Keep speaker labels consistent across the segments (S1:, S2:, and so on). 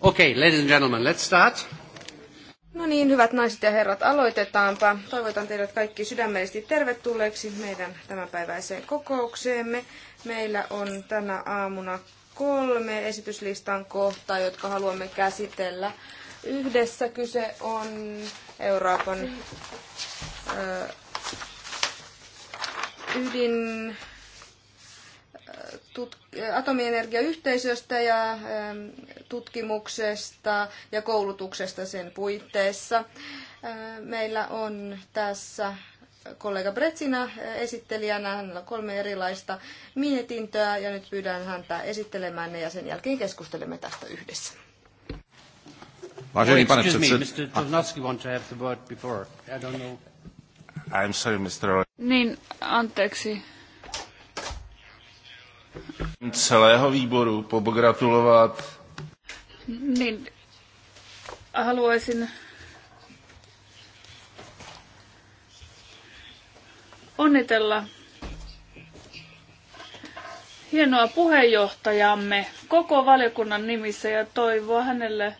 S1: Okay, ladies and gentlemen, let's start.
S2: No niin, hyvät naiset ja herrat, aloitetaanpa. Toivotan teidät kaikki sydämellisesti tervetulleeksi meidän tämänpäiväiseen kokoukseemme. Meillä on tänä aamuna kolme esityslistan kohtaa, jotka haluamme käsitellä. Yhdessä kyse on Euroopan ö, ydin Äh, atomienergiayhteisöstä ja ähm, tutkimuksesta ja koulutuksesta sen puitteissa. Äh, meillä on tässä kollega Bretsina äh, esittelijänä. Hänellä on kolme erilaista mietintöä ja nyt pyydän häntä esittelemään ne ja sen jälkeen keskustelemme tästä yhdessä.
S3: Niin, anteeksi,
S1: Celého výboru pogratulovat.
S3: Niin, haluaisin onnitella hienoa puheenjohtajamme koko valiokunnan nimissä ja toivoa hänelle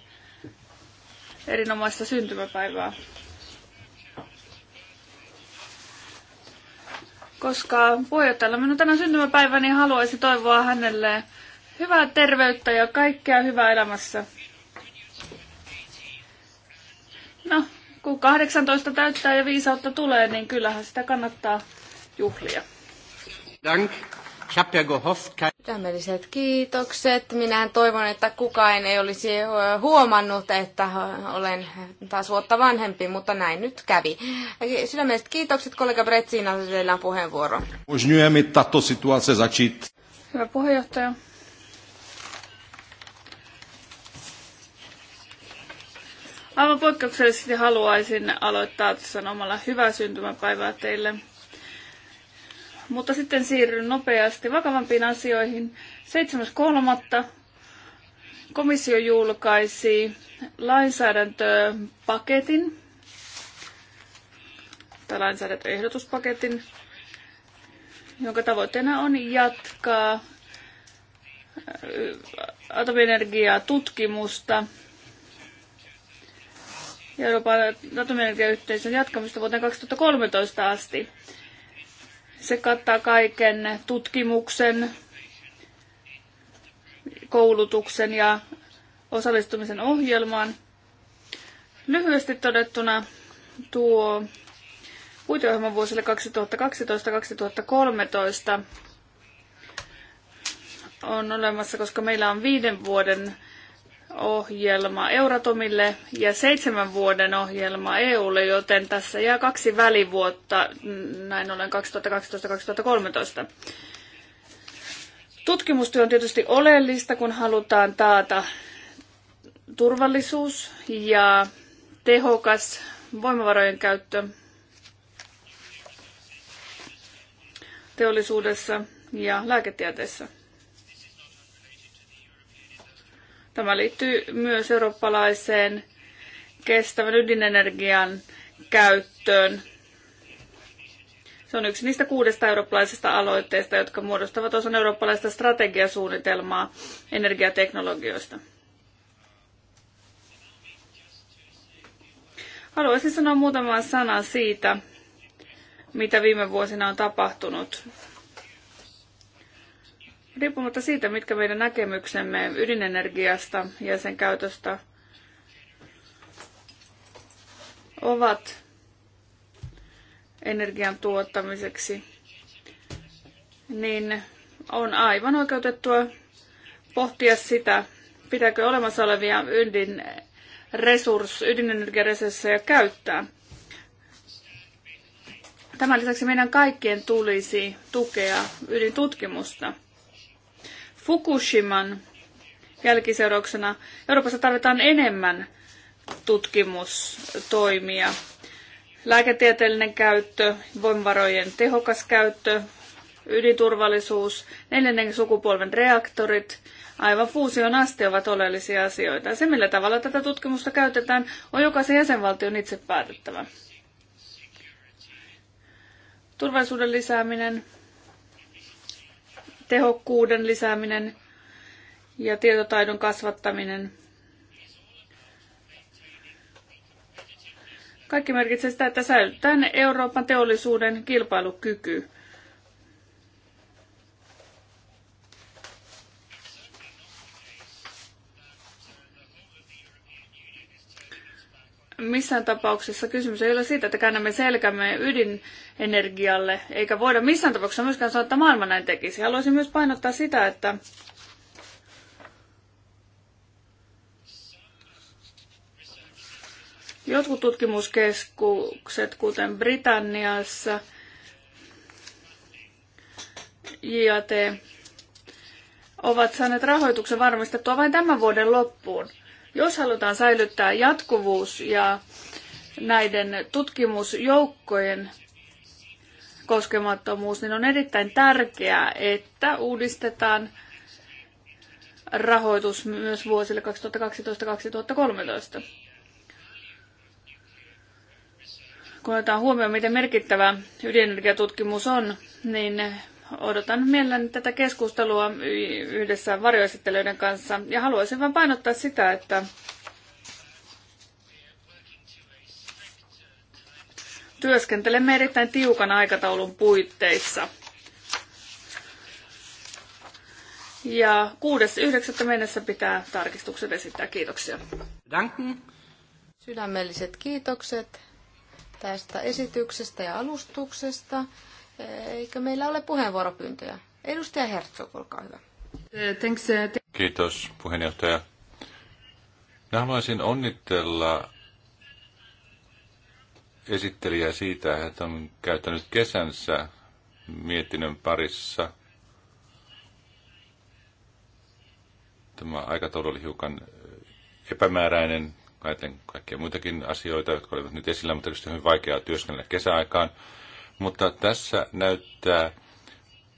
S3: erinomaista syntymäpäivää. koska puheenjohtajalla minun tänään syntymäpäiväni niin haluaisin toivoa hänelle hyvää terveyttä ja kaikkea hyvää elämässä. No, kun 18 täyttää ja viisautta tulee, niin kyllähän sitä kannattaa
S2: juhlia. Dank. Tämmöiset kiitokset. Minä toivon, että kukaan ei olisi huomannut, että olen taas vuotta vanhempi, mutta näin nyt kävi. Sydämelliset kiitokset, kollega Bretsiina,
S3: teillä on puheenvuoro. Hyvä puheenjohtaja. Aivan poikkeuksellisesti haluaisin aloittaa sanomalla hyvää syntymäpäivää teille. Mutta sitten siirryn nopeasti vakavampiin asioihin. 7.3. komissio julkaisi lainsäädäntöpaketin tai lainsäädäntöehdotuspaketin, jonka tavoitteena on jatkaa äh, atomienergiaa tutkimusta ja Euroopan atomienergiayhteisön jatkamista vuoteen 2013 asti. Se kattaa kaiken tutkimuksen, koulutuksen ja osallistumisen ohjelmaan. Lyhyesti todettuna tuo puiteohjelma vuosille 2012-2013 on olemassa, koska meillä on viiden vuoden ohjelma Euratomille ja seitsemän vuoden ohjelma EUlle, joten tässä jää kaksi välivuotta, näin ollen 2012-2013. Tutkimustyö on tietysti oleellista, kun halutaan taata turvallisuus ja tehokas voimavarojen käyttö teollisuudessa ja lääketieteessä. Tämä liittyy myös eurooppalaiseen kestävän ydinenergian käyttöön. Se on yksi niistä kuudesta eurooppalaisesta aloitteesta, jotka muodostavat osan eurooppalaista strategiasuunnitelmaa energiateknologioista. Haluaisin sanoa muutaman sanan siitä, mitä viime vuosina on tapahtunut Riippumatta siitä, mitkä meidän näkemyksemme ydinenergiasta ja sen käytöstä ovat energian tuottamiseksi, niin on aivan oikeutettua pohtia sitä, pitääkö olemassa olevia ydin resurs, ydinenergiaresursseja käyttää. Tämän lisäksi meidän kaikkien tulisi tukea ydintutkimusta. Fukushiman jälkiseurauksena Euroopassa tarvitaan enemmän tutkimustoimia. Lääketieteellinen käyttö, voimavarojen tehokas käyttö, ydinturvallisuus, neljännen sukupolven reaktorit, aivan fuusion asti ovat oleellisia asioita. Se, millä tavalla tätä tutkimusta käytetään, on jokaisen jäsenvaltion itse päätettävä. Turvallisuuden lisääminen, tehokkuuden lisääminen ja tietotaidon kasvattaminen. Kaikki merkitsee sitä, että säilytään Euroopan teollisuuden kilpailukyky. missään tapauksessa kysymys ei ole siitä, että käännämme selkämme ydinenergialle, eikä voida missään tapauksessa myöskään sanoa, että maailma näin tekisi. Haluaisin myös painottaa sitä, että jotkut tutkimuskeskukset, kuten Britanniassa, JAT, ovat saaneet rahoituksen varmistettua vain tämän vuoden loppuun – jos halutaan säilyttää jatkuvuus ja näiden tutkimusjoukkojen koskemattomuus, niin on erittäin tärkeää, että uudistetaan rahoitus myös vuosille 2012-2013. Kun otetaan huomioon, miten merkittävä ydinenergiatutkimus on, niin Odotan mielelläni tätä keskustelua yhdessä varjoesittelyiden kanssa ja haluaisin vain painottaa sitä, että työskentelemme erittäin tiukan aikataulun puitteissa. Ja 6.9. mennessä pitää tarkistukset esittää. Kiitoksia. Danken.
S2: Sydämelliset kiitokset tästä esityksestä ja alustuksesta. Eikö meillä ole puheenvuoropyyntöjä? Edustaja Herzog, olkaa hyvä.
S1: Kiitos puheenjohtaja. Mä haluaisin onnitella esittelijää siitä, että on käyttänyt kesänsä mietinnön parissa. Tämä aikataulu oli hiukan epämääräinen, kaiken kaikkia muitakin asioita, jotka olivat nyt esillä, mutta tietysti hyvin vaikeaa työskennellä kesäaikaan. Mutta tässä näyttää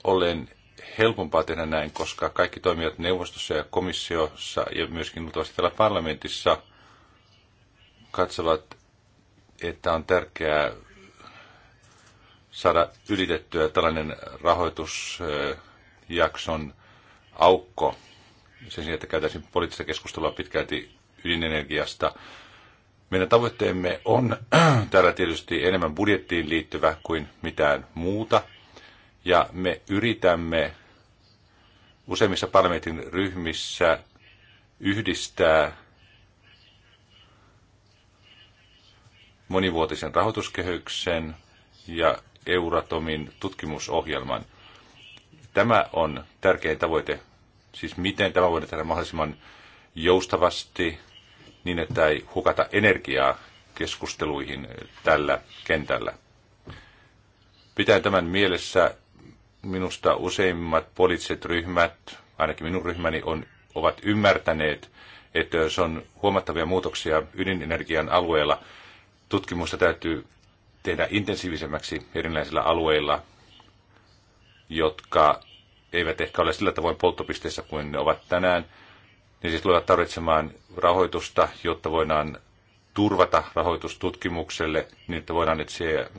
S1: olen helpompaa tehdä näin, koska kaikki toimijat neuvostossa ja komissiossa ja myöskin luultavasti täällä parlamentissa katsovat, että on tärkeää saada ylitettyä tällainen rahoitusjakson aukko sen sijaan, että käytäisiin poliittista keskustelua pitkälti ydinenergiasta meidän tavoitteemme on täällä tietysti enemmän budjettiin liittyvä kuin mitään muuta. Ja me yritämme useimmissa parlamentin ryhmissä yhdistää monivuotisen rahoituskehyksen ja Euratomin tutkimusohjelman. Tämä on tärkein tavoite, siis miten tämä voidaan tehdä mahdollisimman joustavasti, niin, että ei hukata energiaa keskusteluihin tällä kentällä. Pitää tämän mielessä minusta useimmat poliittiset ryhmät, ainakin minun ryhmäni, on, ovat ymmärtäneet, että se on huomattavia muutoksia ydinenergian alueella, tutkimusta täytyy tehdä intensiivisemmäksi erilaisilla alueilla, jotka eivät ehkä ole sillä tavoin polttopisteessä kuin ne ovat tänään – niin siis tulevat tarvitsemaan rahoitusta, jotta voidaan turvata rahoitus tutkimukselle, niin että voidaan se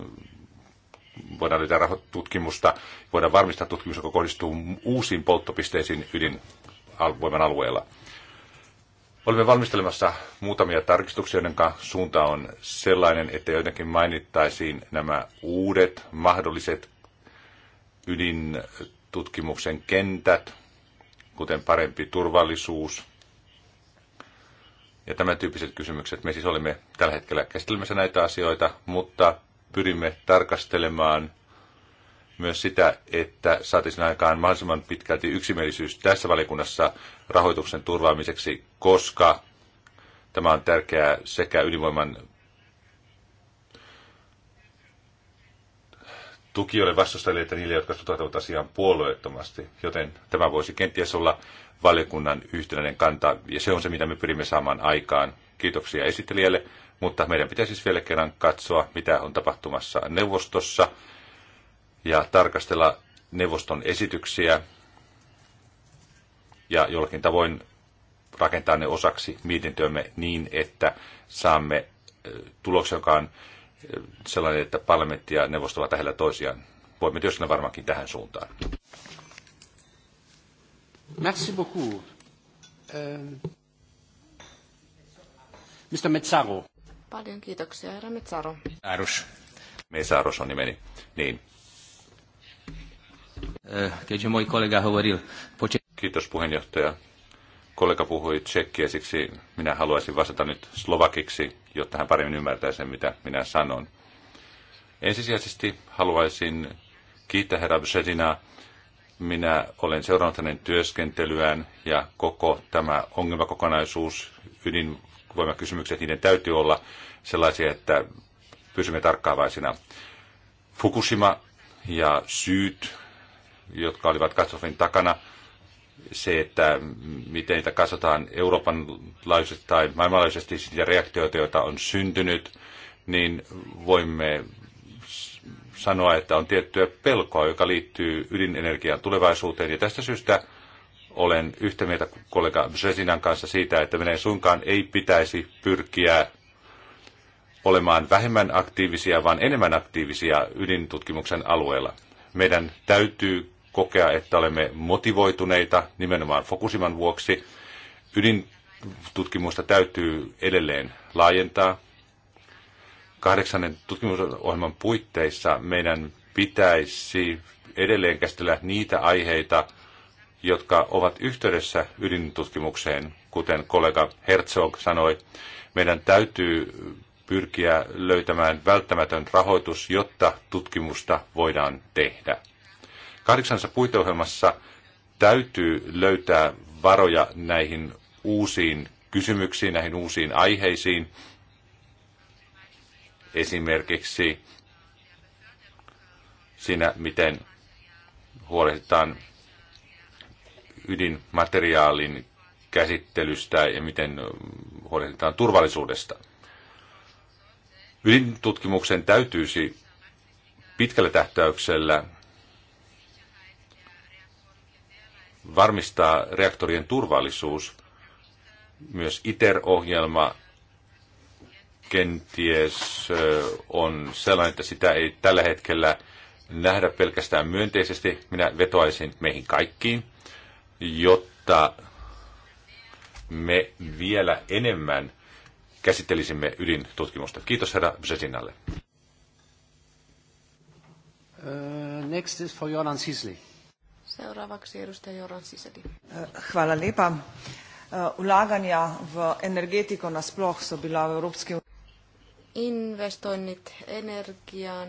S1: voidaan löytää tutkimusta, voidaan varmistaa tutkimus, joka kohdistuu uusiin polttopisteisiin ydinvoiman alueella. Olemme valmistelemassa muutamia tarkistuksia, joiden suunta on sellainen, että joidenkin mainittaisiin nämä uudet mahdolliset ydintutkimuksen kentät, kuten parempi turvallisuus, ja tämän tyyppiset kysymykset. Me siis olemme tällä hetkellä käsittelemässä näitä asioita, mutta pyrimme tarkastelemaan myös sitä, että saataisiin aikaan mahdollisimman pitkälti yksimielisyys tässä valikunnassa rahoituksen turvaamiseksi, koska tämä on tärkeää sekä ydinvoiman tukijoille vastustajille että niille, jotka suhtautuvat asiaan puolueettomasti. Joten tämä voisi kenties olla valiokunnan yhtenäinen kanta, ja se on se, mitä me pyrimme saamaan aikaan. Kiitoksia esittelijälle, mutta meidän pitäisi siis vielä kerran katsoa, mitä on tapahtumassa neuvostossa, ja tarkastella neuvoston esityksiä, ja jollakin tavoin rakentaa ne osaksi mietintöömme niin, että saamme tuloksen, joka on sellainen, että parlamentti ja neuvosto ovat lähellä toisiaan. Voimme työskennellä varmaankin tähän suuntaan. Merci beaucoup. Mr. Metsaro.
S2: Paljon kiitoksia, herra Metsaro.
S1: Arus. Mesaros on nimeni. Niin. Eh, moi kollega hovoril. Kiitos puheenjohtaja. Kollega puhui tsekkiä, siksi minä haluaisin vastata nyt slovakiksi, jotta hän paremmin ymmärtää sen, mitä minä sanon. Ensisijaisesti haluaisin kiittää herra Brzezina minä olen seurannut hänen työskentelyään ja koko tämä ongelmakokonaisuus, ydinvoimakysymykset, niiden täytyy olla sellaisia, että pysymme tarkkaavaisina. Fukushima ja syyt, jotka olivat katastrofin takana, se, että miten niitä katsotaan Euroopan laajuisesti tai maailmanlaajuisesti, ja reaktioita, joita on syntynyt, niin voimme sanoa, että on tiettyä pelkoa, joka liittyy ydinenergian tulevaisuuteen. Ja tästä syystä olen yhtä mieltä kollega Brzesinan kanssa siitä, että meidän suinkaan ei pitäisi pyrkiä olemaan vähemmän aktiivisia, vaan enemmän aktiivisia ydintutkimuksen alueella. Meidän täytyy kokea, että olemme motivoituneita nimenomaan Fokusiman vuoksi. Ydintutkimusta täytyy edelleen laajentaa kahdeksannen tutkimusohjelman puitteissa meidän pitäisi edelleen käsitellä niitä aiheita, jotka ovat yhteydessä ydintutkimukseen, kuten kollega Herzog sanoi. Meidän täytyy pyrkiä löytämään välttämätön rahoitus, jotta tutkimusta voidaan tehdä. Kahdeksansa puiteohjelmassa täytyy löytää varoja näihin uusiin kysymyksiin, näihin uusiin aiheisiin, esimerkiksi siinä, miten huolehditaan ydinmateriaalin käsittelystä ja miten huolehditaan turvallisuudesta. Ydintutkimuksen täytyisi pitkällä tähtäyksellä varmistaa reaktorien turvallisuus. Myös ITER-ohjelma kenties on sellainen, että sitä ei tällä hetkellä nähdä pelkästään myönteisesti. Minä vetoaisin meihin kaikkiin, jotta me vielä enemmän käsittelisimme ydintutkimusta. Kiitos herra Brzezinalle. Uh, next is for Joran Sisli.
S2: Seuraavaksi edustaja Joran Sisli.
S1: Uh, hvala
S3: lepa. Uh, ulaganja v energetiko nasploh so bila v Evropski
S2: Investoinnit energiaan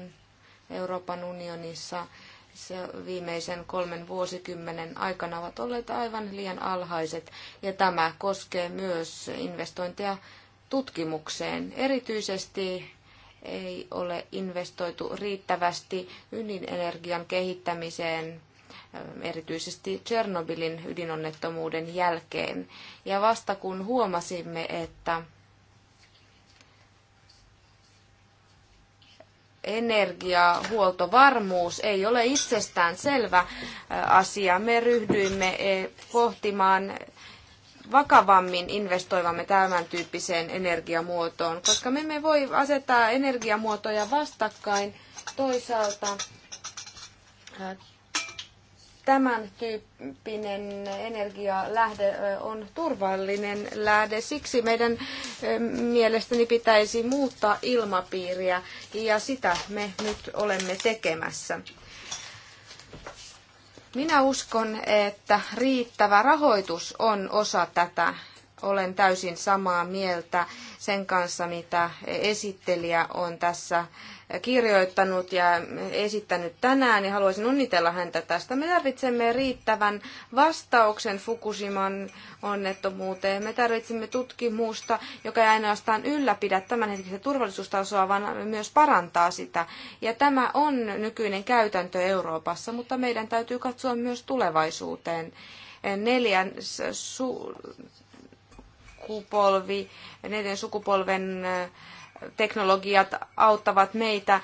S2: Euroopan unionissa se viimeisen kolmen vuosikymmenen aikana ovat olleet aivan liian alhaiset, ja tämä koskee myös investointeja tutkimukseen. Erityisesti ei ole investoitu riittävästi ydinenergian kehittämiseen erityisesti Tsernobylin ydinonnettomuuden jälkeen. Ja vasta kun huomasimme, että energiahuoltovarmuus ei ole itsestään selvä asia. Me ryhdyimme e, pohtimaan vakavammin investoivamme tämän tyyppiseen energiamuotoon, koska me emme voi asettaa energiamuotoja vastakkain toisaalta tämän tyyppinen energialähde on turvallinen lähde. Siksi meidän mielestäni pitäisi muuttaa ilmapiiriä ja sitä me nyt olemme tekemässä. Minä uskon, että riittävä rahoitus on osa tätä. Olen täysin samaa mieltä sen kanssa, mitä esittelijä on tässä kirjoittanut ja esittänyt tänään, ja niin haluaisin onnitella häntä tästä. Me tarvitsemme riittävän vastauksen Fukushiman onnettomuuteen. Me tarvitsemme tutkimusta, joka ei ainoastaan ylläpidä tämänhetkistä turvallisuustasoa, vaan myös parantaa sitä. Ja tämä on nykyinen käytäntö Euroopassa, mutta meidän täytyy katsoa myös tulevaisuuteen. Neljän su- kupolvi, neljän sukupolven äh, teknologiat auttavat meitä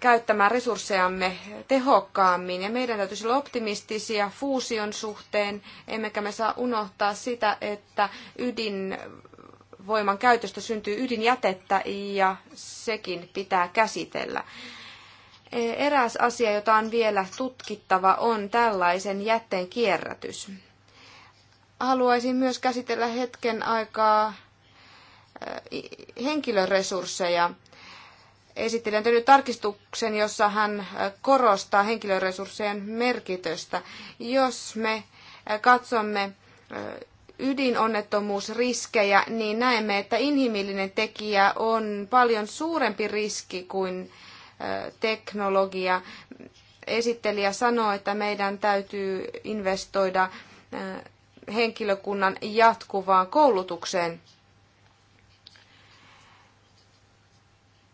S2: käyttämään resurssejamme tehokkaammin. Ja meidän täytyisi olla optimistisia fuusion suhteen, emmekä me saa unohtaa sitä, että ydinvoiman käytöstä syntyy ydinjätettä ja sekin pitää käsitellä. Eräs asia, jota on vielä tutkittava, on tällaisen jätteen kierrätys. Haluaisin myös käsitellä hetken aikaa Äh, henkilöresursseja. Esittelijän tehnyt tarkistuksen, jossa hän äh, korostaa henkilöresurssien merkitystä. Jos me äh, katsomme ydinonnettomuusriskejä, niin näemme, että inhimillinen tekijä on paljon suurempi riski kuin teknologia. Esittelijä sanoo, että meidän täytyy investoida henkilökunnan jatkuvaan koulutukseen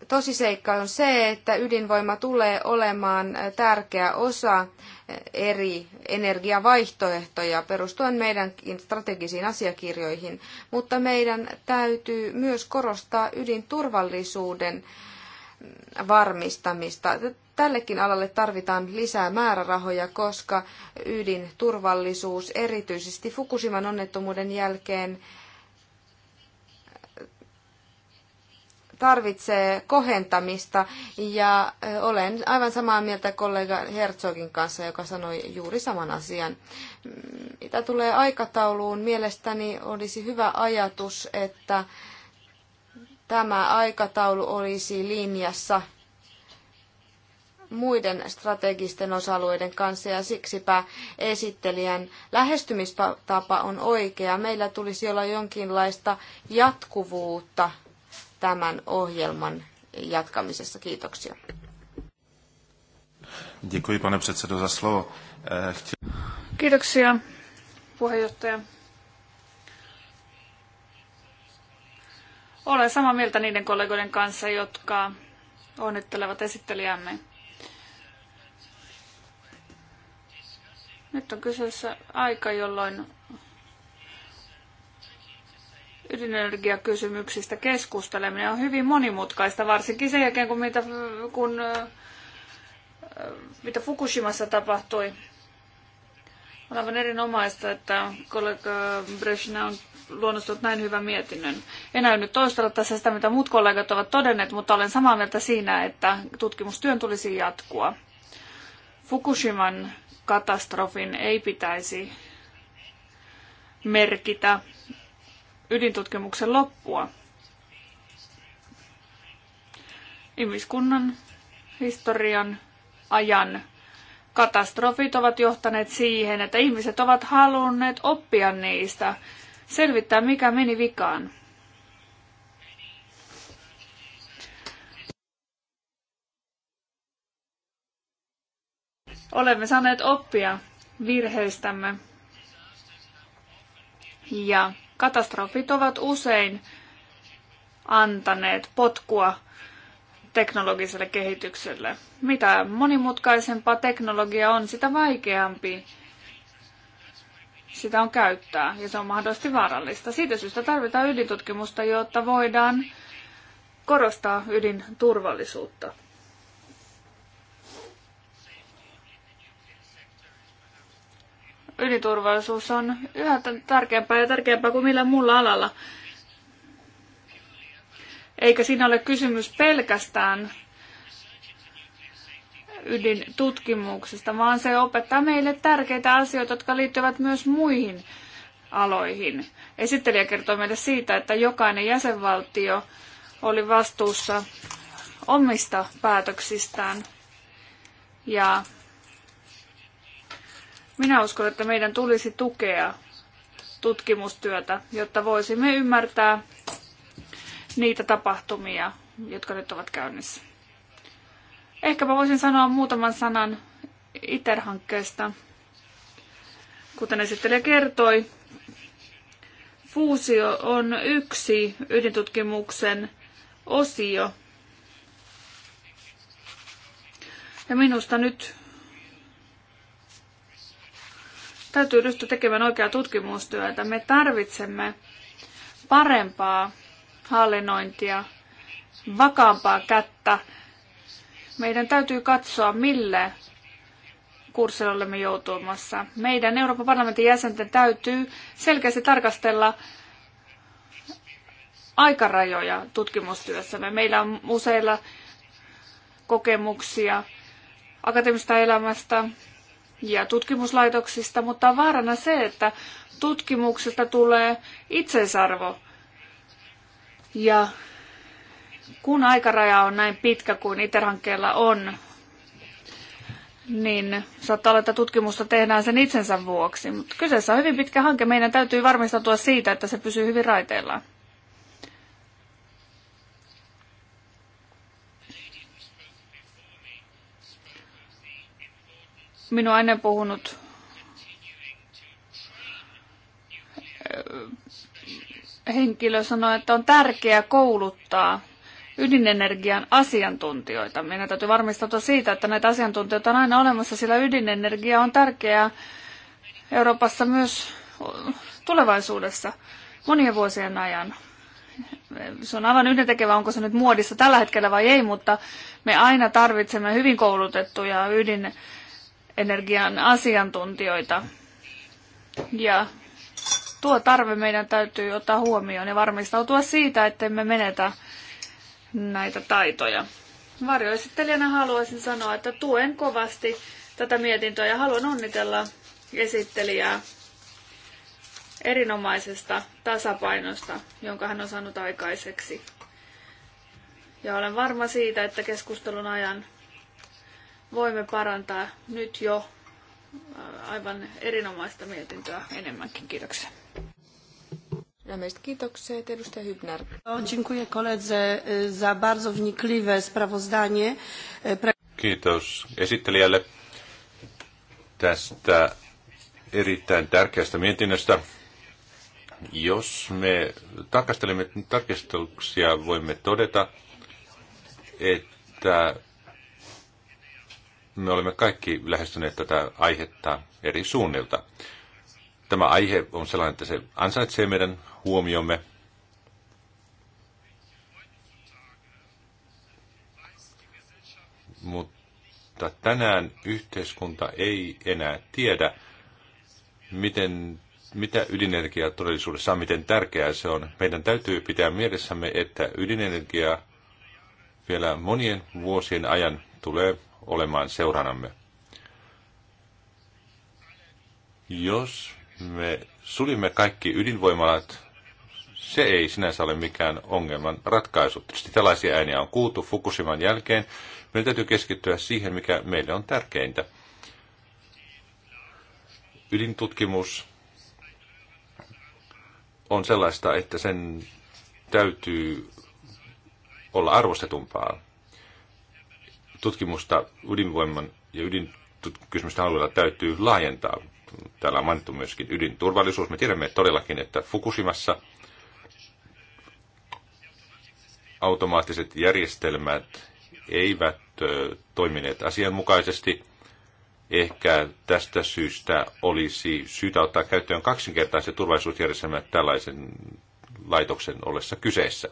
S2: tosiseikka on se, että ydinvoima tulee olemaan tärkeä osa eri energiavaihtoehtoja perustuen meidänkin strategisiin asiakirjoihin, mutta meidän täytyy myös korostaa ydinturvallisuuden varmistamista. Tällekin alalle tarvitaan lisää määrärahoja, koska ydinturvallisuus erityisesti Fukushiman onnettomuuden jälkeen tarvitsee kohentamista ja olen aivan samaa mieltä kollega Herzogin kanssa, joka sanoi juuri saman asian. Mm, mitä tulee aikatauluun, mielestäni olisi hyvä ajatus, että tämä aikataulu olisi linjassa muiden strategisten osa-alueiden kanssa ja siksipä esittelijän lähestymistapa on oikea. Meillä tulisi olla jonkinlaista jatkuvuutta tämän ohjelman jatkamisessa. Kiitoksia.
S1: Děkuji, pane předsedo, za slovo. Eh,
S3: Kiitoksia, puheenjohtaja. Olen samaa mieltä niiden kollegoiden kanssa, jotka onnittelevat esittelijämme. Nyt on kyseessä aika, jolloin ydinenergiakysymyksistä keskusteleminen on hyvin monimutkaista, varsinkin sen jälkeen, kun mitä, kun, mitä Fukushimassa tapahtui. On aivan erinomaista, että kollega Breshina on luonnostunut näin hyvän mietinnön. En aio nyt toistella tässä sitä, mitä muut kollegat ovat todenneet, mutta olen samaa mieltä siinä, että tutkimustyön tulisi jatkua. Fukushiman katastrofin ei pitäisi merkitä ydintutkimuksen loppua. Ihmiskunnan historian ajan katastrofit ovat johtaneet siihen, että ihmiset ovat halunneet oppia niistä, selvittää mikä meni vikaan. Olemme saaneet oppia virheistämme ja Katastrofit ovat usein antaneet potkua teknologiselle kehitykselle. Mitä monimutkaisempaa teknologia on, sitä vaikeampi sitä on käyttää ja se on mahdollisesti vaarallista. Siitä syystä tarvitaan ydintutkimusta, jotta voidaan korostaa ydinturvallisuutta. ydinturvallisuus on yhä tärkeämpää ja tärkeämpää kuin millään muulla alalla. Eikä siinä ole kysymys pelkästään ydintutkimuksesta, vaan se opettaa meille tärkeitä asioita, jotka liittyvät myös muihin aloihin. Esittelijä kertoo meille siitä, että jokainen jäsenvaltio oli vastuussa omista päätöksistään ja minä uskon, että meidän tulisi tukea tutkimustyötä, jotta voisimme ymmärtää niitä tapahtumia, jotka nyt ovat käynnissä. Ehkäpä voisin sanoa muutaman sanan ITER-hankkeesta. Kuten esittelijä kertoi, fuusio on yksi ydintutkimuksen osio. Ja minusta nyt täytyy ryhtyä tekemään oikeaa tutkimustyötä. Me tarvitsemme parempaa hallinnointia, vakaampaa kättä. Meidän täytyy katsoa, mille kurssilla olemme joutumassa. Meidän Euroopan parlamentin jäsenten täytyy selkeästi tarkastella aikarajoja tutkimustyössämme. Meillä on useilla kokemuksia akateemisesta elämästä, ja tutkimuslaitoksista, mutta on vaarana se, että tutkimuksesta tulee itseisarvo. Ja kun aikaraja on näin pitkä kuin ITER-hankkeella on, niin saattaa olla, että tutkimusta tehdään sen itsensä vuoksi. Mutta kyseessä on hyvin pitkä hanke. Meidän täytyy varmistautua siitä, että se pysyy hyvin raiteillaan. Minua ennen aina puhunut henkilö sanoi, että on tärkeää kouluttaa ydinenergian asiantuntijoita. Meidän täytyy varmistautua siitä, että näitä asiantuntijoita on aina olemassa, sillä ydinenergia on tärkeää Euroopassa myös tulevaisuudessa monien vuosien ajan. Se on aivan yhdentekevä, onko se nyt muodissa tällä hetkellä vai ei, mutta me aina tarvitsemme hyvin koulutettuja ydinenergiaa energian asiantuntijoita. Ja tuo tarve meidän täytyy ottaa huomioon ja varmistautua siitä, että me menetä näitä taitoja. Varjoesittelijänä haluaisin sanoa, että tuen kovasti tätä mietintöä ja haluan onnitella esittelijää erinomaisesta tasapainosta, jonka hän on saanut aikaiseksi. Ja olen varma siitä, että keskustelun ajan voimme parantaa nyt jo äh, aivan erinomaista mietintöä enemmänkin. Kiitoksia.
S2: Lämmöiset kiitokset, edustaja Hybner. Dziękuję koledze
S3: za bardzo wnikliwe sprawozdanie.
S1: Kiitos esittelijälle tästä erittäin tärkeästä mietinnöstä. Jos me tarkastelemme tarkistuksia, voimme todeta, että me olemme kaikki lähestyneet tätä aihetta eri suunnilta. Tämä aihe on sellainen, että se ansaitsee meidän huomiomme. Mutta tänään yhteiskunta ei enää tiedä, miten, mitä ydinenergia todellisuudessa on, miten tärkeää se on. Meidän täytyy pitää mielessämme, että ydinenergia vielä monien vuosien ajan tulee olemaan seuranamme. Jos me sulimme kaikki ydinvoimalat, se ei sinänsä ole mikään ongelman ratkaisu. Tietysti tällaisia ääniä on kuultu Fukushiman jälkeen. Meidän täytyy keskittyä siihen, mikä meille on tärkeintä. Ydintutkimus on sellaista, että sen täytyy olla arvostetumpaa tutkimusta ydinvoiman ja ydinkysymysten alueella täytyy laajentaa. Täällä on mainittu myöskin ydinturvallisuus. Me tiedämme todellakin, että Fukushimassa automaattiset järjestelmät eivät toimineet asianmukaisesti. Ehkä tästä syystä olisi syytä ottaa käyttöön kaksinkertaiset turvallisuusjärjestelmät tällaisen laitoksen ollessa kyseessä.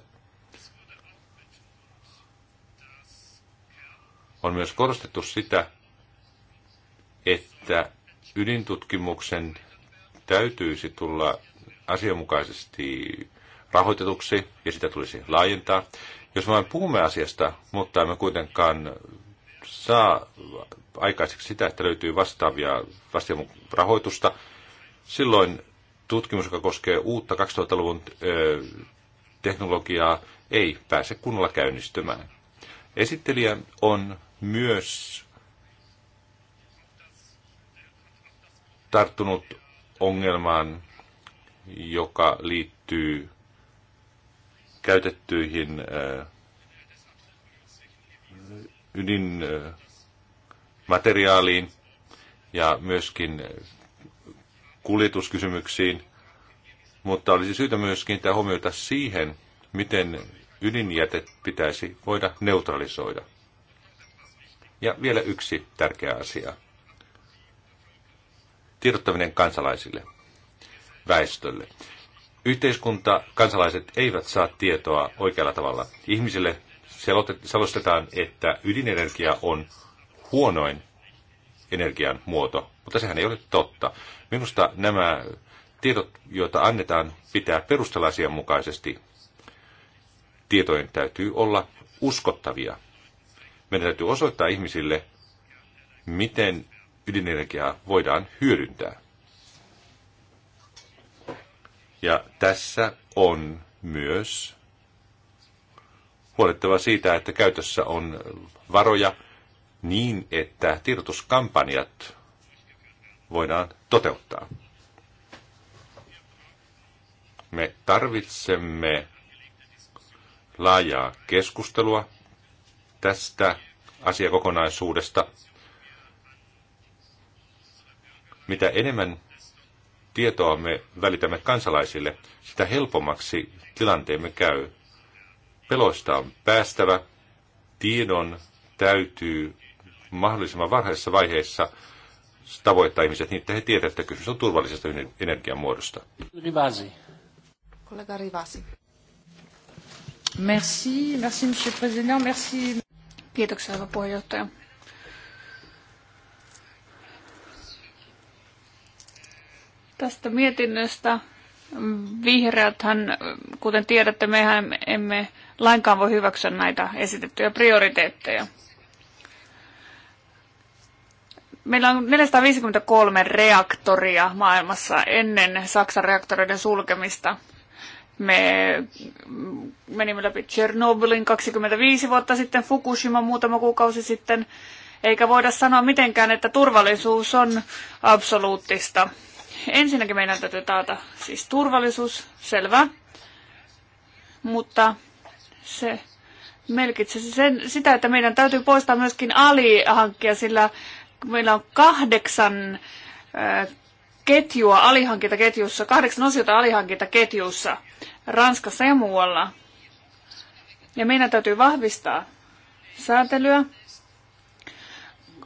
S1: On myös korostettu sitä, että ydintutkimuksen täytyisi tulla asianmukaisesti rahoitetuksi ja sitä tulisi laajentaa. Jos vain puhumme asiasta, mutta emme kuitenkaan saa aikaiseksi sitä, että löytyy vastaavia vastaavia rahoitusta, silloin tutkimus, joka koskee uutta 2000-luvun teknologiaa, ei pääse kunnolla käynnistymään. Esittelijä on myös tarttunut ongelmaan, joka liittyy käytettyihin äh, ydinmateriaaliin ja myöskin kuljetuskysymyksiin, mutta olisi syytä myös kiinnittää huomiota siihen, miten ydinjätet pitäisi voida neutralisoida. Ja vielä yksi tärkeä asia. Tiedottaminen kansalaisille, väestölle. Yhteiskunta, kansalaiset eivät saa tietoa oikealla tavalla. Ihmisille selostetaan, että ydinenergia on huonoin energian muoto, mutta sehän ei ole totta. Minusta nämä tiedot, joita annetaan, pitää perustella asianmukaisesti. Tietojen täytyy olla uskottavia. Meidän täytyy osoittaa ihmisille, miten ydinenergiaa voidaan hyödyntää. Ja tässä on myös huolettava siitä, että käytössä on varoja niin, että tiedotuskampanjat voidaan toteuttaa. Me tarvitsemme laajaa keskustelua tästä asiakokonaisuudesta. Mitä enemmän tietoa me välitämme kansalaisille, sitä helpommaksi tilanteemme käy. Peloista on päästävä. Tiedon täytyy mahdollisimman varhaisessa vaiheessa tavoittaa ihmiset niin, että he tietävät, että kysymys on turvallisesta energiamuodosta. Rivasi.
S3: Kollega Rivasi. Merci, merci monsieur président, merci. Kiitoksia, hyvä puheenjohtaja. Tästä mietinnöstä vihreäthän, kuten tiedätte, mehän emme lainkaan voi hyväksyä näitä esitettyjä prioriteetteja. Meillä on 453 reaktoria maailmassa ennen Saksan reaktoreiden sulkemista – me menimme läpi Chernobylin 25 vuotta sitten, Fukushima muutama kuukausi sitten, eikä voida sanoa mitenkään, että turvallisuus on absoluuttista. Ensinnäkin meidän täytyy taata siis turvallisuus, selvä, mutta se merkitsisi sen, sitä, että meidän täytyy poistaa myöskin alihankkia, sillä meillä on kahdeksan äh, ketjua alihankintaketjussa, kahdeksan osiota alihankintaketjussa Ranskassa ja muualla. Ja meidän täytyy vahvistaa säätelyä.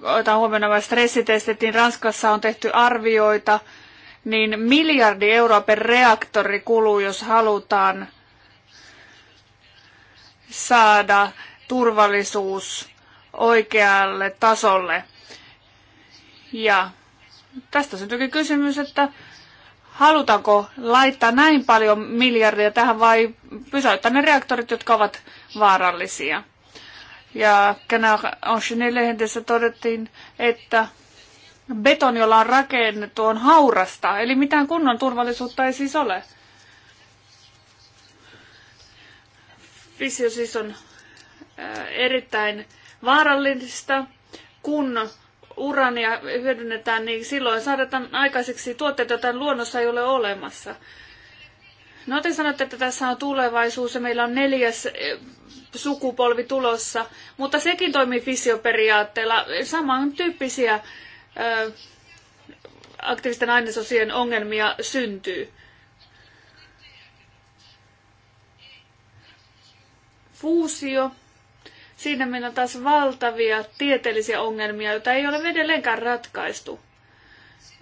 S3: Otan huomioon nämä stressitestit, niin Ranskassa on tehty arvioita, niin miljardi euroa per reaktori kuluu, jos halutaan saada turvallisuus oikealle tasolle. Ja tästä syntyykin kysymys, että halutaanko laittaa näin paljon miljardia tähän vai pysäyttää ne reaktorit, jotka ovat vaarallisia. Ja Canard Enchaîné-lehdessä todettiin, että betoni, jolla on rakennettu, on haurasta, eli mitään kunnon turvallisuutta ei siis ole. Visio siis on äh, erittäin vaarallista, kun urania hyödynnetään, niin silloin saadaan aikaiseksi tuotteita, joita luonnossa ei ole olemassa. No te sanotte, että tässä on tulevaisuus ja meillä on neljäs eh, sukupolvi tulossa, mutta sekin toimii fysioperiaatteella. Samantyyppisiä ö, eh, aktiivisten ainesosien ongelmia syntyy. Fuusio Siinä meillä on taas valtavia tieteellisiä ongelmia, joita ei ole edelleenkään ratkaistu.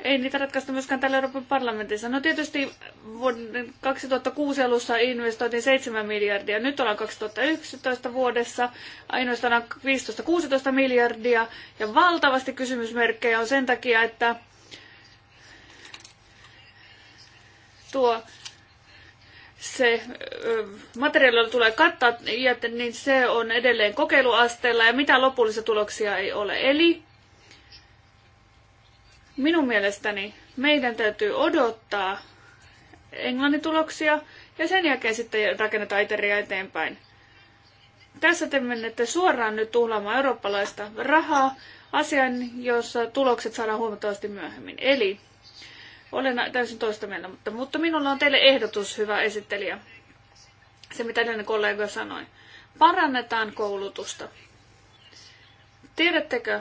S3: Ei niitä ratkaista myöskään täällä Euroopan parlamentissa. No tietysti vuoden 2006 alussa investoitiin 7 miljardia. Nyt ollaan 2011 vuodessa, ainoastaan 15-16 miljardia. Ja valtavasti kysymysmerkkejä on sen takia, että tuo se materiaali tulee kattaa, niin se on edelleen kokeiluasteella ja mitä lopullisia tuloksia ei ole. Eli minun mielestäni meidän täytyy odottaa englannin tuloksia ja sen jälkeen sitten rakennetaan iteriä eteenpäin. Tässä te menette suoraan nyt tuhlaamaan eurooppalaista rahaa asian, jossa tulokset saadaan huomattavasti myöhemmin. Eli olen täysin toista mieltä, mutta, mutta minulla on teille ehdotus, hyvä esittelijä. Se, mitä edellinen kollega sanoi. Parannetaan koulutusta. Tiedättekö,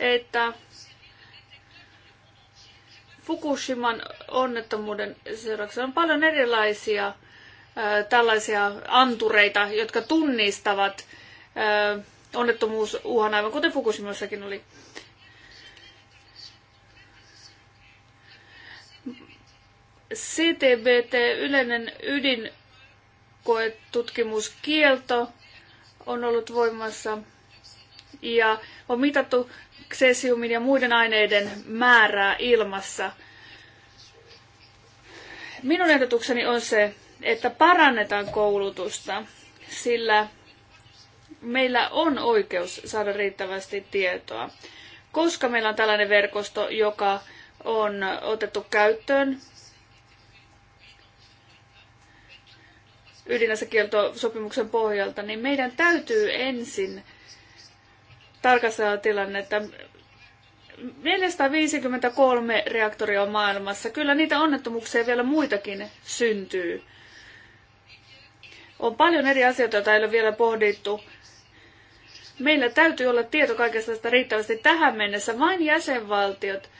S3: että Fukushiman onnettomuuden seurauksena on paljon erilaisia tällaisia antureita, jotka tunnistavat onnettomuusuhan, aivan kuten Fukushimassakin oli. CTBT, yleinen ydinkoetutkimuskielto, on ollut voimassa ja on mitattu ksesiumin ja muiden aineiden määrää ilmassa. Minun ehdotukseni on se, että parannetaan koulutusta, sillä meillä on oikeus saada riittävästi tietoa. Koska meillä on tällainen verkosto, joka on otettu käyttöön ydinasekieltosopimuksen pohjalta, niin meidän täytyy ensin tarkastella tilannetta. 453 reaktoria on maailmassa. Kyllä niitä onnettomuuksia vielä muitakin syntyy. On paljon eri asioita, joita ei ole vielä pohdittu. Meillä täytyy olla tieto kaikesta tästä riittävästi tähän mennessä. Vain jäsenvaltiot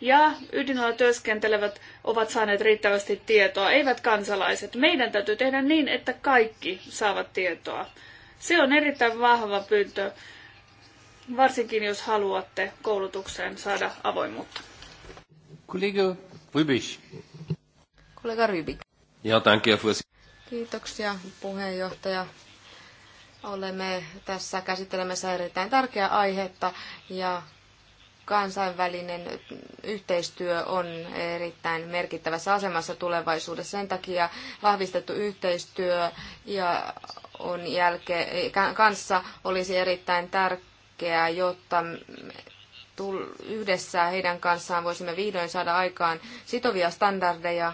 S3: ja ydinalla työskentelevät ovat saaneet riittävästi tietoa, eivät kansalaiset. Meidän täytyy tehdä niin, että kaikki saavat tietoa. Se on erittäin vahva pyyntö, varsinkin jos haluatte koulutukseen saada avoimuutta.
S1: Kollega Rybisch. Kollega Rybik. Ja,
S2: Kiitoksia puheenjohtaja. Olemme tässä käsittelemässä erittäin tärkeää aihetta ja kansainvälinen yhteistyö on erittäin merkittävässä asemassa tulevaisuudessa. Sen takia vahvistettu yhteistyö ja on jälke, kanssa olisi erittäin tärkeää, jotta yhdessä heidän kanssaan voisimme vihdoin saada aikaan sitovia standardeja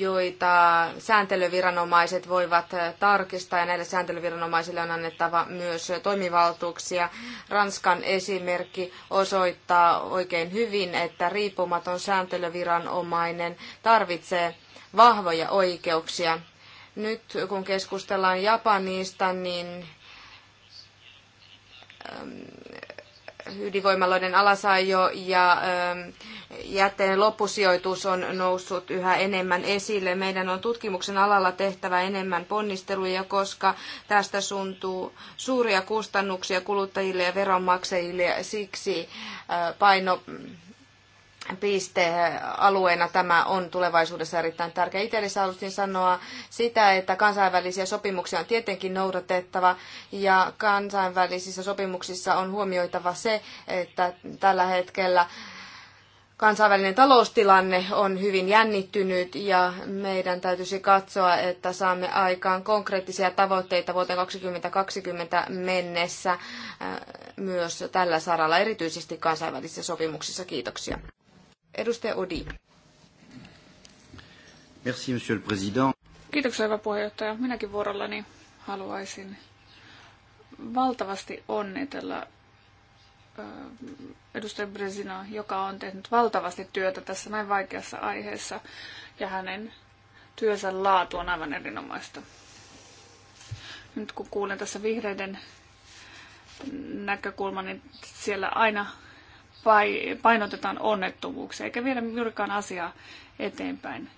S2: joita sääntelyviranomaiset voivat tarkistaa, ja näille sääntelyviranomaisille on annettava myös toimivaltuuksia. Ranskan esimerkki osoittaa oikein hyvin, että riippumaton sääntelyviranomainen tarvitsee vahvoja oikeuksia. Nyt kun keskustellaan Japanista, niin ydinvoimaloiden alasajo ja ähm, jätteen loppusijoitus on noussut yhä enemmän esille. Meidän on tutkimuksen alalla tehtävä enemmän ponnisteluja, koska tästä suntuu suuria kustannuksia kuluttajille ja veronmaksajille. Siksi äh, paino pistealueena tämä on tulevaisuudessa erittäin tärkeä. Itse haluaisin sanoa sitä, että kansainvälisiä sopimuksia on tietenkin noudatettava ja kansainvälisissä sopimuksissa on huomioitava se, että tällä hetkellä kansainvälinen taloustilanne on hyvin jännittynyt ja meidän täytyisi katsoa, että saamme aikaan konkreettisia tavoitteita vuoteen 2020 mennessä äh, myös tällä saralla, erityisesti kansainvälisissä sopimuksissa. Kiitoksia.
S3: Edustaja Odi. Merci, monsieur le président. Kiitoksia, hyvä puheenjohtaja. Minäkin vuorollani haluaisin valtavasti onnitella edustaja Bresina, joka on tehnyt valtavasti työtä tässä näin vaikeassa aiheessa, ja hänen työnsä laatu on aivan erinomaista. Nyt kun kuulen tässä vihreiden näkökulman, niin siellä aina painotetaan onnettomuuksia, eikä viedä juurikaan asiaa eteenpäin.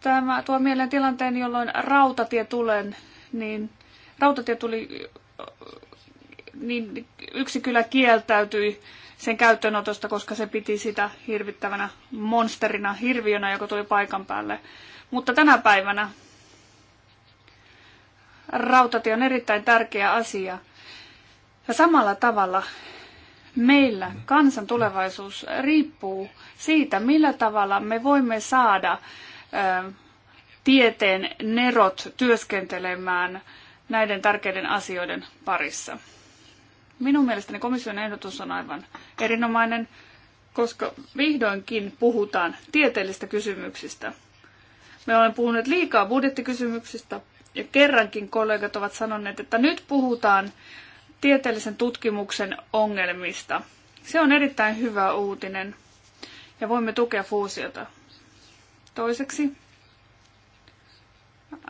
S3: Tämä tuo mieleen tilanteen, jolloin rautatie tulee, niin rautatie tuli, niin yksi kyllä kieltäytyi sen käyttöönotosta, koska se piti sitä hirvittävänä monsterina, hirviönä, joka tuli paikan päälle. Mutta tänä päivänä rautatie on erittäin tärkeä asia. Ja samalla tavalla meillä kansan tulevaisuus riippuu siitä, millä tavalla me voimme saada ö, tieteen nerot työskentelemään näiden tärkeiden asioiden parissa. Minun mielestäni komission ehdotus on aivan erinomainen, koska vihdoinkin puhutaan tieteellistä kysymyksistä. Me olemme puhuneet liikaa budjettikysymyksistä ja kerrankin kollegat ovat sanoneet, että nyt puhutaan tieteellisen tutkimuksen ongelmista. Se on erittäin hyvä uutinen ja voimme tukea fuusiota. Toiseksi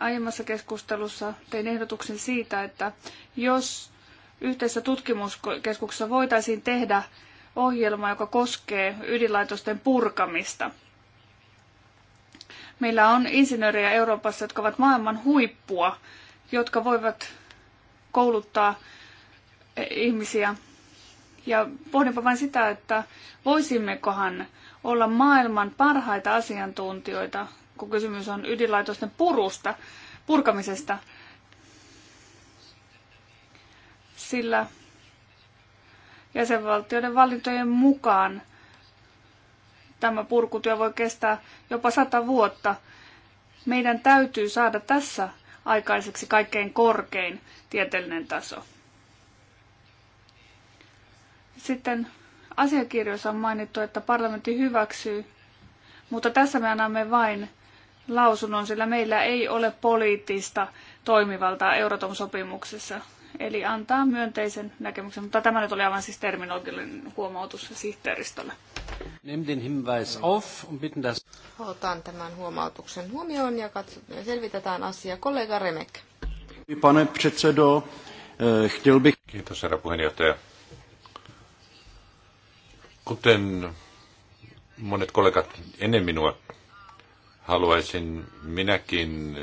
S3: aiemmassa keskustelussa tein ehdotuksen siitä, että jos yhteisessä tutkimuskeskuksessa voitaisiin tehdä ohjelma, joka koskee ydinlaitosten purkamista. Meillä on insinöörejä Euroopassa, jotka ovat maailman huippua, jotka voivat kouluttaa ihmisiä. Ja pohdinpa vain sitä, että voisimmekohan olla maailman parhaita asiantuntijoita, kun kysymys on ydinlaitosten purusta, purkamisesta. Sillä jäsenvaltioiden valintojen mukaan tämä purkutyö voi kestää jopa sata vuotta. Meidän täytyy saada tässä aikaiseksi kaikkein korkein tieteellinen taso. Sitten asiakirjoissa on mainittu, että parlamentti hyväksyy, mutta tässä me annamme vain lausunnon, sillä meillä ei ole poliittista toimivaltaa Euratom-sopimuksessa. Eli antaa myönteisen näkemyksen, mutta tämä nyt oli aivan siis terminologinen huomautus sihteeristölle.
S1: Nimm den auf bitten
S3: Otan tämän huomautuksen huomioon ja selvitetään
S2: asia. Kollega Remek.
S1: Eh, Kiitos herra puheenjohtaja. Kuten monet kollegat ennen minua, haluaisin minäkin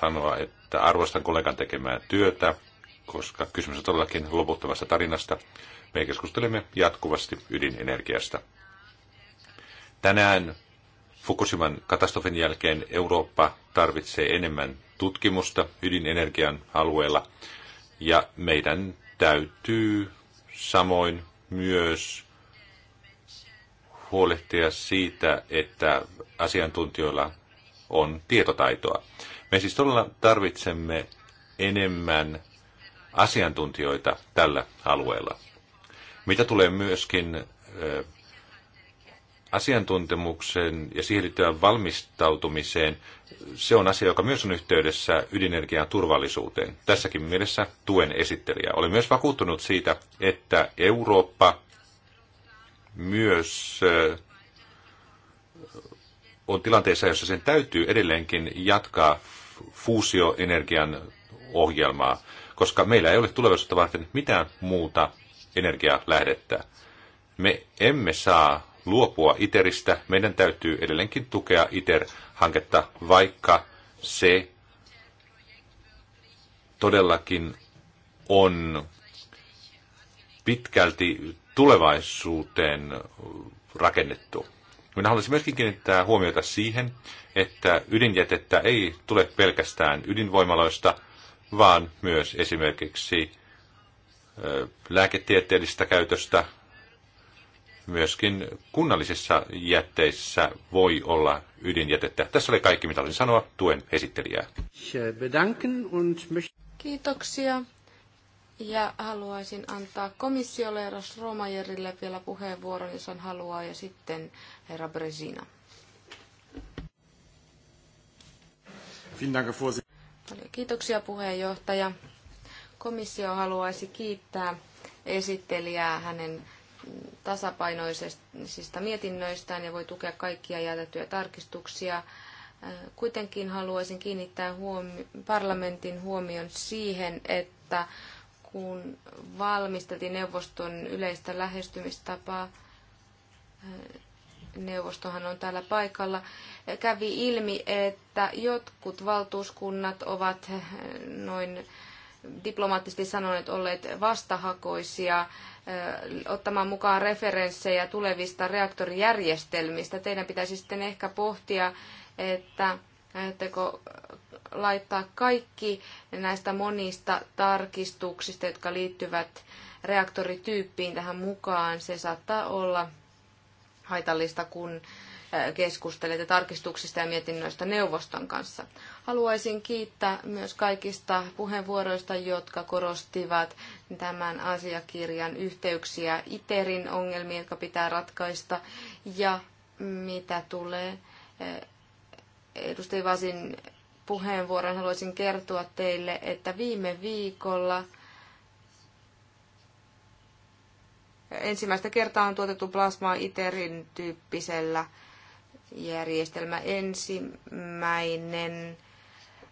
S1: sanoa, että arvostan kollegan tekemää työtä, koska kysymys on todellakin loputtomasta tarinasta. Me keskustelemme jatkuvasti ydinenergiasta. Tänään Fukushiman katastrofin jälkeen Eurooppa tarvitsee enemmän tutkimusta ydinenergian alueella ja meidän täytyy samoin myös huolehtia siitä, että asiantuntijoilla on tietotaitoa. Me siis todella tarvitsemme enemmän asiantuntijoita tällä alueella. Mitä tulee myöskin asiantuntemukseen ja siihen liittyvään valmistautumiseen, se on asia, joka myös on yhteydessä ydinenergian turvallisuuteen. Tässäkin mielessä tuen esittelijä. Olen myös vakuuttunut siitä, että Eurooppa myös on tilanteessa, jossa sen täytyy edelleenkin jatkaa fuusioenergian ohjelmaa, koska meillä ei ole tulevaisuutta varten mitään muuta energialähdettä. Me emme saa luopua ITERistä. Meidän täytyy edelleenkin tukea ITER-hanketta, vaikka se todellakin on pitkälti tulevaisuuteen rakennettu. Minä haluaisin myöskin kiinnittää huomiota siihen, että ydinjätettä ei tule pelkästään ydinvoimaloista, vaan myös esimerkiksi lääketieteellistä käytöstä, myöskin kunnallisissa jätteissä voi olla ydinjätettä. Tässä oli kaikki, mitä olin sanoa. Tuen esittelijää.
S2: Kiitoksia. Ja haluaisin antaa komissiolle ja Romajerille vielä puheenvuoron, jos hän haluaa, ja sitten herra Bresina. Paljon kiitoksia puheenjohtaja. Komissio haluaisi kiittää esittelijää hänen tasapainoisista mietinnöistään ja voi tukea kaikkia jätettyjä tarkistuksia. Kuitenkin haluaisin kiinnittää huomi- parlamentin huomion siihen, että kun valmisteltiin neuvoston yleistä lähestymistapaa, neuvostohan on täällä paikalla, kävi ilmi, että jotkut valtuuskunnat ovat noin diplomaattisesti sanoneet olleet vastahakoisia ottamaan mukaan referenssejä tulevista reaktorijärjestelmistä. Teidän pitäisi sitten ehkä pohtia, että ajatteko laittaa kaikki näistä monista tarkistuksista, jotka liittyvät reaktorityyppiin tähän mukaan. Se saattaa olla haitallista, kun ja tarkistuksista ja mietinnöistä neuvoston kanssa. Haluaisin kiittää myös kaikista puheenvuoroista, jotka korostivat tämän asiakirjan yhteyksiä ITERin ongelmiin, jotka pitää ratkaista, ja mitä tulee eh, edustaja Vasin puheenvuoron, haluaisin kertoa teille, että viime viikolla ensimmäistä kertaa on tuotettu plasmaa ITERin tyyppisellä järjestelmä. Ensimmäinen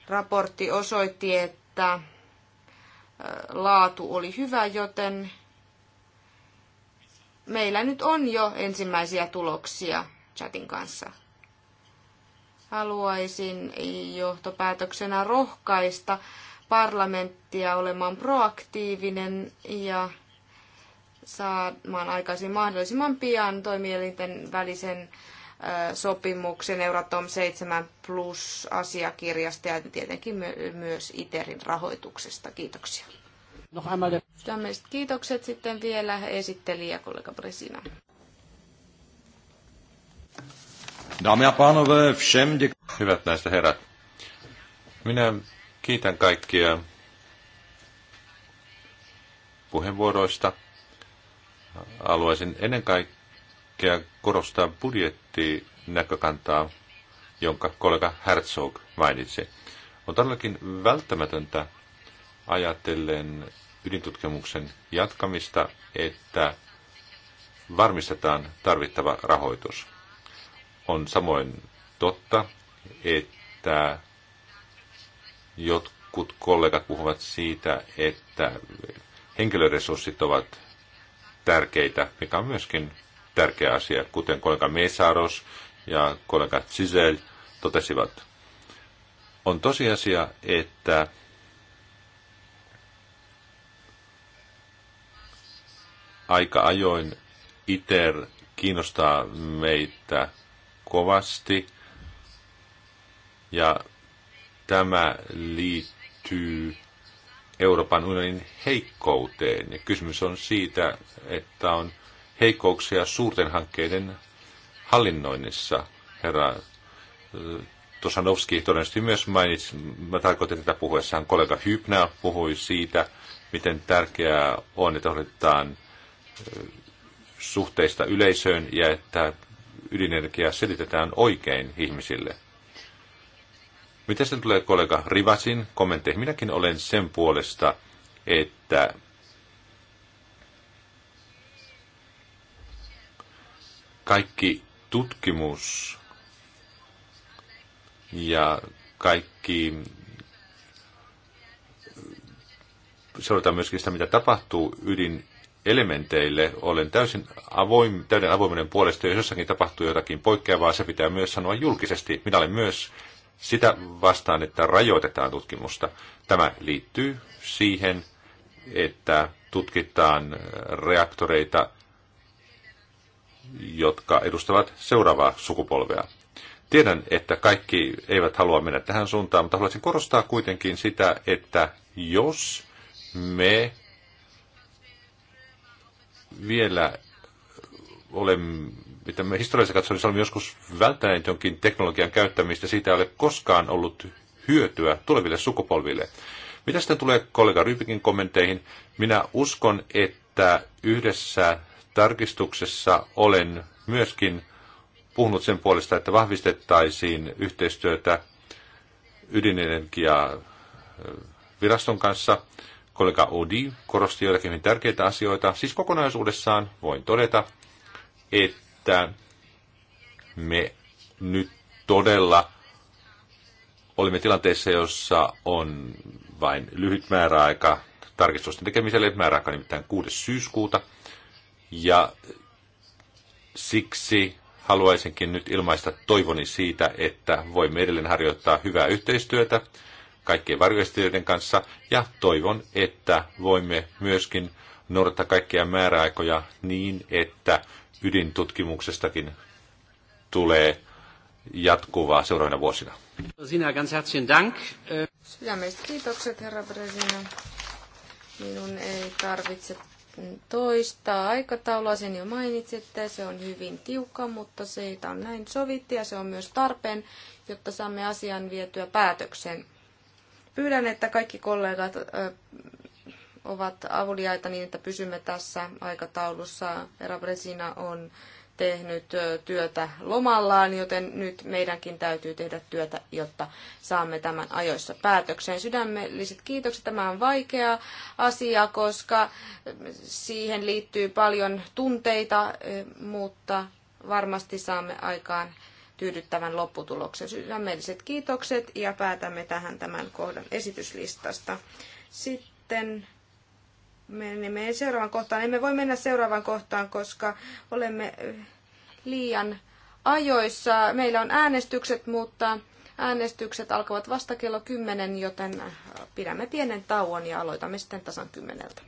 S2: raportti osoitti, että laatu oli hyvä, joten meillä nyt on jo ensimmäisiä tuloksia chatin kanssa. Haluaisin johtopäätöksenä rohkaista parlamenttia olemaan proaktiivinen ja saamaan aikaisin mahdollisimman pian toimielinten välisen sopimuksen Euratom 7 plus asiakirjasta ja tietenkin myös ITERin rahoituksesta. Kiitoksia. No, kiitokset sitten vielä esittelijä kollega Bresina.
S1: Dámy a pánové, všem Hyvät näistä herrat. Minä kiitän kaikkia puheenvuoroista. Haluaisin ennen kaikkea tärkeää korostaa budjettinäkökantaa, jonka kollega Herzog mainitsi. On todellakin välttämätöntä ajatellen ydintutkimuksen jatkamista, että varmistetaan tarvittava rahoitus. On samoin totta, että jotkut kollegat puhuvat siitä, että henkilöresurssit ovat tärkeitä, mikä on myöskin tärkeä asia, kuten kollega Mesaros ja kollega Cisel totesivat. On tosiasia, että aika ajoin ITER kiinnostaa meitä kovasti ja tämä liittyy Euroopan unionin heikkouteen. Ja kysymys on siitä, että on heikkouksia suurten hankkeiden hallinnoinnissa. Herra äh, Tosanovski todennäköisesti myös mainitsi, mä tarkoitin tätä puhuessaan, kollega Hybnä puhui siitä, miten tärkeää on, että odotetaan äh, suhteista yleisöön ja että ydinenergiaa selitetään oikein ihmisille. Miten sen tulee kollega Rivasin kommentteihin? Minäkin olen sen puolesta, että kaikki tutkimus ja kaikki äh, seurataan myöskin sitä, mitä tapahtuu ydinelementeille. Olen täysin avoin, täyden avoimuuden puolesta, jos jossakin tapahtuu jotakin poikkeavaa, se pitää myös sanoa julkisesti. Minä olen myös sitä vastaan, että rajoitetaan tutkimusta. Tämä liittyy siihen, että tutkitaan reaktoreita jotka edustavat seuraavaa sukupolvea. Tiedän, että kaikki eivät halua mennä tähän suuntaan, mutta haluaisin korostaa kuitenkin sitä, että jos me vielä olemme, mitä me historiallisesti katsoen, niin olemme joskus välttäneet jonkin teknologian käyttämistä, siitä ei ole koskaan ollut hyötyä tuleville sukupolville. Mitä sitten tulee kollega Rybikin kommenteihin? Minä uskon, että yhdessä tarkistuksessa olen myöskin puhunut sen puolesta, että vahvistettaisiin yhteistyötä ydinenergiaa viraston kanssa. Kollega Odi korosti joitakin hyvin tärkeitä asioita. Siis kokonaisuudessaan voin todeta, että me nyt todella olimme tilanteessa, jossa on vain lyhyt määräaika tarkistusten tekemiselle. Määräaika nimittäin 6. syyskuuta – ja siksi haluaisinkin nyt ilmaista toivoni siitä, että voimme edelleen harjoittaa hyvää yhteistyötä kaikkien varjoistijoiden kanssa ja toivon, että voimme myöskin noudattaa kaikkia määräaikoja niin, että ydintutkimuksestakin tulee jatkuvaa seuraavina vuosina.
S2: Sinä ganz herzlichen Dank. Sydämestä kiitokset, herra Bresina. Minun ei tarvitse toista aikataulua, sen jo mainitsitte, se on hyvin tiukka, mutta se on näin sovittu ja se on myös tarpeen, jotta saamme asian vietyä päätöksen. Pyydän, että kaikki kollegat ovat avuliaita niin, että pysymme tässä aikataulussa. Herra Bresina on tehnyt työtä lomallaan, joten nyt meidänkin täytyy tehdä työtä, jotta saamme tämän ajoissa päätökseen. Sydämelliset kiitokset. Tämä on vaikea asia, koska siihen liittyy paljon tunteita, mutta varmasti saamme aikaan tyydyttävän lopputuloksen. Sydämelliset kiitokset ja päätämme tähän tämän kohdan esityslistasta. Sitten menemme seuraavaan kohtaan. Emme voi mennä seuraavaan kohtaan, koska olemme liian ajoissa. Meillä on äänestykset, mutta äänestykset alkavat vasta kello 10, joten pidämme pienen tauon ja aloitamme sitten tasan kymmeneltä.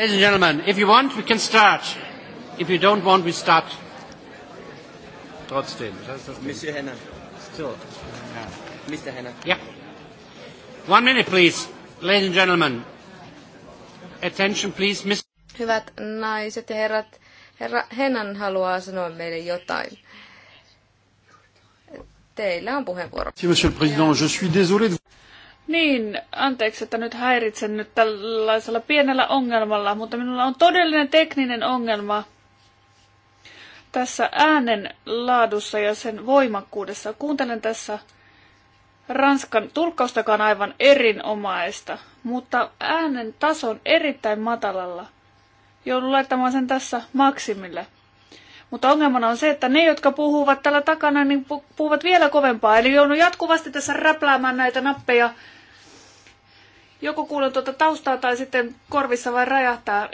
S2: Ladies and gentlemen, if you want, we can
S1: start. If you don't want, we start.
S3: Trotzdem.
S2: Mr. Henner. Still. Mr. Henner. Yeah. One minute, please.
S3: Ladies and gentlemen. Attention, please. Miss...
S2: Hyvät naiset ja herrat, herra Henan haluaa sanoa meille jotain.
S3: Teillä on puheenvuoro. Monsieur le Président, je suis désolé de... Niin, anteeksi, että nyt häiritsen nyt tällaisella pienellä ongelmalla, mutta minulla on todellinen tekninen ongelma tässä äänen laadussa ja sen voimakkuudessa. Kuuntelen tässä Ranskan tulkkaustakaan aivan erinomaista, mutta äänen taso on erittäin matalalla. Joudun laittamaan sen tässä maksimille. Mutta ongelmana on se, että ne, jotka puhuvat tällä takana, niin puhuvat vielä kovempaa. Eli joudun jatkuvasti tässä räpläämään näitä nappeja Joko kuulee tuota taustaa tai sitten korvissa vain räjähtää.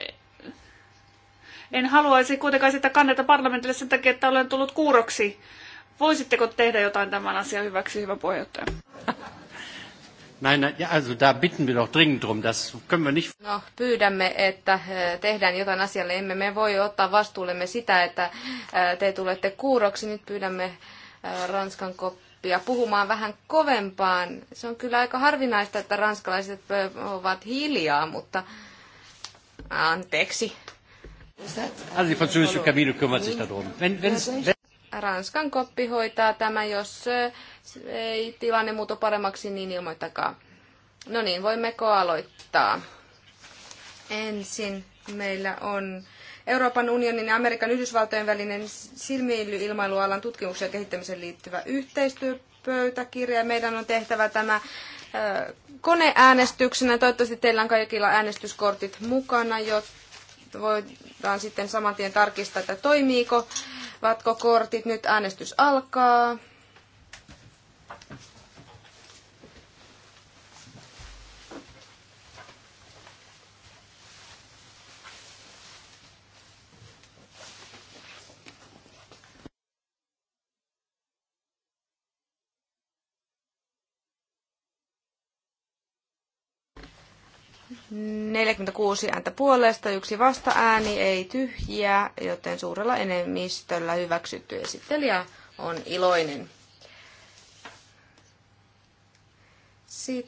S3: En haluaisi kuitenkaan sitä kannata parlamentille sen takia, että olen tullut kuuroksi. Voisitteko tehdä jotain tämän asian hyväksi, hyvä puheenjohtaja?
S1: Nein, ja, also da bitten wir doch dringend drum, das können wir nicht.
S2: No, pyydämme, että äh, tehdään jotain asialle. Emme me voi ottaa vastuullemme sitä, että äh, te tulette kuuroksi. Nyt pyydämme äh, Ranskan ja puhumaan vähän kovempaan. Se on kyllä aika harvinaista, että ranskalaiset ovat hiljaa, mutta anteeksi. Ranskan koppi hoitaa tämä, jos ei tilanne muutu paremmaksi, niin ilmoittakaa. No niin, voimmeko aloittaa? Ensin meillä on Euroopan unionin ja Amerikan Yhdysvaltojen välinen silmiilyilmailualan tutkimuksen ja kehittämiseen liittyvä yhteistyöpöytäkirja. Meidän on tehtävä tämä koneäänestyksenä. Toivottavasti teillä on kaikilla äänestyskortit mukana, jotta voidaan sitten saman tien tarkistaa, että toimiiko vatko kortit. Nyt äänestys alkaa. 46 ääntä puolesta, yksi vasta-ääni, ei tyhjiä, joten suurella enemmistöllä hyväksytty esittelijä on iloinen. Sitten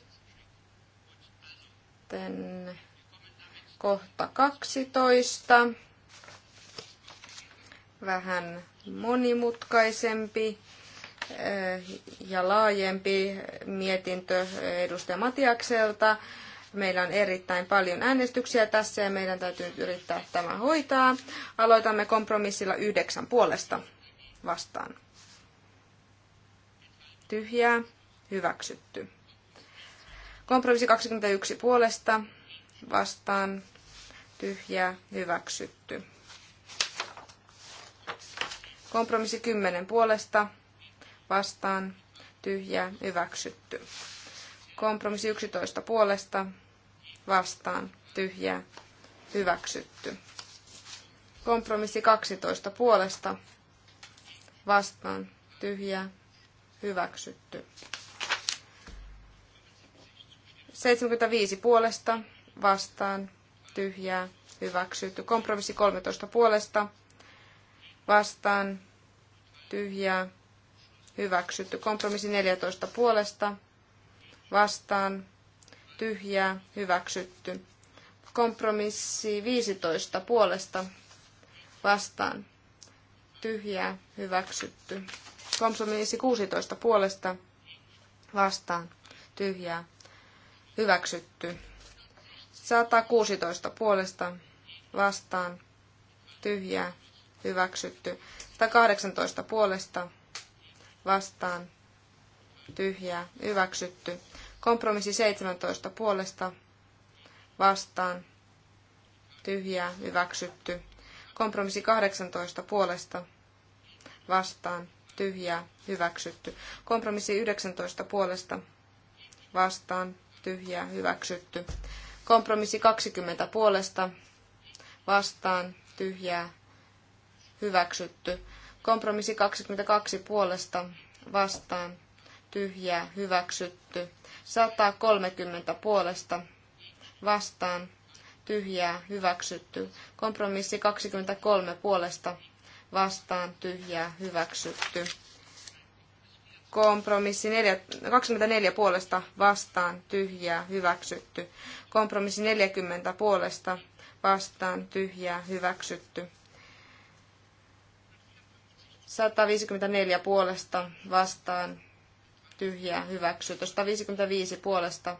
S2: kohta 12. Vähän monimutkaisempi eh, ja laajempi mietintö edustaja Matiakselta Meillä on erittäin paljon äänestyksiä tässä ja meidän täytyy nyt yrittää tämä hoitaa. Aloitamme kompromissilla yhdeksän puolesta vastaan. Tyhjää, hyväksytty. Kompromissi 21 puolesta vastaan, tyhjää, hyväksytty. Kompromissi 10 puolesta vastaan, tyhjää, hyväksytty. Kompromissi 11 puolesta vastaan tyhjää hyväksytty. Kompromissi 12 puolesta vastaan tyhjää hyväksytty. 75 puolesta vastaan tyhjää hyväksytty. Kompromissi 13 puolesta vastaan tyhjää hyväksytty. Kompromissi 14 puolesta vastaan, tyhjää, hyväksytty. Kompromissi 15 puolesta vastaan, tyhjää, hyväksytty. Kompromissi 16 puolesta vastaan, tyhjää, hyväksytty. 116 puolesta vastaan, tyhjää, hyväksytty. 118 puolesta vastaan, tyhjää, hyväksytty. Kompromissi 17 puolesta vastaan tyhjää hyväksytty. Kompromissi 18 puolesta vastaan tyhjää hyväksytty. Kompromissi 19 puolesta vastaan tyhjää hyväksytty. Kompromissi 20 puolesta vastaan tyhjää hyväksytty. Kompromissi 22 puolesta vastaan tyhjää hyväksytty. 130 puolesta vastaan tyhjää hyväksytty. Kompromissi 23 puolesta vastaan tyhjää hyväksytty. Kompromissi 4, 24 puolesta vastaan tyhjää hyväksytty. Kompromissi 40 puolesta vastaan tyhjää hyväksytty. 154 puolesta vastaan tyhjää hyväksytty. 155 puolesta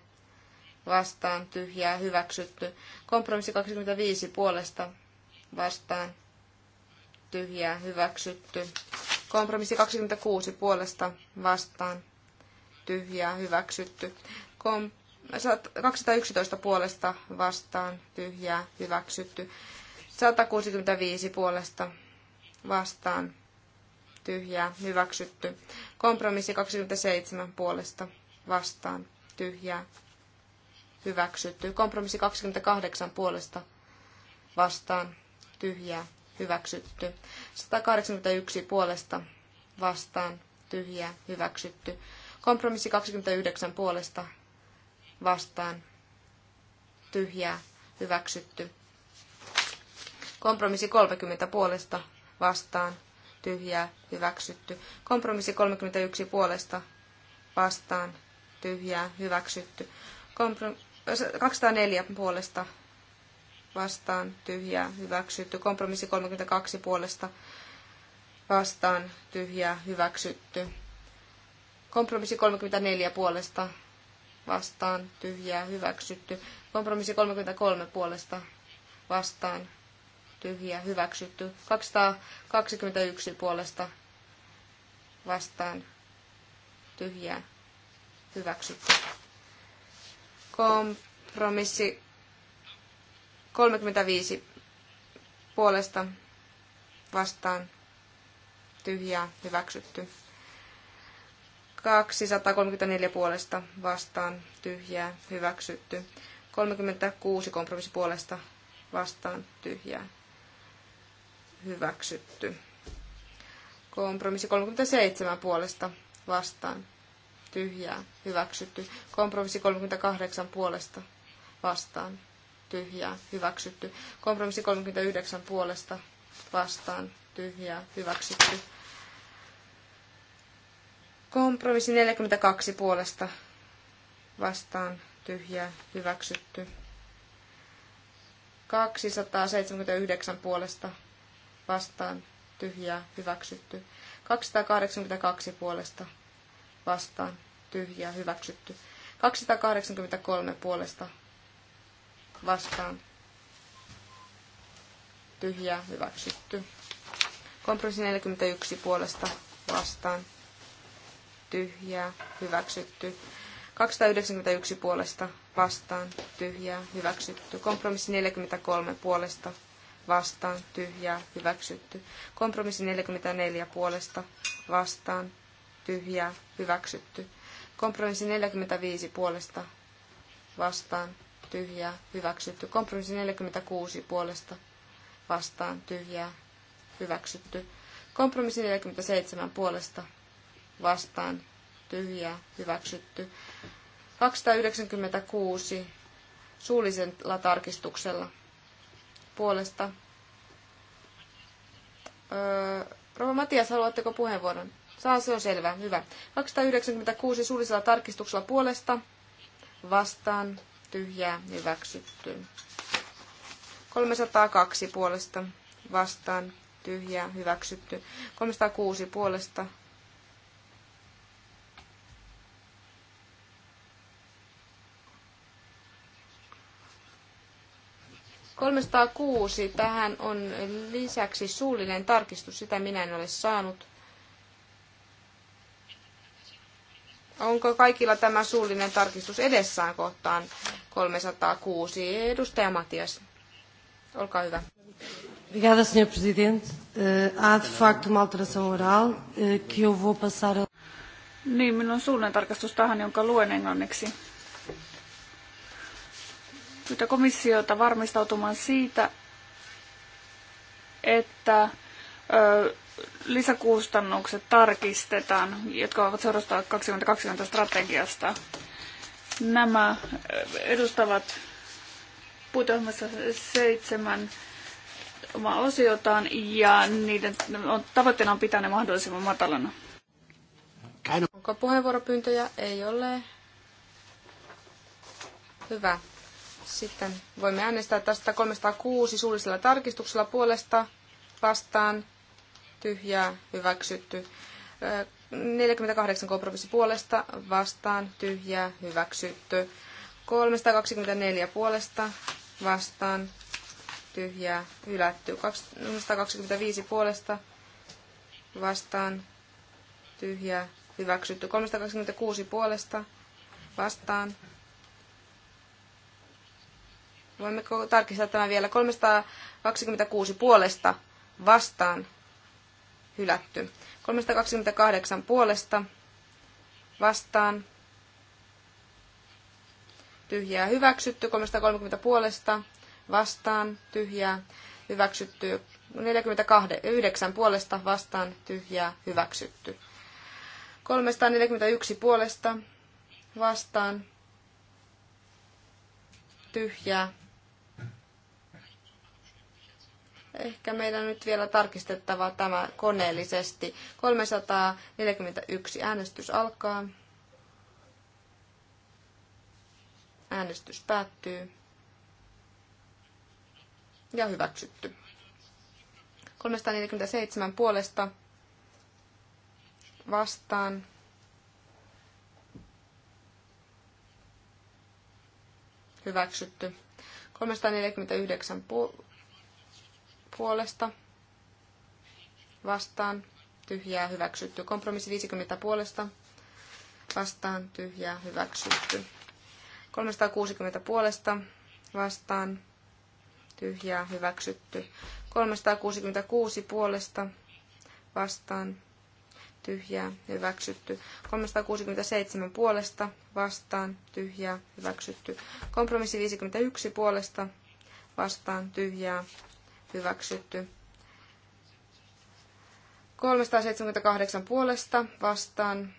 S2: vastaan tyhjää hyväksytty. Kompromissi 25 puolesta vastaan tyhjää hyväksytty. Kompromissi 26 puolesta vastaan tyhjää hyväksytty. Kom- 211 puolesta vastaan tyhjää hyväksytty. 165 puolesta vastaan tyhjää, hyväksytty. Kompromissi 27 puolesta vastaan, tyhjää, hyväksytty. Kompromissi 28 puolesta vastaan, tyhjää, hyväksytty. 181 puolesta vastaan, tyhjää, hyväksytty. Kompromissi 29 puolesta vastaan, tyhjää, hyväksytty. Kompromissi 30 puolesta vastaan, tyhjää, hyväksytty. Kompromissi 31 puolesta vastaan, tyhjää, hyväksytty. Komprom- 204 puolesta vastaan, tyhjää, hyväksytty. Kompromissi 32 puolesta vastaan, tyhjää, hyväksytty. Kompromissi 34 puolesta vastaan, tyhjää, hyväksytty. Kompromissi 33 puolesta vastaan, tyhjiä hyväksytty. 221 puolesta vastaan tyhjiä hyväksytty. Kompromissi 35 puolesta vastaan tyhjää hyväksytty. 234 puolesta vastaan tyhjää hyväksytty. 36 kompromissi puolesta vastaan tyhjää hyväksytty. Kompromissi 37 puolesta vastaan tyhjää hyväksytty. Kompromissi 38 puolesta vastaan tyhjää hyväksytty. Kompromissi 39 puolesta vastaan tyhjää hyväksytty. Kompromissi 42 puolesta vastaan tyhjää hyväksytty. 279 puolesta vastaan tyhjää hyväksytty. 282 puolesta vastaan tyhjää hyväksytty. 283 puolesta vastaan tyhjää hyväksytty. Kompromissi 41 puolesta vastaan tyhjää hyväksytty. 291 puolesta vastaan tyhjää hyväksytty. Kompromissi 43 puolesta vastaan, tyhjää, hyväksytty. Kompromissi 44 puolesta vastaan, tyhjää, hyväksytty. Kompromissi 45 puolesta vastaan, tyhjää, hyväksytty. Kompromissi 46 puolesta vastaan, tyhjää, hyväksytty. Kompromissi 47 puolesta vastaan, tyhjää, hyväksytty. 296 suullisella tarkistuksella puolesta. Öö, Rova Matias, haluatteko puheenvuoron? Saa, se on selvää. Hyvä. 296 suullisella tarkistuksella puolesta. Vastaan. Tyhjää. Hyväksytty. 302 puolesta. Vastaan. Tyhjää. Hyväksytty. 306 puolesta. 306, tähän on lisäksi suullinen tarkistus, sitä minä en ole saanut. Onko kaikilla tämä suullinen tarkistus edessään kohtaan 306? Edustaja Matias, olkaa hyvä. Obrigada, Sr. Presidente. Uh, há de facto uma alteração oral uh, que eu vou passar a...
S3: Niin, minun suullinen tarkastus tähän, jonka luen englanniksi pyytää komissiota varmistautumaan siitä, että ö, lisäkustannukset tarkistetaan, jotka ovat seurausta 2020 strategiasta. Nämä edustavat puitohjelmassa seitsemän omaa osiotaan ja niiden on, tavoitteena on pitää ne mahdollisimman matalana.
S2: Onko puheenvuoropyyntöjä? Ei ole. Hyvä. Sitten voimme äänestää tästä 306 suullisella tarkistuksella puolesta vastaan tyhjää hyväksytty. 48 kompromissi puolesta vastaan tyhjää hyväksytty. 324 puolesta vastaan tyhjää hylätty. 225 puolesta vastaan tyhjää hyväksytty. 326 puolesta vastaan Voimme tarkistaa tämän vielä. 326 puolesta vastaan hylätty. 328 puolesta vastaan tyhjää hyväksytty. 330 puolesta vastaan tyhjää hyväksytty. 49 puolesta vastaan tyhjää hyväksytty. 341 puolesta vastaan tyhjää Ehkä meidän nyt vielä tarkistettava tämä koneellisesti. 341 äänestys alkaa. Äänestys päättyy. Ja hyväksytty. 347 puolesta vastaan. Hyväksytty. 349 puolesta puolesta vastaan tyhjää hyväksytty. Kompromissi 50 puolesta vastaan tyhjää hyväksytty. 360 puolesta vastaan tyhjää hyväksytty. 366 puolesta vastaan tyhjää hyväksytty. 367 puolesta vastaan tyhjää hyväksytty. Kompromissi 51 puolesta vastaan tyhjää hyväksytty. 378 puolesta vastaan.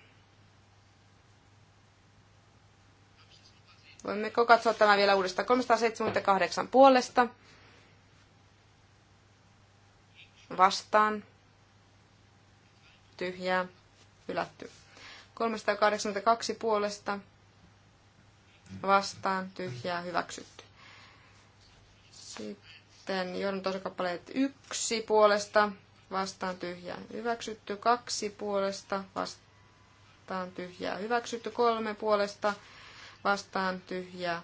S2: Voimmeko katsoa tämä vielä uudestaan? 378 puolesta vastaan. Tyhjää. Hylätty. 382 puolesta vastaan. Tyhjää. Hyväksytty. Sitten sitten johdantosakappaleet yksi puolesta vastaan tyhjää hyväksytty, kaksi puolesta vastaan tyhjää hyväksytty, kolme puolesta vastaan tyhjää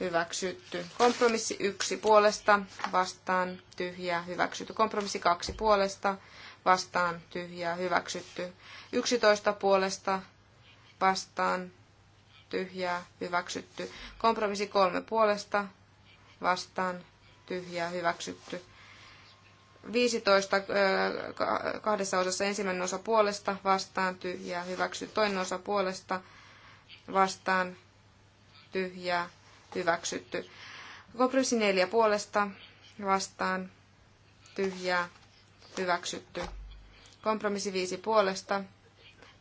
S2: hyväksytty. Kompromissi yksi puolesta vastaan tyhjää hyväksytty. Kompromissi kaksi puolesta vastaan tyhjää hyväksytty. Yksitoista puolesta vastaan tyhjää hyväksytty. Kompromissi kolme puolesta vastaan tyhjää hyväksytty. 15 kahdessa osassa ensimmäinen osa puolesta vastaan tyhjää hyväksy. Toinen osa puolesta vastaan tyhjää hyväksytty. Kompromissi neljä puolesta vastaan tyhjää hyväksytty. Kompromissi viisi puolesta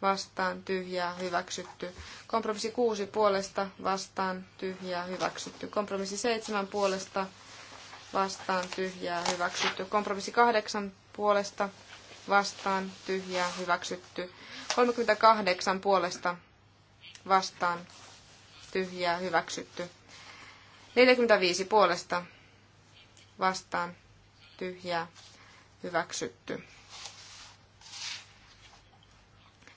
S2: vastaan, tyhjää, hyväksytty. Kompromissi kuusi puolesta, vastaan, tyhjää, hyväksytty. Kompromissi seitsemän puolesta, vastaan tyhjää hyväksytty. Kompromissi kahdeksan puolesta vastaan tyhjää hyväksytty. 38 puolesta vastaan tyhjää hyväksytty. 45 puolesta vastaan tyhjää hyväksytty.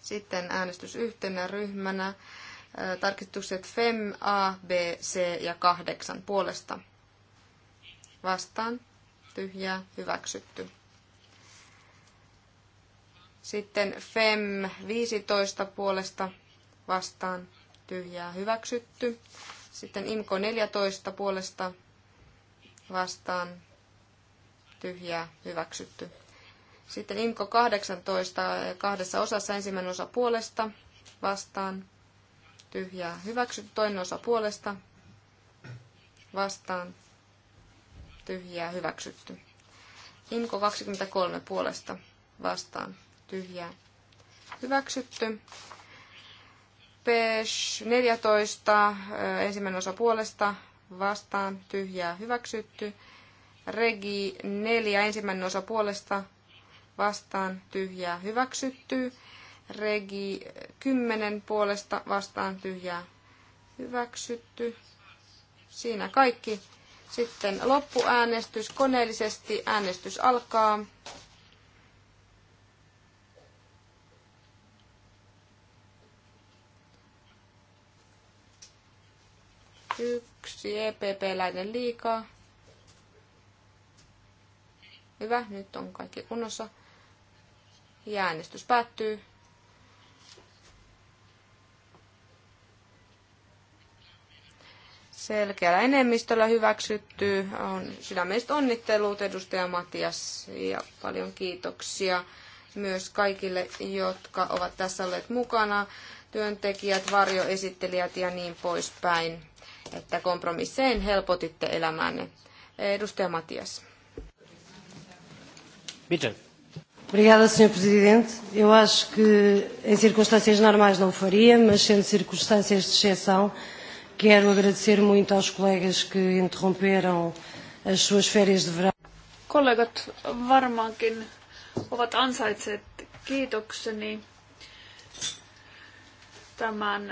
S2: Sitten äänestys yhtenä ryhmänä. Tarkistukset FEM, A, B, C ja 8 puolesta vastaan tyhjää hyväksytty. Sitten FEM 15 puolesta vastaan tyhjää hyväksytty. Sitten IMKO 14 puolesta vastaan tyhjää hyväksytty. Sitten IMKO 18 kahdessa osassa ensimmäinen osa puolesta vastaan tyhjää hyväksytty, toinen osa puolesta vastaan tyhjää hyväksytty. inko 23 puolesta vastaan tyhjää hyväksytty. Pesh 14 ensimmäinen osa puolesta vastaan tyhjää hyväksytty. Regi 4 ensimmäinen osa puolesta vastaan tyhjää hyväksytty. Regi 10 puolesta vastaan tyhjää hyväksytty. Siinä kaikki. Sitten loppuäänestys koneellisesti. Äänestys alkaa. Yksi EPP-läinen liikaa. Hyvä, nyt on kaikki kunnossa. Ja äänestys päättyy. selkeällä enemmistöllä hyväksytty. On sydämelliset onnittelut edustaja Matias ja paljon kiitoksia myös kaikille, jotka ovat tässä olleet mukana, työntekijät, varjoesittelijät ja niin poispäin, että kompromissein helpotitte elämäänne. Edustaja Matias.
S1: Bitte. Obrigada, Sr. Presidente. Eu acho que em circunstâncias
S2: normais não faria, mas sendo circunstâncias de exceção, Quero agradecer muito aos
S1: colegas que interromperam as suas férias de verão.
S3: Kollegat varmaankin ovat ansaitseet kiitokseni tämän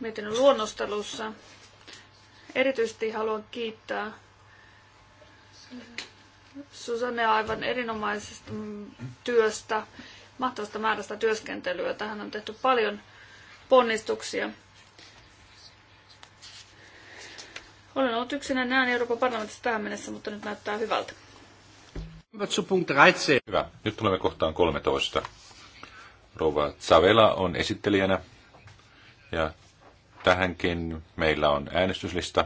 S3: mietinnön luonnostelussa. Erityisesti haluan kiittää Susanne aivan erinomaisesta työstä, mahtavasta määrästä työskentelyä. Tähän on tehty paljon ponnistuksia. Olen ollut yksinä näin Euroopan parlamentissa tähän mennessä, mutta nyt näyttää hyvältä.
S1: Hyvä. Nyt tulemme kohtaan 13. Rouva Zavela on esittelijänä ja tähänkin meillä on äänestyslista.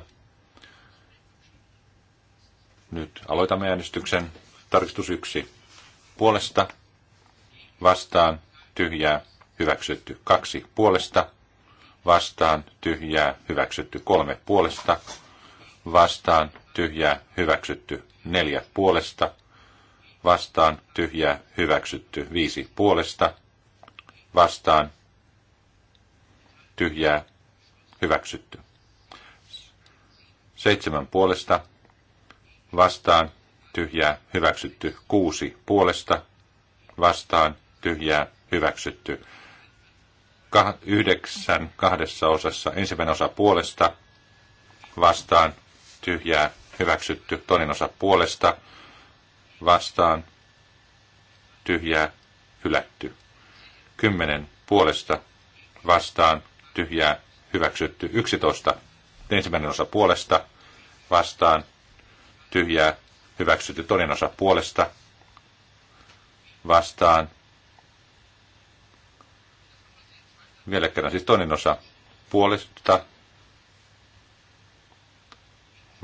S1: Nyt aloitamme äänestyksen. Tarkistus 1. Puolesta, vastaan, tyhjää, hyväksytty. 2. Puolesta, vastaan, tyhjää, hyväksytty. 3. Puolesta, vastaan tyhjää hyväksytty. Neljä puolesta vastaan tyhjää hyväksytty. Viisi puolesta vastaan tyhjää hyväksytty. Seitsemän puolesta vastaan tyhjää hyväksytty. Kuusi puolesta vastaan tyhjää hyväksytty. yhdeksän kahdessa osassa. Ensimmäinen osa puolesta vastaan tyhjää hyväksytty. Toinen osa puolesta vastaan tyhjää hylätty. Kymmenen puolesta vastaan tyhjää hyväksytty. Yksitoista ensimmäinen osa puolesta vastaan tyhjää hyväksytty. Toinen osa puolesta vastaan vielä kerran siis toinen osa puolesta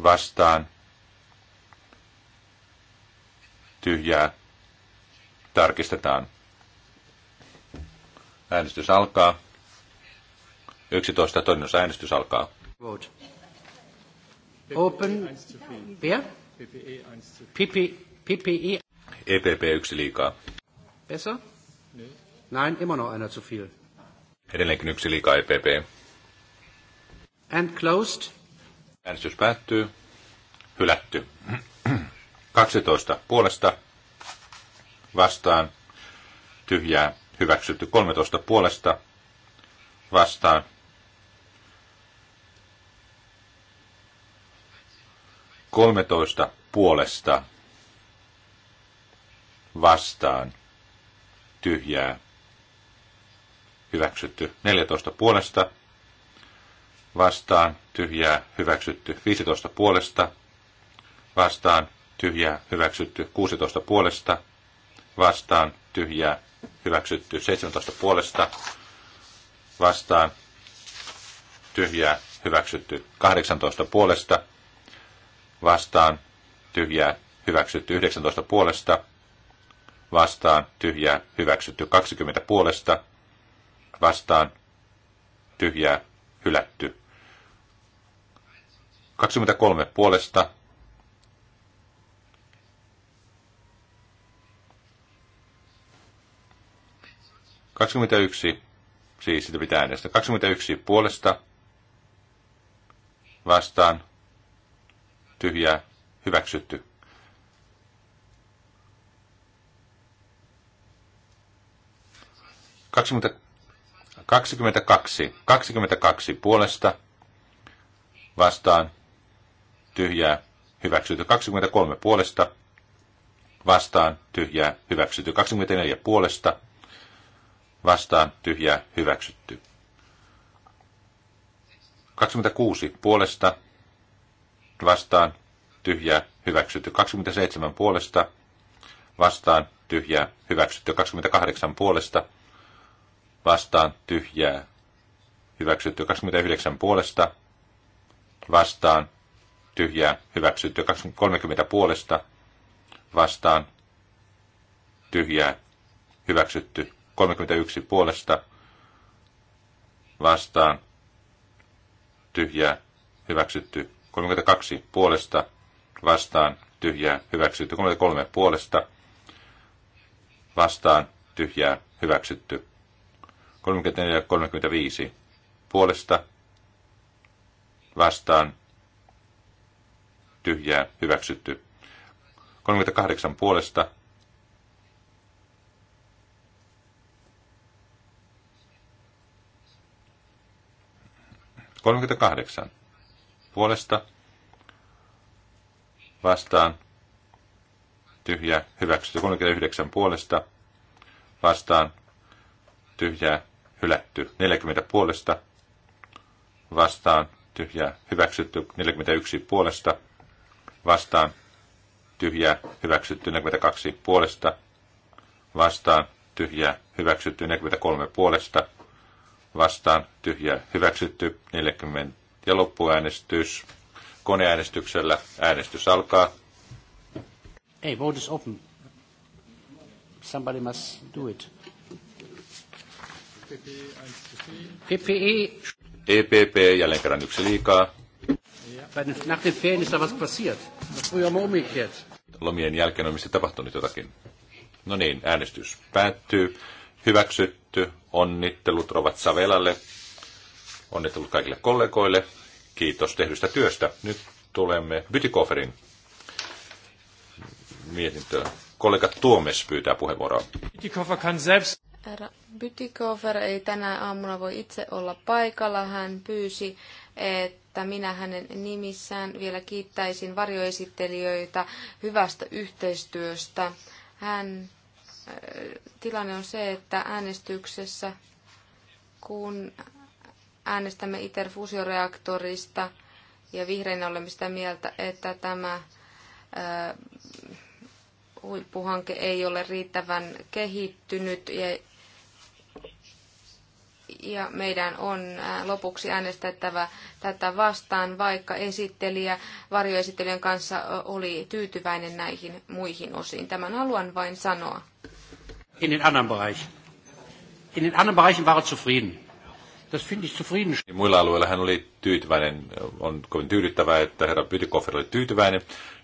S1: vastaan tyhjää tarkistetaan. Äänestys alkaa. 11. todennus äänestys alkaa. Vote. Open. Wer? PPE. EPP yksi liikaa. Besser? Nein, immer noch einer zu viel. Edelleenkin yksi liikaa EPP. And closed. Äänestys päättyy. Hylätty. 12 puolesta vastaan tyhjää hyväksytty. 13 puolesta vastaan kolmetoista puolesta vastaan tyhjää hyväksytty. Neljätoista puolesta vastaan, tyhjää, hyväksytty. 15 puolesta, vastaan, tyhjää, hyväksytty. 16 puolesta, vastaan, tyhjää, hyväksytty. 17 puolesta, vastaan, tyhjää, hyväksytty. 18 puolesta, vastaan, tyhjää, hyväksytty. 19 puolesta, vastaan, tyhjää, hyväksytty. 20 puolesta, vastaan, tyhjää, hylätty. 23 puolesta. yksi siis sitä pitää äänestää. yksi puolesta vastaan tyhjää hyväksytty. Kaksikymmentä 22, kaksi puolesta vastaan tyhjää, hyväksytty 23 puolesta, vastaan tyhjää, hyväksytty 24 puolesta, vastaan tyhjää, hyväksytty. 26 puolesta, vastaan tyhjää, hyväksytty 27 puolesta, vastaan tyhjää, hyväksytty 28 puolesta, vastaan tyhjää, hyväksytty 29 puolesta, vastaan tyhjää hyväksytty. 30 puolesta vastaan tyhjää hyväksytty. 31 puolesta vastaan tyhjää hyväksytty. 32 puolesta vastaan tyhjää hyväksytty. 33 puolesta vastaan tyhjää hyväksytty. 34 35 puolesta vastaan tyhjää, hyväksytty. 38 puolesta, kolmikymmentäkahdeksan Puolesta vastaan tyhjä hyväksytty. 39 puolesta vastaan tyhjä hylätty. 40 puolesta vastaan tyhjä hyväksytty. 41 puolesta vastaan, tyhjää, hyväksytty 42 puolesta, vastaan, tyhjää, hyväksytty 43 puolesta, vastaan, tyhjää, hyväksytty 40 ja loppuäänestys. Koneäänestyksellä äänestys alkaa. Hey, vote is open. Somebody must do it.
S3: PPE.
S1: EPP jälleen kerran yksi liikaa.
S3: Nach Ferien ist da was passiert. Früher mal umgekehrt.
S1: Lomien jälkeen on mistä tapahtunut jotakin. No niin, äänestys päättyy. Hyväksytty. Onnittelut Rovat Savelalle. Onnittelut kaikille kollegoille. Kiitos tehdystä työstä. Nyt tulemme Bytikoferin mietintöön. Kollega Tuomes pyytää puheenvuoroa.
S2: Herra Bytikofer ei tänä aamuna voi itse olla paikalla. Hän pyysi että minä hänen nimissään vielä kiittäisin varjoesittelijöitä hyvästä yhteistyöstä. Hän, äh, tilanne on se, että äänestyksessä, kun äänestämme ITER-fusioreaktorista, ja vihreinä olemme sitä mieltä, että tämä äh, huippuhanke ei ole riittävän kehittynyt ja ja meidän on äh, lopuksi äänestettävä tätä vastaan, vaikka esittelijä varjoesittelijän kanssa oli tyytyväinen näihin muihin osiin. Tämän haluan
S1: vain sanoa. In den anderen Bereichen. In den anderen Bereichen war er zufrieden. Das finde ich zufrieden. Niin, muilla alueilla hän oli tyytyväinen. On kovin tyydyttävää, että herra Pytikoffer oli tyytyväinen.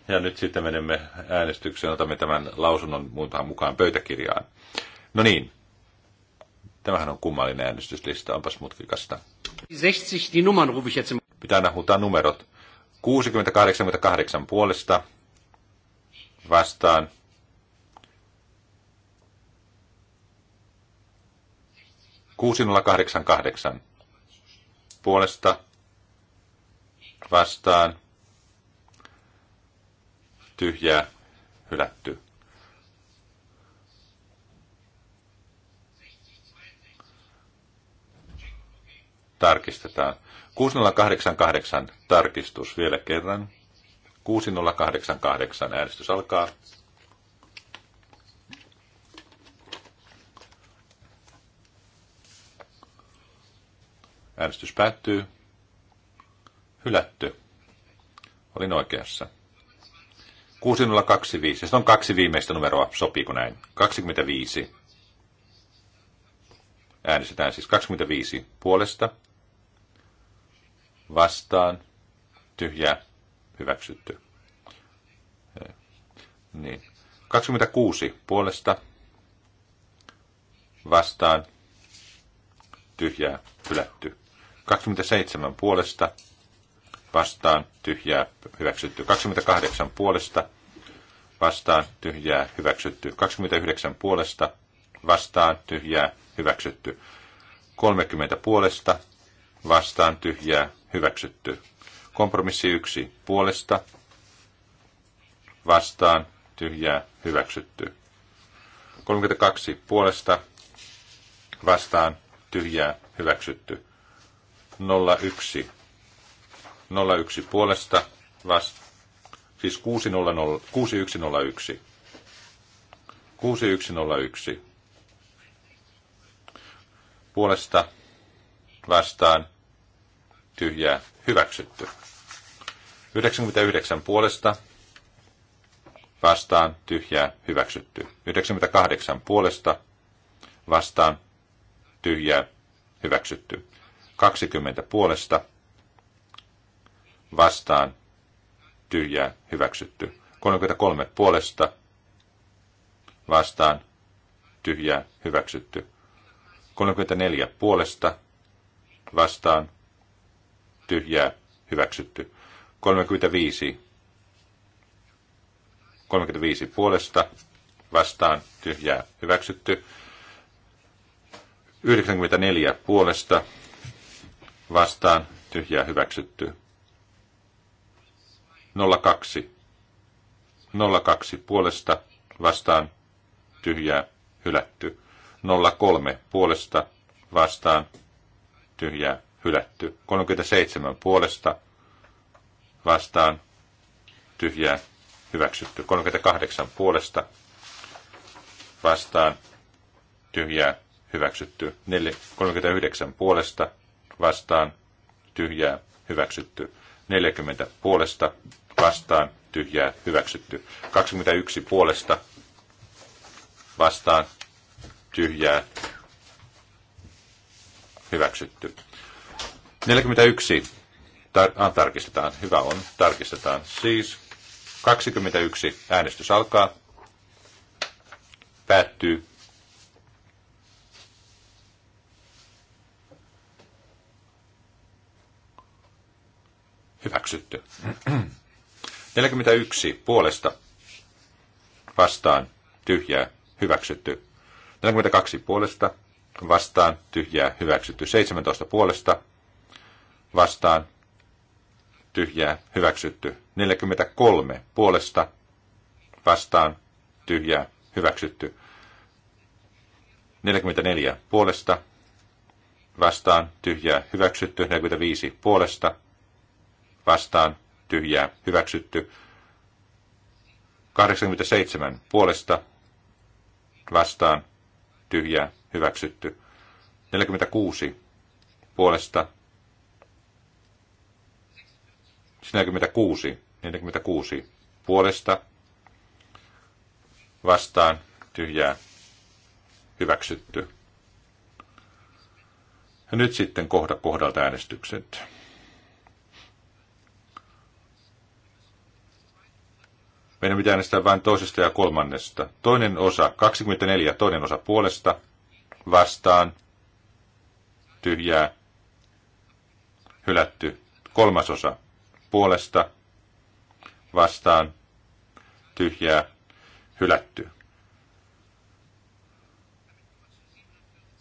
S1: Ja nyt sitten menemme äänestykseen, otamme tämän lausunnon muutahan mukaan pöytäkirjaan. No niin, Tämähän on kummallinen äänestyslista, onpas mutkikasta. 60, die Nummern rufe ich Pitää nahutaa numerot. 60-88 puolesta vastaan. 6088 puolesta vastaan tyhjää hylätty. tarkistetaan. 6088 tarkistus vielä kerran. 6088 äänestys alkaa. Äänestys päättyy. Hylätty. Olin oikeassa. 6025. Se on kaksi viimeistä numeroa. Sopiiko näin? 25. Äänestetään siis 25 puolesta vastaan, tyhjä hyväksytty. Niin. 26 puolesta vastaan, tyhjää, hylätty. 27 puolesta vastaan, tyhjää, hyväksytty. 28 puolesta vastaan, tyhjää, hyväksytty. 29 puolesta vastaan, tyhjää, hyväksytty. 30 puolesta vastaan, tyhjää, hyväksytty. Kompromissi yksi puolesta vastaan tyhjää hyväksytty. 32 puolesta vastaan tyhjää hyväksytty. 01 01 siis puolesta vastaan siis 600, 6101. 6101. Puolesta vastaan tyhjää hyväksytty. 99 puolesta vastaan tyhjää hyväksytty. 98 puolesta vastaan tyhjää hyväksytty. 20 puolesta vastaan tyhjää hyväksytty. 33 puolesta vastaan tyhjää hyväksytty. 34 puolesta vastaan tyhjää, hyväksytty. 35, 35 puolesta, vastaan, tyhjää, hyväksytty. 94 puolesta, vastaan, tyhjää, hyväksytty. 02, 02 puolesta, vastaan, tyhjää, hylätty. 03 puolesta, vastaan, tyhjää, hylätty. 37 puolesta vastaan tyhjää hyväksytty. 38 puolesta vastaan tyhjää hyväksytty. 39 puolesta vastaan tyhjää hyväksytty. 40 puolesta vastaan tyhjää hyväksytty. 21 puolesta vastaan tyhjää hyväksytty. 41. Tar- ah, tarkistetaan. Hyvä on. Tarkistetaan. Siis 21. Äänestys alkaa. Päättyy. Hyväksytty. 41. Puolesta. Vastaan. Tyhjää. Hyväksytty. 42. Puolesta. Vastaan. Tyhjää. Hyväksytty. 17. Puolesta vastaan tyhjää hyväksytty. 43 puolesta vastaan tyhjää hyväksytty. 44 puolesta vastaan tyhjää hyväksytty. 45 puolesta vastaan tyhjää hyväksytty. 87 puolesta vastaan tyhjää hyväksytty. 46 puolesta 46, 46 puolesta vastaan tyhjää hyväksytty. Ja nyt sitten kohda kohdalta äänestykset. Meidän pitää äänestää vain toisesta ja kolmannesta. Toinen osa, 24, toinen osa puolesta, vastaan, tyhjää, hylätty. Kolmas osa, puolesta vastaan tyhjää hylätty.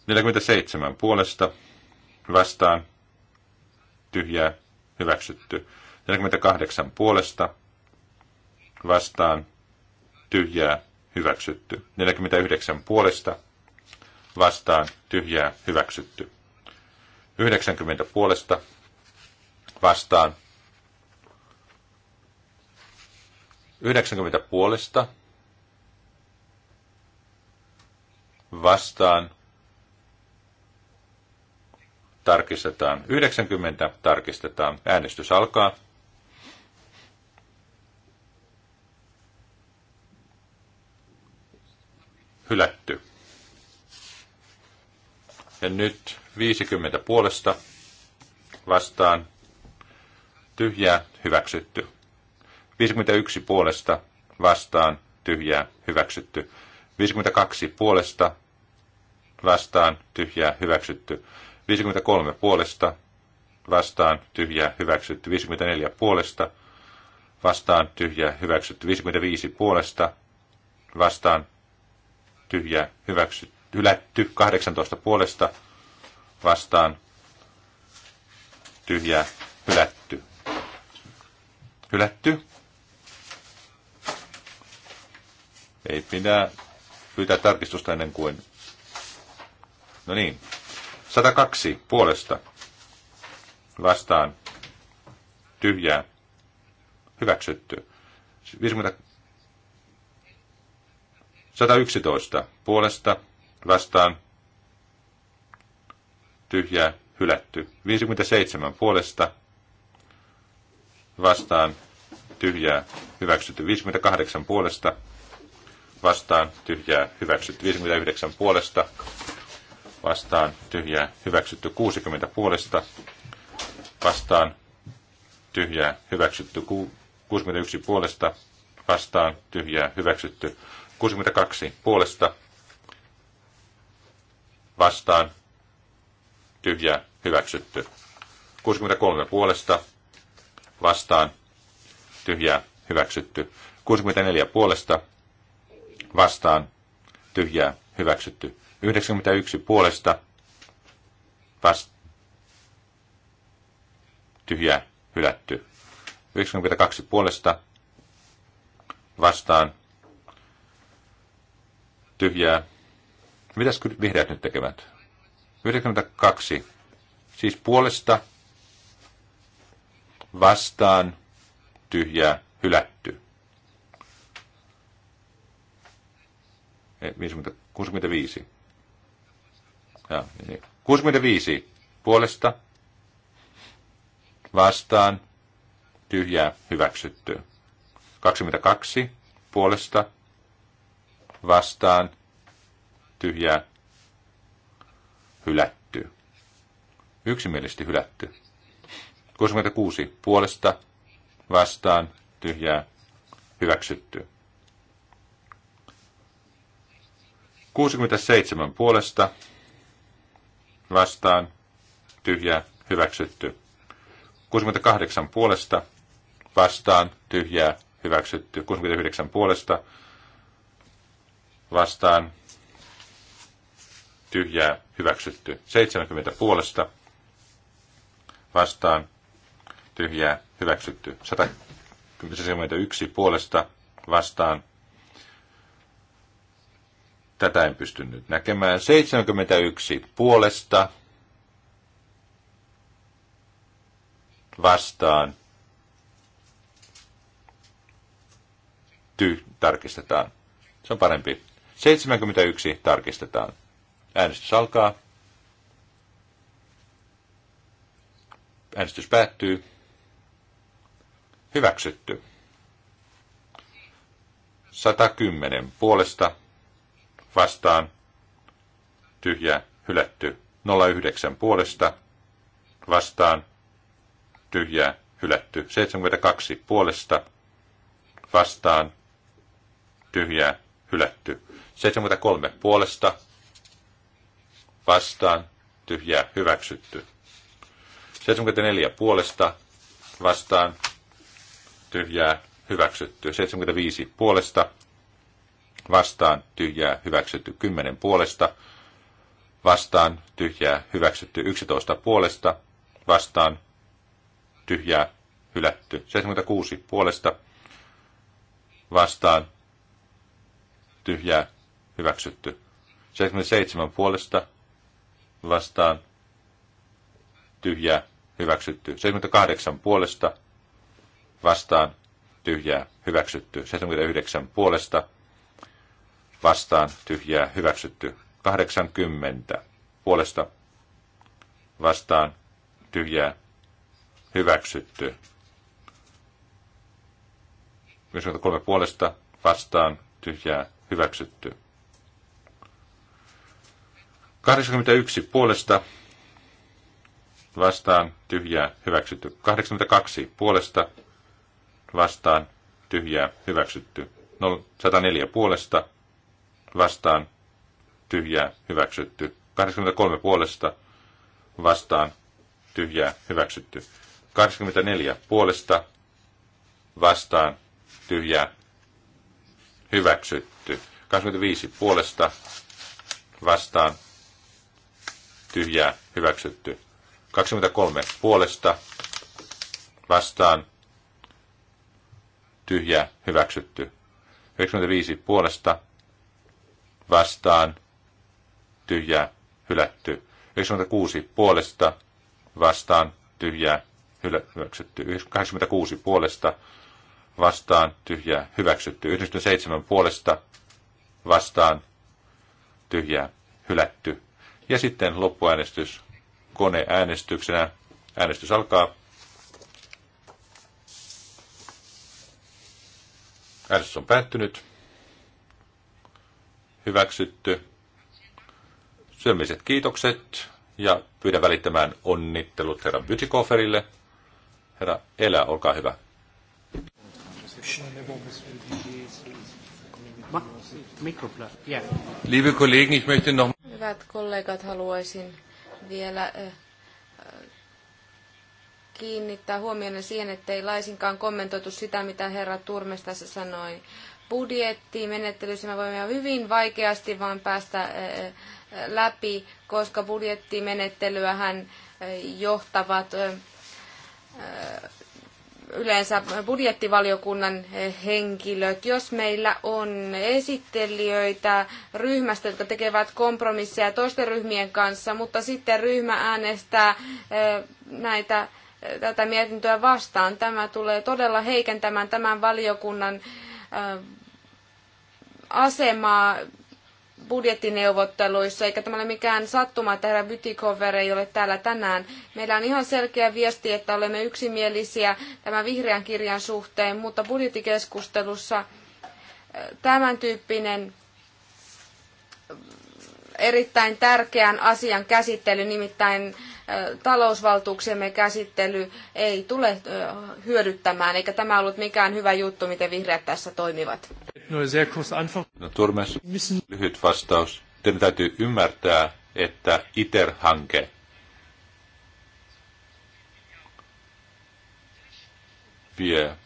S1: 47 puolesta vastaan tyhjää hyväksytty. 48 puolesta vastaan tyhjää hyväksytty. 49 puolesta vastaan tyhjää hyväksytty. 90 puolesta vastaan 90 puolesta vastaan tarkistetaan. 90 tarkistetaan. Äänestys alkaa. Hylätty. Ja nyt 50 puolesta vastaan tyhjää hyväksytty. 51 puolesta vastaan tyhjää hyväksytty. 52 puolesta vastaan tyhjää hyväksytty. 53 puolesta vastaan tyhjää hyväksytty. 54 puolesta vastaan tyhjää hyväksytty. 55 puolesta vastaan tyhjää hyväksytty. Hylätty 18 puolesta vastaan tyhjää hylätty. Hylätty Ei pidä pyytää tarkistusta ennen kuin... No niin. 102 puolesta. Vastaan. Tyhjää. Hyväksytty. 50... 111 puolesta. Vastaan. Tyhjää. Hylätty. 57 puolesta. Vastaan. Tyhjää. Hyväksytty. 58 puolesta vastaan tyhjää hyväksytty 59 puolesta, vastaan tyhjää hyväksytty 60 puolesta, vastaan tyhjää hyväksytty 61 puolesta, vastaan tyhjää hyväksytty 62 puolesta, vastaan tyhjää hyväksytty 63 puolesta, vastaan tyhjää hyväksytty 64 puolesta, vastaan, tyhjää, hyväksytty. 91 puolesta, vast, tyhjää, hylätty. 92 puolesta, vastaan, tyhjää. Mitäs vihreät nyt tekevät? 92, siis puolesta, vastaan, tyhjää, hylätty. 50, 65. Ja, niin. 65 puolesta vastaan tyhjää hyväksytty. 22 puolesta vastaan tyhjää hylätty. Yksimielisesti hylätty. 66 puolesta vastaan tyhjää hyväksytty. 67 puolesta vastaan tyhjä hyväksytty. 68 puolesta vastaan tyhjää hyväksytty. 69 puolesta vastaan tyhjää hyväksytty. 70 puolesta vastaan tyhjää hyväksytty. 171 puolesta vastaan Tätä en pystynyt näkemään. 71 puolesta vastaan. Ty tarkistetaan. Se on parempi. 71 tarkistetaan. Äänestys alkaa. Äänestys päättyy. Hyväksytty. 110 puolesta vastaan, tyhjä hylätty. 09 puolesta, vastaan, tyhjä hylätty. 72 puolesta, vastaan, tyhjä hylätty. 73 puolesta, vastaan, tyhjä hyväksytty. 74 puolesta, vastaan, tyhjää, hyväksytty. 75 puolesta, vastaan tyhjää hyväksytty 10 puolesta, vastaan tyhjää hyväksytty 11 puolesta, vastaan tyhjää hylätty 76 puolesta, vastaan tyhjää hyväksytty 77 puolesta, vastaan tyhjää hyväksytty 78 puolesta, vastaan tyhjää hyväksytty 79 puolesta, vastaan tyhjää hyväksytty. 80 puolesta vastaan tyhjää hyväksytty. 53 puolesta vastaan tyhjää hyväksytty. 81 puolesta vastaan tyhjää hyväksytty. 82 puolesta vastaan tyhjää hyväksytty. 104 puolesta vastaan tyhjää hyväksytty. 83 puolesta vastaan tyhjää hyväksytty. 84 puolesta vastaan tyhjää hyväksytty. 25 puolesta vastaan tyhjää hyväksytty. 23 puolesta vastaan tyhjää hyväksytty. 95 puolesta vastaan, tyhjä hylätty. 96 puolesta, vastaan, tyhjä hyväksytty. 86 puolesta, vastaan, tyhjä hyväksytty. 97 puolesta, vastaan, tyhjä hylätty. Ja sitten loppuäänestys koneäänestyksenä. Äänestys alkaa. Äänestys on päättynyt hyväksytty. Syömiset kiitokset ja pyydän välittämään onnittelut herra Bytikoferille. Herra Elä, olkaa hyvä.
S2: Hyvät kollegat, haluaisin vielä eh, eh, kiinnittää huomioon siihen, että ei laisinkaan kommentoitu sitä, mitä herra Turmes tässä sanoi budjettimenettelyssä me voimme hyvin vaikeasti vaan päästä läpi, koska budjettimenettelyähän johtavat yleensä budjettivaliokunnan henkilöt. Jos meillä on esittelijöitä ryhmästä, jotka tekevät kompromisseja toisten ryhmien kanssa, mutta sitten ryhmä äänestää näitä, tätä mietintöä vastaan, tämä tulee todella heikentämään tämän valiokunnan asemaa budjettineuvotteluissa, eikä tämä ole mikään sattuma, että herra Bytikover ei ole täällä tänään. Meillä on ihan selkeä viesti, että olemme yksimielisiä tämän vihreän kirjan suhteen, mutta budjettikeskustelussa tämän tyyppinen erittäin tärkeän asian käsittely, nimittäin talousvaltuuksiemme käsittely ei tule hyödyttämään, eikä tämä ollut mikään hyvä juttu, miten vihreät tässä toimivat.
S1: No, no, Turmes, lyhyt vastaus. Teidän täytyy ymmärtää, että ITER-hanke vie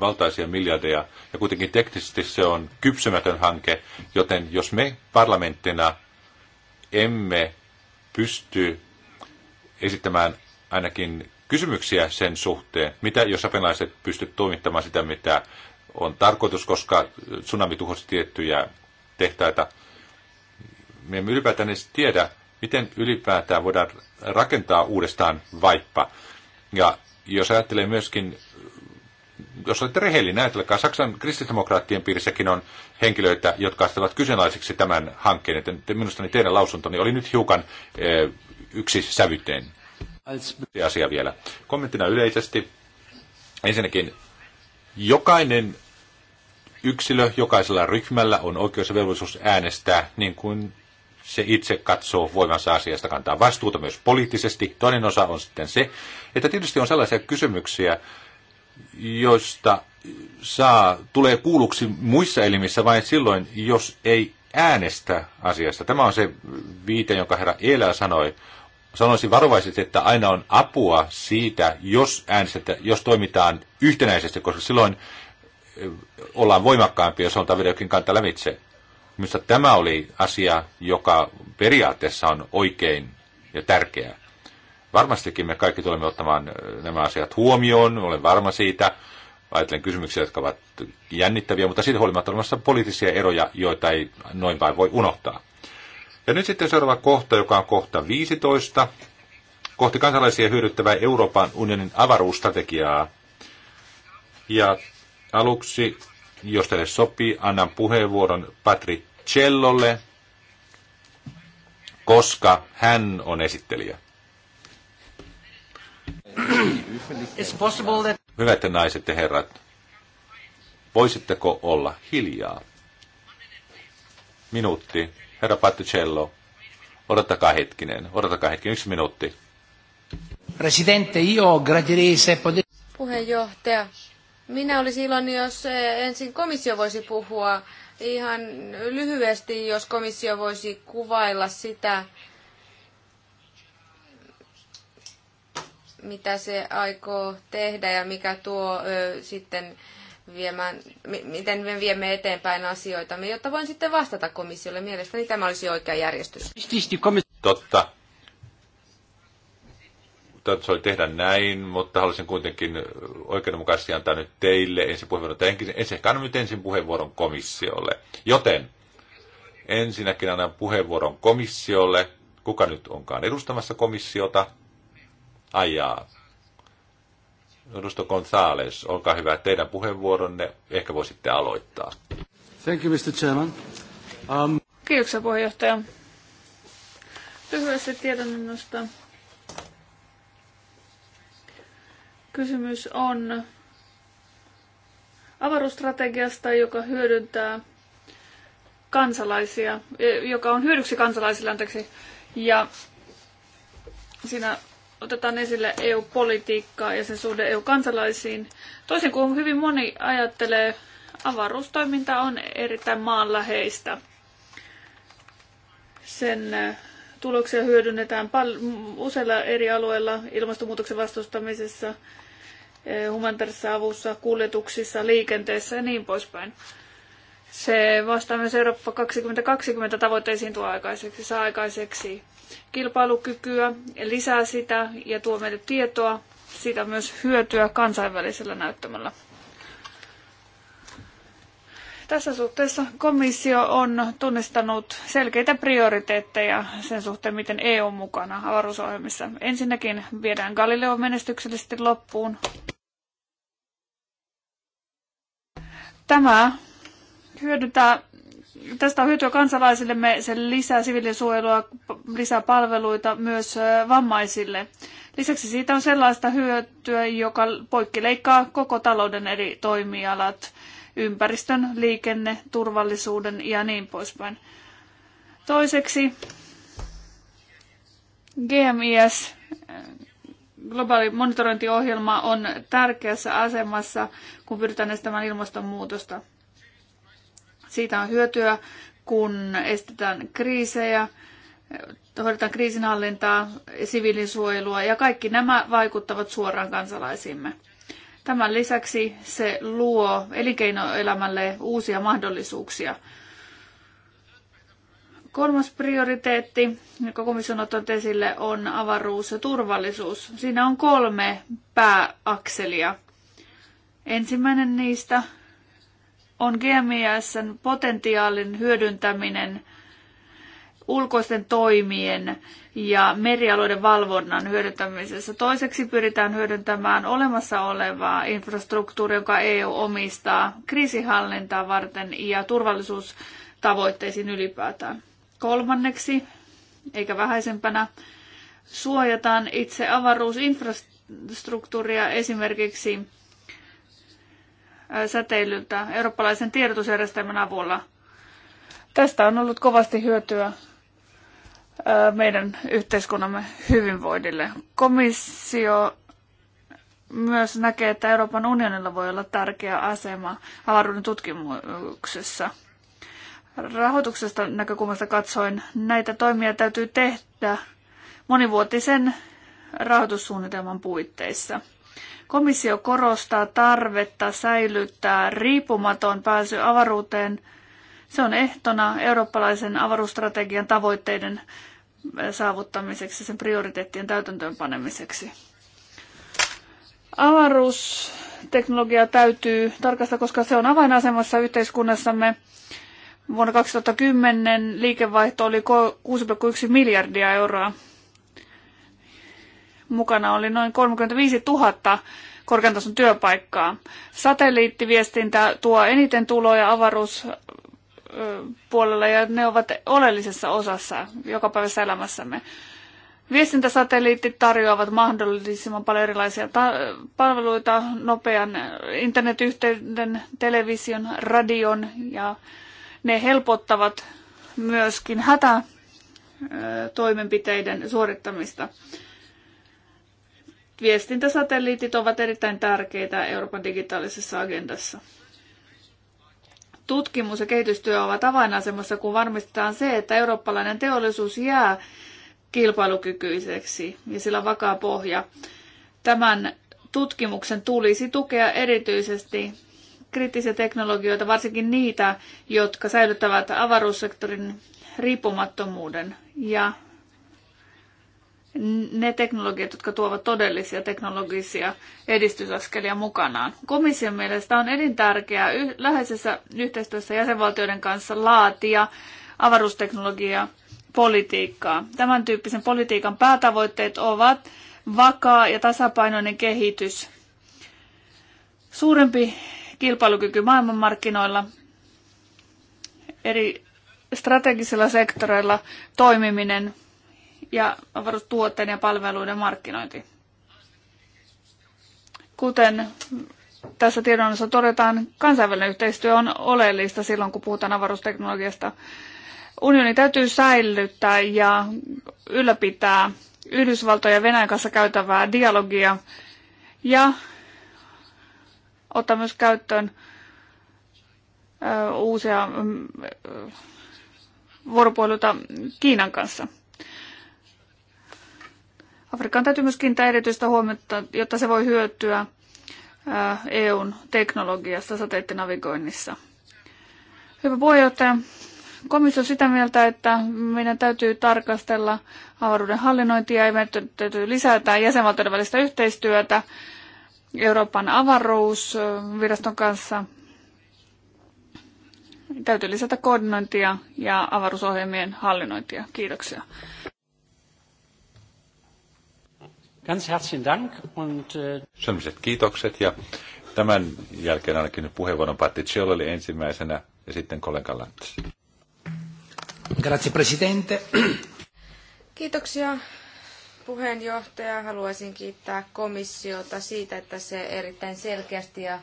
S1: valtaisia miljardeja, ja kuitenkin teknisesti se on kypsymätön hanke, joten jos me parlamenttina emme pysty esittämään ainakin kysymyksiä sen suhteen, mitä jos japanilaiset pystyvät toimittamaan sitä, mitä on tarkoitus, koska tsunami tuhosi tiettyjä tehtaita. Me emme ylipäätään edes tiedä, miten ylipäätään voidaan rakentaa uudestaan vaippa. Ja jos ajattelee myöskin jos olette rehellinen, niin ajatelkaa, Saksan kristillisdemokraattien piirissäkin on henkilöitä, jotka astavat kyseenalaiseksi tämän hankkeen. Että minusta niin teidän lausuntoni oli nyt hiukan e, yksi sävyteen. asia vielä. Kommenttina yleisesti. Ensinnäkin, jokainen yksilö, jokaisella ryhmällä on oikeus ja velvollisuus äänestää niin kuin se itse katsoo voimansa asiasta, kantaa vastuuta myös poliittisesti. Toinen osa on sitten se, että tietysti on sellaisia kysymyksiä, joista saa, tulee kuulluksi muissa elimissä vain silloin, jos ei äänestä asiasta. Tämä on se viite, jonka herra Eelä sanoi. Sanoisin varovaisesti, että aina on apua siitä, jos äänestetä, jos toimitaan yhtenäisesti, koska silloin eh, ollaan voimakkaampia, jos on viedä kanta lävitse. Minusta tämä oli asia, joka periaatteessa on oikein ja tärkeää. Varmastikin me kaikki tulemme ottamaan nämä asiat huomioon, olen varma siitä. Ajattelen kysymyksiä, jotka ovat jännittäviä, mutta siitä huolimatta olemassa poliittisia eroja, joita ei noin vain voi unohtaa. Ja nyt sitten seuraava kohta, joka on kohta 15, kohti kansalaisia hyödyttävää Euroopan unionin avaruusstrategiaa. Ja aluksi, jos teille sopii, annan puheenvuoron Patri Cellolle, koska hän on esittelijä. Hyvät naiset ja herrat, voisitteko olla hiljaa? Minuutti. Herra Patticello, odottakaa hetkinen, odottakaa hetkinen, yksi minuutti. Presidente, io gradirei se
S2: Puheenjohtaja, minä olisin iloinen, jos eh, ensin komissio voisi puhua ihan lyhyesti, jos komissio voisi kuvailla sitä, mitä se aikoo tehdä ja mikä tuo ö, sitten viemään, miten me viemme eteenpäin asioita, jotta voin sitten vastata komissiolle. Mielestäni tämä olisi oikea järjestys.
S1: Totta. Se oli tehdä näin, mutta haluaisin kuitenkin oikeudenmukaisesti antaa nyt teille ensin puheenvuoron, tai ensin, annan nyt ensin puheenvuoron komissiolle. Joten ensinnäkin annan puheenvuoron komissiolle. Kuka nyt onkaan edustamassa komissiota? ajaa. Edusto Gonzales, olkaa hyvä. Teidän puheenvuoronne ehkä voisitte aloittaa.
S3: Thank you, Mr. Chairman. Um... Kiitoksia puheenjohtaja. Lyhyesti tiedonannosta. Kysymys on avaruusstrategiasta, joka hyödyntää kansalaisia, e, joka on hyödyksi kansalaisille, anteeksi, ja siinä otetaan esille EU-politiikkaa ja sen suhde EU-kansalaisiin. Toisin kuin hyvin moni ajattelee, avaruustoiminta on erittäin maanläheistä. Sen tuloksia hyödynnetään pal- useilla eri alueilla ilmastonmuutoksen vastustamisessa, humanitaarisessa avussa, kuljetuksissa, liikenteessä ja niin poispäin. Se vastaa myös Eurooppa 2020 tavoitteisiin tuo aikaiseksi, saa aikaiseksi kilpailukykyä, lisää sitä ja tuo meille tietoa, siitä myös hyötyä kansainvälisellä näyttämällä. Tässä suhteessa komissio on tunnistanut selkeitä prioriteetteja sen suhteen, miten EU on mukana avaruusohjelmissa. Ensinnäkin viedään Galileo menestyksellisesti loppuun. Tämä hyödyntää, tästä on hyötyä kansalaisillemme, se lisää siviilisuojelua, lisää palveluita myös vammaisille. Lisäksi siitä on sellaista hyötyä, joka poikkileikkaa koko talouden eri toimialat, ympäristön, liikenne, turvallisuuden ja niin poispäin. Toiseksi GMIS, globaali monitorointiohjelma, on tärkeässä asemassa, kun pyritään estämään ilmastonmuutosta. Siitä on hyötyä, kun estetään kriisejä, hoidetaan kriisinhallintaa, siviilisuojelua ja kaikki nämä vaikuttavat suoraan kansalaisimme. Tämän lisäksi se luo elinkeinoelämälle uusia mahdollisuuksia. Kolmas prioriteetti, joka komissio on ottanut esille, on avaruus ja turvallisuus. Siinä on kolme pääakselia. Ensimmäinen niistä on GMISn potentiaalin hyödyntäminen ulkoisten toimien ja merialueiden valvonnan hyödyntämisessä. Toiseksi pyritään hyödyntämään olemassa olevaa infrastruktuuria, joka EU omistaa kriisihallintaa varten ja turvallisuustavoitteisiin ylipäätään. Kolmanneksi, eikä vähäisempänä, suojataan itse avaruusinfrastruktuuria esimerkiksi säteilyltä eurooppalaisen tiedotusjärjestelmän avulla. Tästä on ollut kovasti hyötyä meidän yhteiskunnamme hyvinvoinnille. Komissio myös näkee, että Euroopan unionilla voi olla tärkeä asema avaruuden tutkimuksessa. Rahoituksesta näkökulmasta katsoen näitä toimia täytyy tehdä monivuotisen rahoitussuunnitelman puitteissa – Komissio korostaa tarvetta säilyttää riippumaton pääsy avaruuteen. Se on ehtona eurooppalaisen avaruusstrategian tavoitteiden saavuttamiseksi, sen prioriteettien täytäntöönpanemiseksi. Avaruusteknologia täytyy tarkastaa, koska se on avainasemassa yhteiskunnassamme. Vuonna 2010 liikevaihto oli 6,1 miljardia euroa mukana oli noin 35 000 korkean tason työpaikkaa. Satelliittiviestintä tuo eniten tuloja
S1: avaruuspuolella
S3: ja ne ovat oleellisessa osassa joka päivässä elämässämme. Viestintäsatelliittit tarjoavat mahdollisimman paljon erilaisia palveluita, nopean internetyhteyden, television, radion ja ne helpottavat myöskin hätätoimenpiteiden suorittamista. Viestintäsatelliitit ovat erittäin tärkeitä Euroopan digitaalisessa agendassa. Tutkimus ja kehitystyö ovat avainasemassa, kun varmistetaan se, että eurooppalainen teollisuus jää kilpailukykyiseksi ja sillä on vakaa pohja. Tämän tutkimuksen tulisi tukea erityisesti kriittisiä teknologioita, varsinkin niitä, jotka säilyttävät avaruussektorin riippumattomuuden ja ne teknologiat, jotka tuovat todellisia teknologisia edistysaskelia mukanaan. Komission mielestä on elintärkeää yh- läheisessä yhteistyössä jäsenvaltioiden kanssa laatia avaruusteknologiaa politiikkaa. Tämän tyyppisen politiikan päätavoitteet ovat vakaa ja tasapainoinen kehitys, suurempi kilpailukyky maailmanmarkkinoilla, eri strategisilla sektoreilla toimiminen – ja avaruustuotteiden ja palveluiden markkinointi. Kuten tässä tiedonannossa todetaan, kansainvälinen yhteistyö on oleellista silloin, kun puhutaan avaruusteknologiasta. Unioni täytyy säilyttää ja ylläpitää Yhdysvaltojen ja Venäjän kanssa käytävää dialogia ja ottaa myös käyttöön uusia vuoropuheluita Kiinan kanssa. Afrikan täytyy myös kiinnittää erityistä huomiota, jotta se voi hyötyä EUn teknologiasta sateittinavigoinnissa. Hyvä puheenjohtaja, komissio on sitä mieltä, että meidän täytyy tarkastella avaruuden hallinnointia ja meidän täytyy lisätä jäsenvaltioiden välistä yhteistyötä Euroopan avaruusviraston kanssa. Täytyy lisätä koordinointia ja avaruusohjelmien hallinnointia. Kiitoksia.
S1: Ganz herzlichen Dank und... Äh, Sellaiset kiitokset ja tämän jälkeen ainakin puheenvuoron Patti oli ensimmäisenä ja sitten kollega Lantz. Grazie Presidente.
S2: Kiitoksia puheenjohtaja. Haluaisin kiittää komissiota siitä, että se erittäin selkeästi ja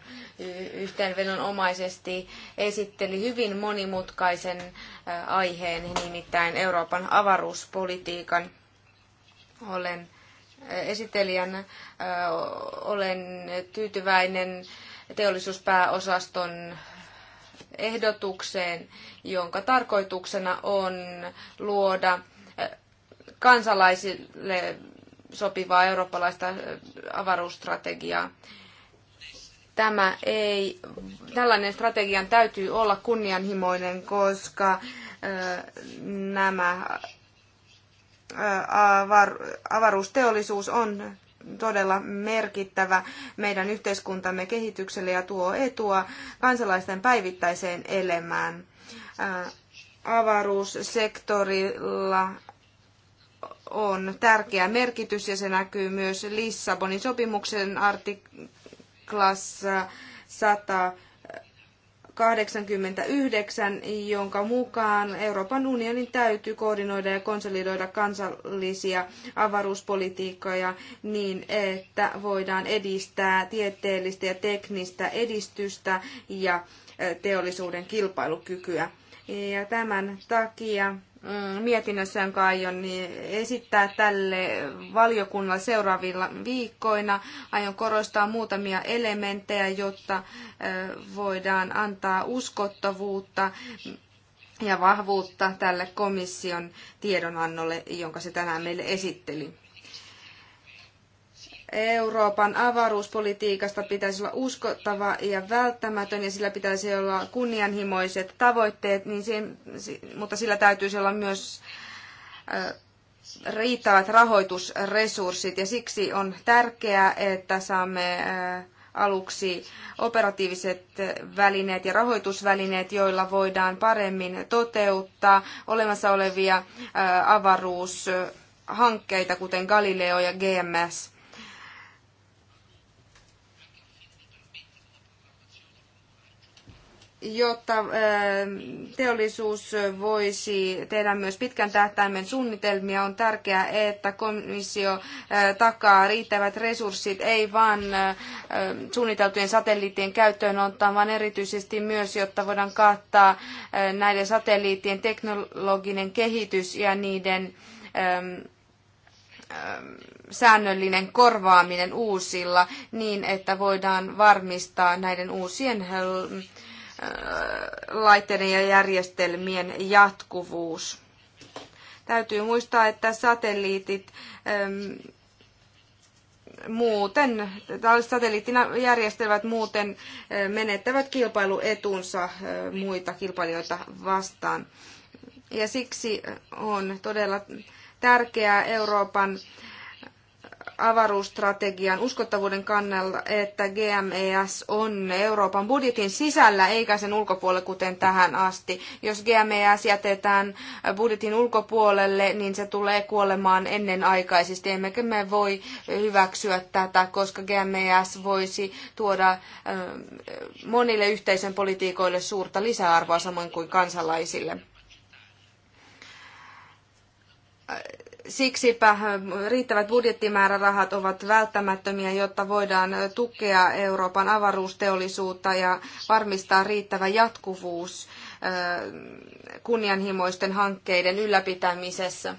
S2: yhteenvedonomaisesti esitteli hyvin monimutkaisen aiheen, nimittäin Euroopan avaruuspolitiikan. Olen esittelijänä olen tyytyväinen teollisuuspääosaston ehdotukseen, jonka tarkoituksena on luoda kansalaisille sopivaa eurooppalaista avaruusstrategiaa. Tämä ei, tällainen strategian täytyy olla kunnianhimoinen, koska nämä avaruusteollisuus on todella merkittävä meidän yhteiskuntamme kehitykselle ja tuo etua kansalaisten päivittäiseen elämään. Avaruussektorilla on tärkeä merkitys ja se näkyy myös Lissabonin sopimuksen artiklassa 100 89, jonka mukaan Euroopan unionin täytyy koordinoida ja konsolidoida kansallisia avaruuspolitiikkoja niin, että voidaan edistää tieteellistä ja teknistä edistystä ja eh, teollisuuden kilpailukykyä. Ja tämän takia Mm, mietinnössään jonka aion niin esittää tälle valiokunnalle seuraavilla viikkoina. Aion korostaa muutamia elementtejä, jotta voidaan antaa uskottavuutta ja vahvuutta tälle komission tiedonannolle, jonka se tänään meille esitteli. Euroopan avaruuspolitiikasta pitäisi olla uskottava ja välttämätön ja sillä pitäisi olla kunnianhimoiset tavoitteet, niin mutta sillä täytyisi olla myös riittävät rahoitusresurssit ja siksi on tärkeää, että saamme aluksi operatiiviset välineet ja rahoitusvälineet, joilla voidaan paremmin toteuttaa olemassa olevia avaruushankkeita, kuten Galileo ja GMS. jotta teollisuus voisi tehdä myös pitkän tähtäimen suunnitelmia, on tärkeää, että komissio takaa riittävät resurssit, ei vain suunniteltujen satelliittien käyttöönottoon, vaan erityisesti myös, jotta voidaan kattaa näiden satelliittien teknologinen kehitys ja niiden säännöllinen korvaaminen uusilla niin, että voidaan varmistaa näiden uusien laitteiden ja järjestelmien jatkuvuus. Täytyy muistaa, että satelliitit ähm, muuten, tällaiset järjestelmät muuten äh, menettävät kilpailuetunsa äh, muita kilpailijoita vastaan. Ja siksi on todella tärkeää Euroopan avaruusstrategian uskottavuuden kannalta, että GMES on Euroopan budjetin sisällä eikä sen ulkopuolella, kuten tähän asti. Jos GMES jätetään budjetin ulkopuolelle, niin se tulee kuolemaan ennenaikaisesti. Emmekä me voi hyväksyä tätä, koska GMES voisi tuoda eh, monille yhteisen politiikoille suurta lisäarvoa samoin kuin kansalaisille Siksipä riittävät budjettimäärärahat ovat välttämättömiä, jotta voidaan tukea Euroopan avaruusteollisuutta ja varmistaa riittävä jatkuvuus kunnianhimoisten hankkeiden ylläpitämisessä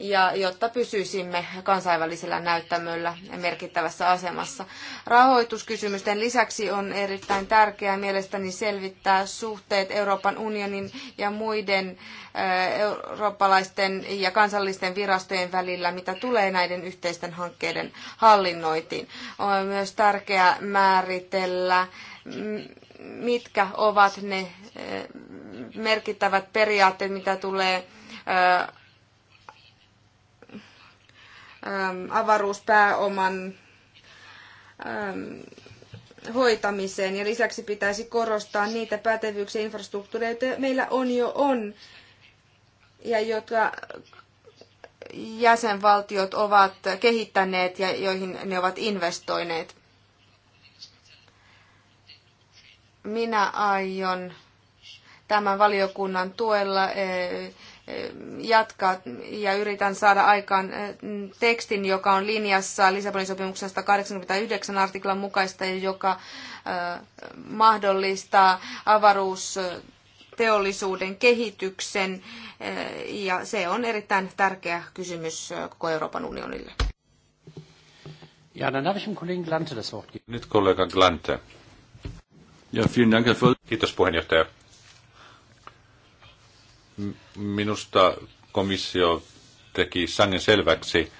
S2: ja jotta pysyisimme kansainvälisellä näyttämöllä merkittävässä asemassa. Rahoituskysymysten lisäksi on erittäin tärkeää mielestäni selvittää suhteet Euroopan unionin ja muiden eh, eurooppalaisten ja kansallisten virastojen välillä, mitä tulee näiden yhteisten hankkeiden hallinnointiin. On myös tärkeää määritellä mitkä ovat ne eh, merkittävät periaatteet, mitä tulee eh, Ähm, avaruuspääoman ähm, hoitamiseen ja lisäksi pitäisi korostaa niitä pätevyyksiä ja infrastruktuureja, joita meillä on jo on ja jotka jäsenvaltiot ovat kehittäneet ja joihin ne ovat investoineet. Minä aion tämän valiokunnan tuella eh, jatkaa ja yritän saada aikaan äh, tekstin, joka on linjassa Lisabonin sopimuksesta 189 artiklan mukaista, joka äh, mahdollistaa avaruusteollisuuden kehityksen äh, ja se on erittäin tärkeä kysymys koko Euroopan unionille.
S1: Ja, dann darf ich dem Kollegen Glante das Wort Nyt kollega Glante. Ja, vielen Dank, Kiitos puheenjohtaja Minusta komissio teki sangen selväksi,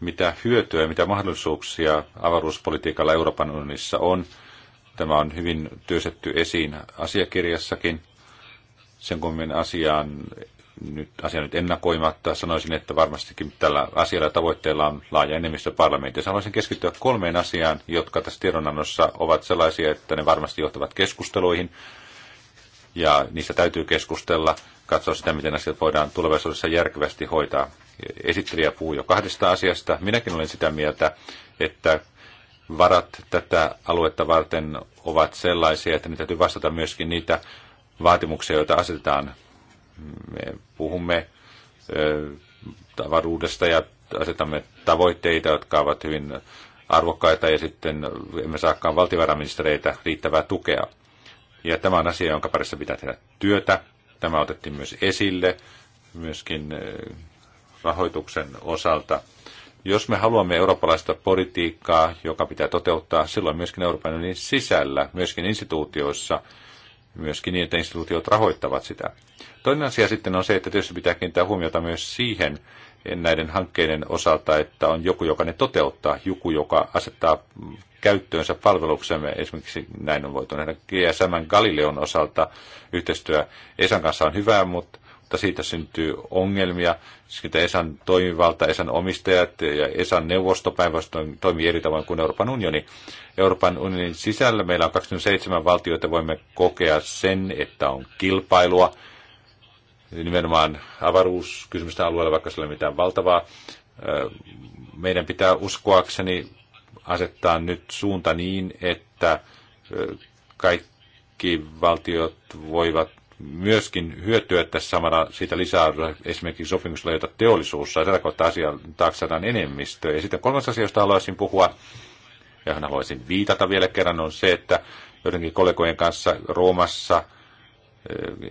S1: mitä hyötyä, mitä mahdollisuuksia avaruuspolitiikalla Euroopan unionissa on. Tämä on hyvin työsetty esiin asiakirjassakin. Sen kummin asiaan nyt, asia nyt ennakoimatta. Sanoisin, että varmastikin tällä asialla tavoitteella on laaja enemmistö parlamentissa. Haluaisin keskittyä kolmeen asiaan, jotka tässä tiedonannossa ovat sellaisia, että ne varmasti johtavat keskusteluihin ja niistä täytyy keskustella, katsoa sitä, miten asiat voidaan tulevaisuudessa järkevästi hoitaa. Esittelijä puhuu jo kahdesta asiasta. Minäkin olen sitä mieltä, että varat tätä aluetta varten ovat sellaisia, että niitä täytyy vastata myöskin niitä vaatimuksia, joita asetetaan. Me puhumme tavaruudesta ja asetamme tavoitteita, jotka ovat hyvin arvokkaita ja sitten emme saakaan valtiovarainministereitä riittävää tukea. Ja tämä on asia, jonka parissa pitää tehdä työtä. Tämä otettiin myös esille, myöskin eh, rahoituksen osalta. Jos me haluamme eurooppalaista politiikkaa, joka pitää toteuttaa silloin myöskin Euroopan unionin sisällä, myöskin instituutioissa, myöskin niin, että instituutiot rahoittavat sitä. Toinen asia sitten on se, että tietysti pitää kiinnittää huomiota myös siihen, näiden hankkeiden osalta, että on joku, joka ne toteuttaa, joku, joka asettaa käyttöönsä palveluksemme. Esimerkiksi näin on voitu nähdä GSM Galileon osalta. Yhteistyö Esan kanssa on hyvää, mutta mutta siitä syntyy ongelmia. Sitä Esan toimivalta, Esan omistajat ja Esan neuvosto päinvastoin toimii eri tavoin kuin Euroopan unioni. Euroopan unionin sisällä meillä on 27 valtioita, voimme kokea sen, että on kilpailua nimenomaan avaruuskysymystä alueella, vaikka sillä ei ole mitään valtavaa. Meidän pitää uskoakseni asettaa nyt suunta niin, että kaikki valtiot voivat myöskin hyötyä tässä samana siitä lisää esimerkiksi sopimuksella, jota teollisuus saa. Tätä kautta asian taakse saadaan enemmistö. Ja sitten kolmas asia, josta haluaisin puhua, ja haluaisin viitata vielä kerran, on se, että joidenkin kollegojen kanssa Roomassa –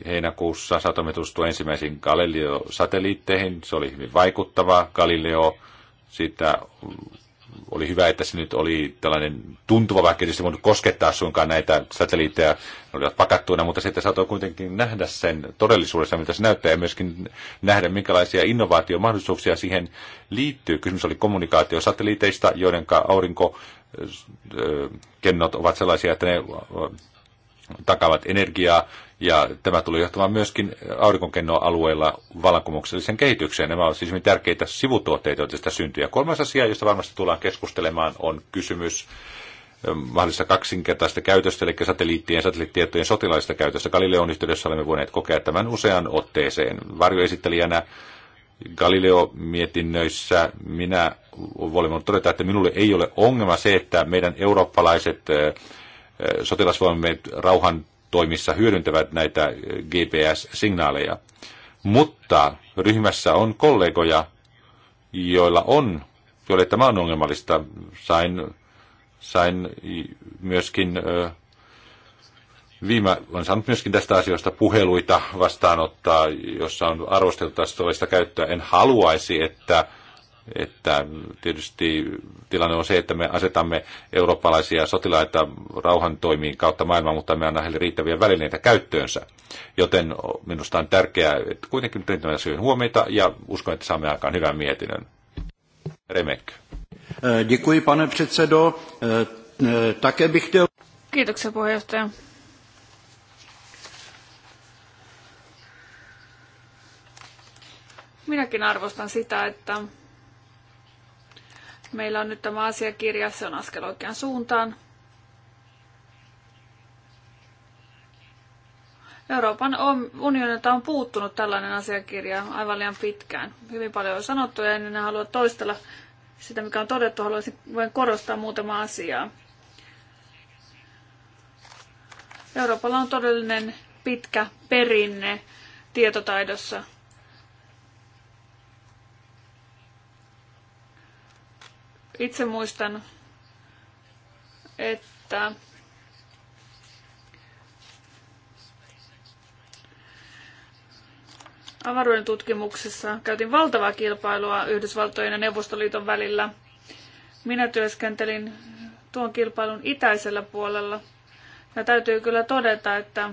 S1: heinäkuussa saatoimme tutustua ensimmäisiin Galileo-satelliitteihin. Se oli hyvin vaikuttava Galileo. Siitä oli hyvä, että se nyt oli tällainen tuntuva, vaikka tietysti voinut koskettaa suinkaan näitä satelliitteja, ne olivat pakattuina, mutta sitten saattoi kuitenkin nähdä sen todellisuudessa, mitä se näyttää, ja myöskin nähdä, minkälaisia innovaatiomahdollisuuksia siihen liittyy. Kysymys oli kommunikaatiosatelliiteista, joiden aurinkokennot ovat sellaisia, että ne takavat energiaa, ja tämä tuli johtamaan myöskin aurinkokennoalueilla vallankumouksellisen kehitykseen. Nämä ovat siis hyvin tärkeitä sivutuotteita, joita sitä syntyy. Ja kolmas asia, josta varmasti tullaan keskustelemaan, on kysymys mahdollisesta kaksinkertaista käytöstä, eli satelliittien ja satelliittietojen sotilaista käytöstä. Galileon yhteydessä olemme voineet kokea tämän usean otteeseen. Varjoesittelijänä Galileo-mietinnöissä minä voin todeta, että minulle ei ole ongelma se, että meidän eurooppalaiset sotilasvoimien rauhan toimissa hyödyntävät näitä eh, GPS-signaaleja. Mutta ryhmässä on kollegoja, joilla on, joille tämä on ongelmallista. Sain, sain myöskin eh, viime, olen saanut myöskin tästä asiasta puheluita vastaanottaa, jossa on arvosteltu tästä toista käyttöä. En haluaisi, että että tietysti tilanne on se, että me asetamme eurooppalaisia sotilaita rauhantoimiin kautta maailmaa, mutta me annamme heille riittäviä välineitä käyttöönsä. Joten minusta on tärkeää, että kuitenkin riittävän syyn huomiota ja uskon, että saamme aikaan hyvän mietinnön. Remek. Eh, Dikui pane předsedo. Eh, eh, také bych chtěl...
S3: Kiitoksia, puheenjohtaja. Minäkin arvostan sitä, että Meillä on nyt tämä asiakirja, se on askel oikeaan suuntaan. Euroopan unionilta on puuttunut tällainen asiakirja aivan liian pitkään. Hyvin paljon on sanottu ja en enää halua toistella sitä, mikä on todettu. Haluaisin vain korostaa muutama asiaa. Euroopalla on todellinen pitkä perinne tietotaidossa. Itse muistan, että avaruuden tutkimuksessa käytiin valtavaa kilpailua Yhdysvaltojen ja Neuvostoliiton välillä. Minä työskentelin tuon kilpailun itäisellä puolella. Ja täytyy kyllä todeta, että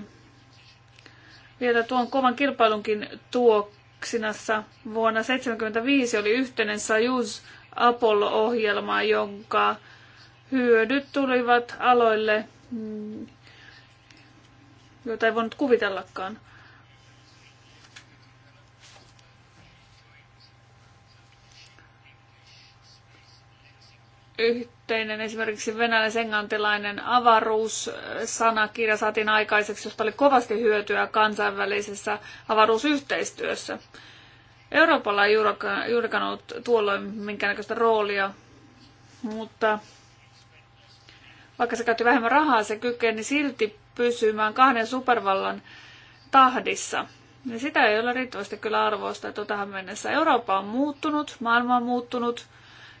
S3: vielä tuon kovan kilpailunkin tuoksinassa vuonna 1975 oli yhteinen Sajuz Apollo-ohjelmaa, jonka hyödyt tulivat aloille, mm, joita ei voinut kuvitellakaan. yhteinen esimerkiksi venäläis-englantilainen avaruussanakirja saatiin aikaiseksi, josta oli kovasti hyötyä kansainvälisessä avaruusyhteistyössä. Euroopalla ei juurikaan ollut tuolloin minkäännäköistä roolia, mutta vaikka se käytti vähemmän rahaa, se kykeni silti pysymään kahden supervallan tahdissa. Ja sitä ei ole riittävästi kyllä arvostettu tähän mennessä. Eurooppa on muuttunut, maailma on muuttunut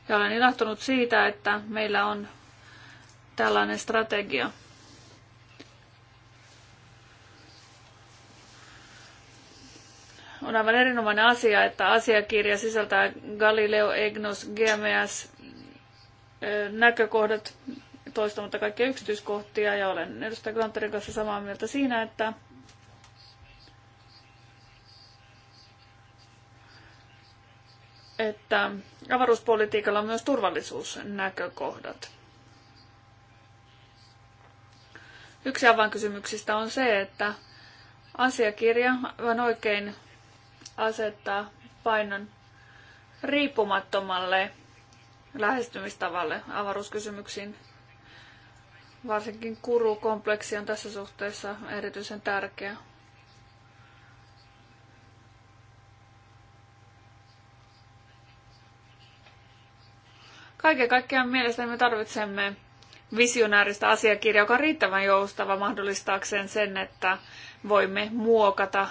S3: ja olen ilahtunut siitä, että meillä on tällainen strategia. On aivan erinomainen asia, että asiakirja sisältää Galileo, EGNOS, GMS näkökohdat toistamatta kaikkia yksityiskohtia ja olen edustaja Granterin kanssa samaa mieltä siinä, että että avaruuspolitiikalla on myös turvallisuusnäkökohdat. Yksi avainkysymyksistä on se, että asiakirja aivan oikein asettaa painon riippumattomalle lähestymistavalle avaruuskysymyksiin. Varsinkin kurukompleksi on tässä suhteessa erityisen tärkeä. Kaiken kaikkiaan mielestäni me tarvitsemme visionääristä asiakirjaa, joka on riittävän joustava mahdollistaakseen sen, että voimme muokata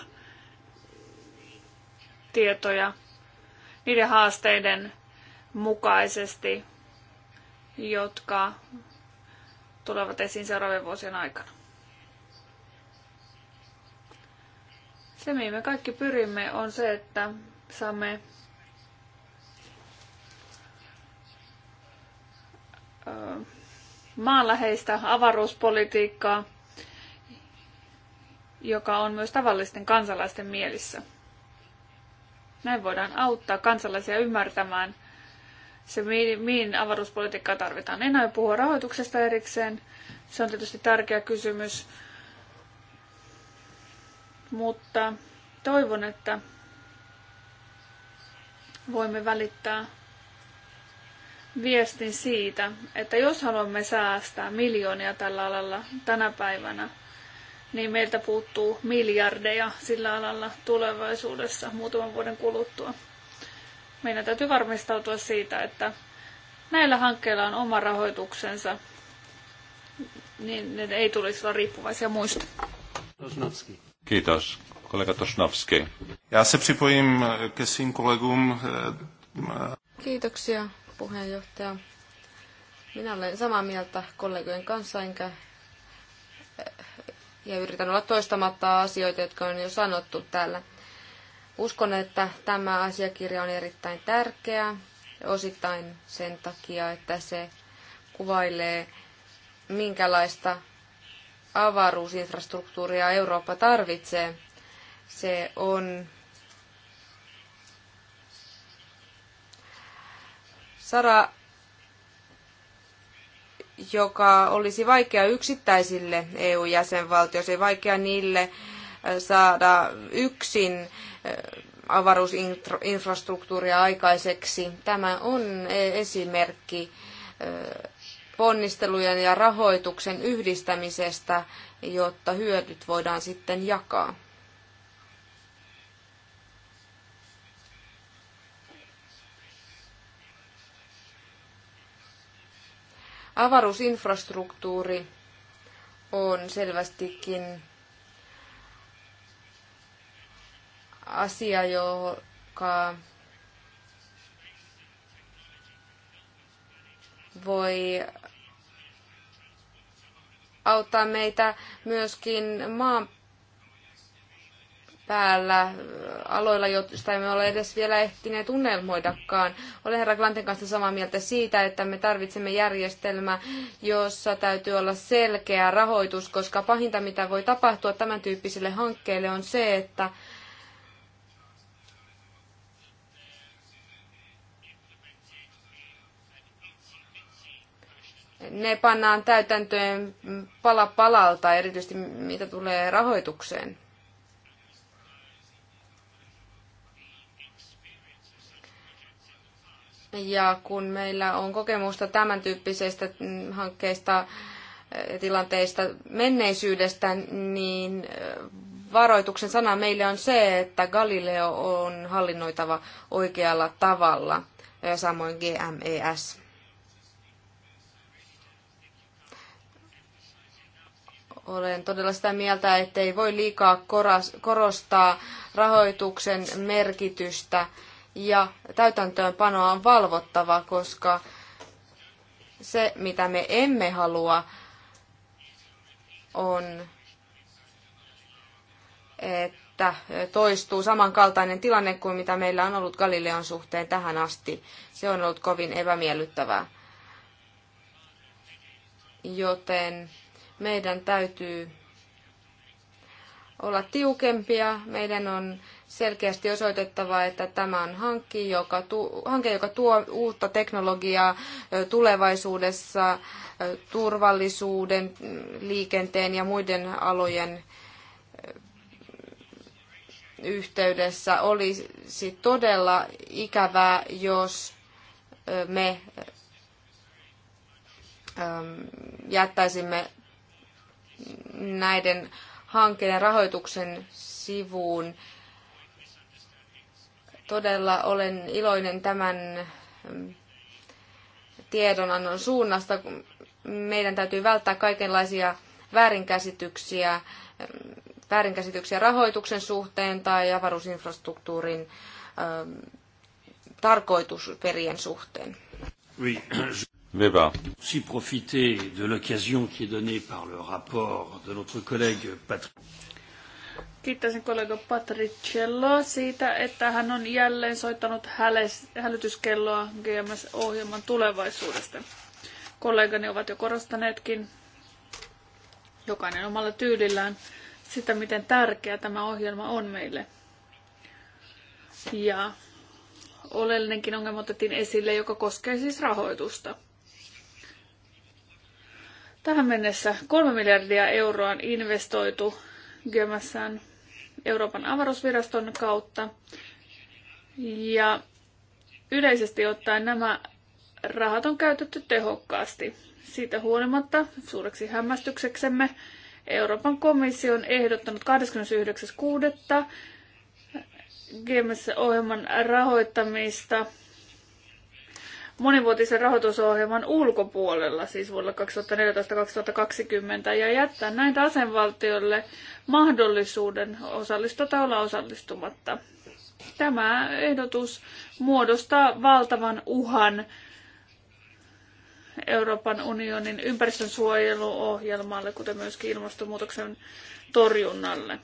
S3: tietoja niiden haasteiden mukaisesti, jotka tulevat esiin seuraavien vuosien aikana. Se, mihin me kaikki pyrimme, on se, että saamme maanläheistä avaruuspolitiikkaa, joka on myös tavallisten kansalaisten mielissä. Näin voidaan auttaa kansalaisia ymmärtämään se, mihin, avaruuspolitiikkaa tarvitaan. En aio puhua rahoituksesta erikseen. Se on tietysti tärkeä kysymys. Mutta toivon, että voimme välittää viestin siitä, että jos haluamme säästää miljoonia tällä alalla tänä päivänä, niin meiltä puuttuu miljardeja sillä alalla tulevaisuudessa muutaman vuoden kuluttua. Meidän täytyy varmistautua siitä, että näillä hankkeilla on oma rahoituksensa, niin ne ei tulisi olla riippuvaisia muista.
S1: Kiitos, kollega Tosnowski. Ja se připojím kesin Kollegum. Eh,
S2: Kiitoksia, puheenjohtaja. Minä olen samaa mieltä kollegojen kanssa, enkä ja yritän olla toistamatta asioita, jotka on jo sanottu täällä. Uskon, että tämä asiakirja on erittäin tärkeä, osittain sen takia, että se kuvailee, minkälaista avaruusinfrastruktuuria Eurooppa tarvitsee. Se on Sara joka olisi vaikea yksittäisille EU-jäsenvaltioille, vaikea niille äh, saada yksin äh, avaruusinfrastruktuuria aikaiseksi. Tämä on e, esimerkki äh, ponnistelujen ja rahoituksen yhdistämisestä, jotta hyödyt voidaan sitten jakaa. Avaruusinfrastruktuuri on selvästikin asia, joka voi auttaa meitä myöskin maan päällä äh, aloilla, joista emme ole edes vielä ehtineet unelmoidakaan. Olen herra Glanten kanssa samaa mieltä siitä, että me tarvitsemme järjestelmä, jossa täytyy olla selkeä rahoitus, koska pahinta mitä voi tapahtua tämän tyyppisille hankkeille on se, että ne pannaan täytäntöön pala palalta, erityisesti mitä tulee rahoitukseen. Ja kun meillä on kokemusta tämän tyyppisestä mm, hankkeista ja äh, tilanteista menneisyydestä, niin äh, varoituksen sana meille on se, että Galileo on hallinnoitava oikealla tavalla, ja samoin GMES. Olen todella sitä mieltä, ettei voi liikaa korostaa rahoituksen merkitystä ja täytäntöönpanoa on valvottava, koska se, mitä me emme halua, on, että toistuu samankaltainen tilanne kuin mitä meillä on ollut Galileon suhteen tähän asti. Se on ollut kovin epämiellyttävää. Joten meidän täytyy olla tiukempia, meidän on selkeästi osoitettava, että tämä on hankki, joka, tu, hanke, joka tuo uutta teknologiaa tulevaisuudessa turvallisuuden, mm, liikenteen ja muiden alojen yhteydessä. Olisi todella ikävää, jos me jättäisimme näiden hankkeiden rahoituksen sivuun Todella olen iloinen tämän tiedonannon suunnasta. Meidän täytyy välttää kaikenlaisia väärinkäsityksiä, väärinkäsityksiä rahoituksen suhteen tai avaruusinfrastruktuurin ähm, tarkoitusperien suhteen.
S1: Oui. Weber.
S3: Si profiter de l'occasion qui est donnée par le rapport de notre collègue Patrick. Kiittäisin kollega Patricello siitä, että hän on jälleen soittanut hälytyskelloa GMS-ohjelman tulevaisuudesta. Kollegani ovat jo korostaneetkin, jokainen omalla tyylillään, sitä, miten tärkeä tämä ohjelma on meille. Ja oleellinenkin ongelma otettiin esille, joka koskee siis rahoitusta. Tähän mennessä 3 miljardia euroa on investoitu Gömässään Euroopan avaruusviraston kautta. Ja yleisesti ottaen nämä rahat on käytetty tehokkaasti. Siitä huolimatta, suureksi hämmästykseksemme, Euroopan komissio on ehdottanut 29.6. GMS-ohjelman rahoittamista monivuotisen rahoitusohjelman ulkopuolella, siis vuonna 2014-2020, ja jättää näin asenvaltiolle mahdollisuuden osallistua tai olla osallistumatta. Tämä ehdotus muodostaa valtavan uhan Euroopan unionin ympäristönsuojeluohjelmalle, kuten myöskin ilmastonmuutoksen torjunnalle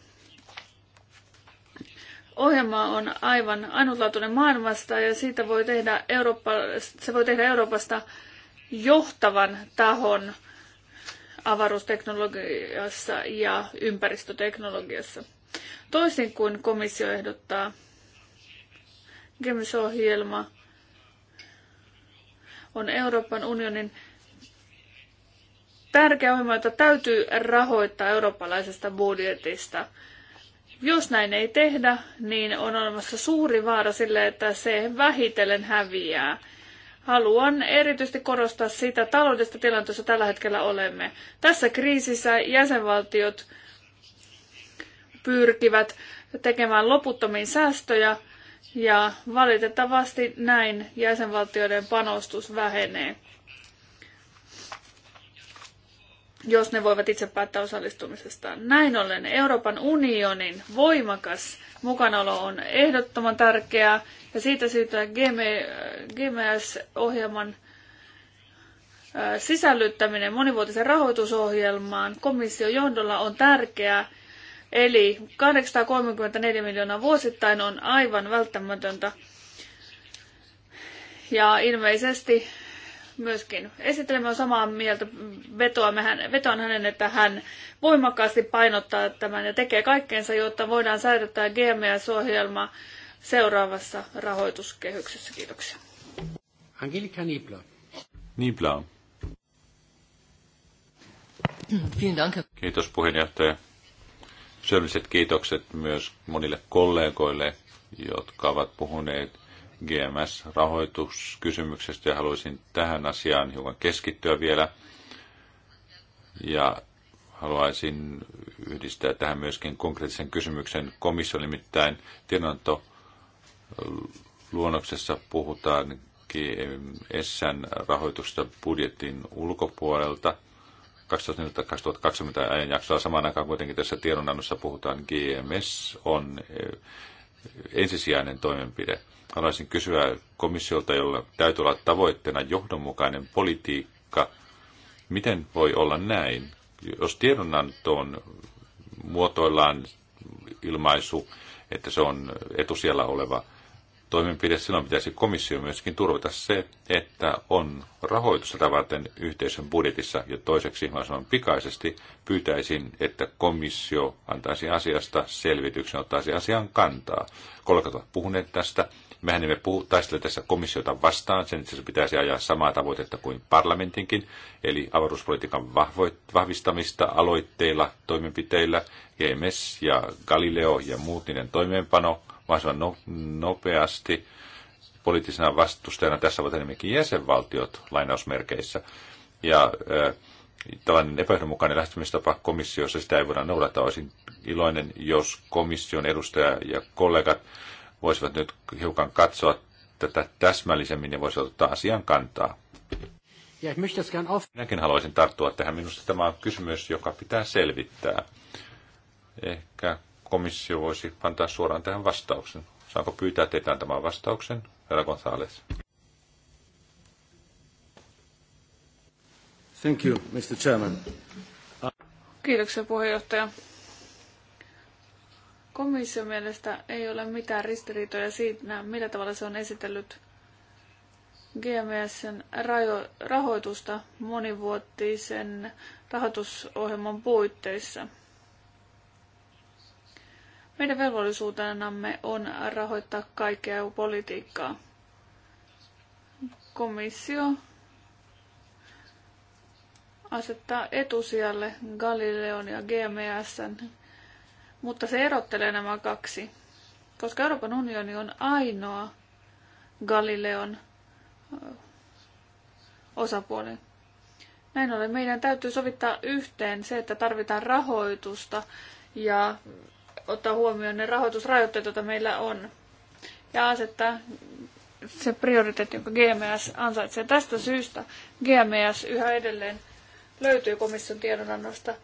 S3: ohjelma on aivan ainutlaatuinen maailmasta ja siitä voi tehdä Eurooppa, se voi tehdä Euroopasta johtavan tahon avaruusteknologiassa ja ympäristöteknologiassa. Toisin kuin komissio ehdottaa, GEMS-ohjelma on Euroopan unionin tärkeä ohjelma, jota täytyy rahoittaa eurooppalaisesta budjetista – jos näin ei tehdä, niin on olemassa suuri vaara sille, että se vähitellen häviää. Haluan erityisesti korostaa sitä taloudesta tilanteessa tällä hetkellä olemme. Tässä kriisissä jäsenvaltiot pyrkivät tekemään loputtomiin säästöjä ja valitettavasti näin jäsenvaltioiden panostus vähenee. jos ne voivat itse päättää osallistumisestaan. Näin ollen Euroopan unionin voimakas mukanaolo on ehdottoman tärkeää ja siitä syytä GMS-ohjelman sisällyttäminen monivuotisen rahoitusohjelmaan komission johdolla on tärkeää. Eli 834 miljoonaa vuosittain on aivan välttämätöntä. Ja ilmeisesti myöskin. Esittelemme on samaa mieltä, vetoan, hän, vetoan hänen, että hän voimakkaasti painottaa tämän ja tekee kaikkeensa, jotta voidaan säilyttää GMS-ohjelma seuraavassa rahoituskehyksessä. Kiitoksia.
S1: Angelika Niebla. Niebla. Kiitos puheenjohtaja. Syölliset kiitokset myös monille kollegoille, jotka ovat puhuneet GMS-rahoituskysymyksestä ja haluaisin tähän asiaan hiukan keskittyä vielä. Ja haluaisin yhdistää tähän myöskin konkreettisen kysymyksen komissio, nimittäin tiedonanto luonnoksessa puhutaan GMSn rahoitusta budjetin ulkopuolelta. 2020 ajanjaksoa samaan aikaan kuitenkin tässä tiedonannossa puhutaan GMS on eh, ensisijainen toimenpide. Haluaisin kysyä komissiolta, jolla täytyy olla tavoitteena johdonmukainen politiikka. Miten voi olla näin? Jos tiedonantoon muotoillaan ilmaisu, että se on etusijalla oleva toimenpide, silloin pitäisi komissio myöskin turvata se, että on rahoitusta varten yhteisön budjetissa. Ja toiseksi mahdollisimman pikaisesti pyytäisin, että komissio antaisi asiasta selvityksen, ottaisi asian kantaa. Kollegat ovat puhuneet tästä. Mehän emme puhu taistele tässä komissiota vastaan, sen itse asiassa pitäisi ajaa samaa tavoitetta kuin parlamentinkin, eli avaruuspolitiikan vahvistamista aloitteilla, toimenpiteillä, GMS ja Galileo ja muut niiden toimeenpano on no, nopeasti. Poliittisena vastustajana tässä ovat enemmänkin jäsenvaltiot lainausmerkeissä. Ja ö, äh, tällainen epäyhdenmukainen lähestymistapa komissiossa, sitä ei voida noudattaa. Olisin iloinen, jos komission edustaja ja kollegat voisivat nyt hiukan katsoa tätä täsmällisemmin ja voisivat ottaa asian kantaa. Ja Minäkin haluaisin tarttua tähän. Minusta tämä on kysymys, joka pitää selvittää. Ehkä komissio voisi antaa suoraan tähän vastauksen. Saanko pyytää teitä antamaan vastauksen, herra Gonzales?
S3: Thank you, Mr. Chairman. Kiitoksia puheenjohtaja. Komission mielestä ei ole mitään ristiriitoja siinä, millä tavalla se on esitellyt GMSn rahoitusta monivuotisen rahoitusohjelman puitteissa. Meidän velvollisuutenamme on rahoittaa kaikkea EU-politiikkaa. Komissio asettaa etusijalle Galileon ja GMSn mutta se erottelee nämä kaksi, koska Euroopan unioni on ainoa Galileon osapuoli. Näin ollen meidän täytyy sovittaa yhteen se, että tarvitaan rahoitusta ja ottaa huomioon ne rahoitusrajoitteet, joita meillä on. Ja asettaa se prioriteetti, jonka GMS ansaitsee. Tästä syystä GMS yhä edelleen löytyy komission tiedonannosta.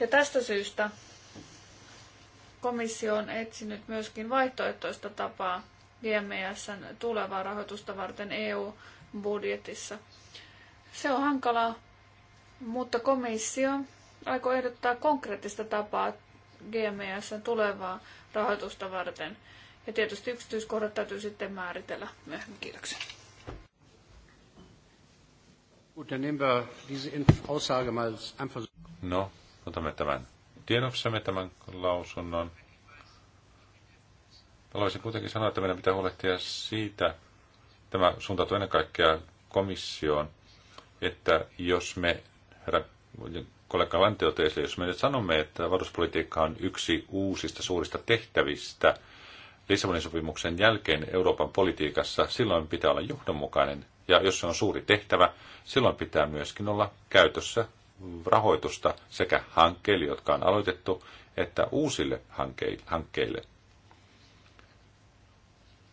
S3: Ja tästä syystä komissio on etsinyt myöskin vaihtoehtoista tapaa GMSn tulevaa rahoitusta varten EU-budjetissa. Se on hankalaa, mutta komissio aikoo ehdottaa konkreettista tapaa GMSn tulevaa rahoitusta varten. Ja tietysti yksityiskohdat täytyy sitten määritellä myöhemmin. Kiitoksia.
S1: No, otamme tämän tiedoksemme tämän lausunnon. Haluaisin kuitenkin sanoa, että meidän pitää huolehtia siitä, tämä suuntautuu ennen kaikkea komissioon, että jos me, herra kollega Lantiota jos me nyt sanomme, että varuspolitiikka on yksi uusista suurista tehtävistä Lissabonin sopimuksen jälkeen Euroopan politiikassa, silloin pitää olla johdonmukainen. Ja jos se on suuri tehtävä, silloin pitää myöskin olla käytössä rahoitusta sekä hankkeille, jotka on aloitettu, että uusille hankkeille.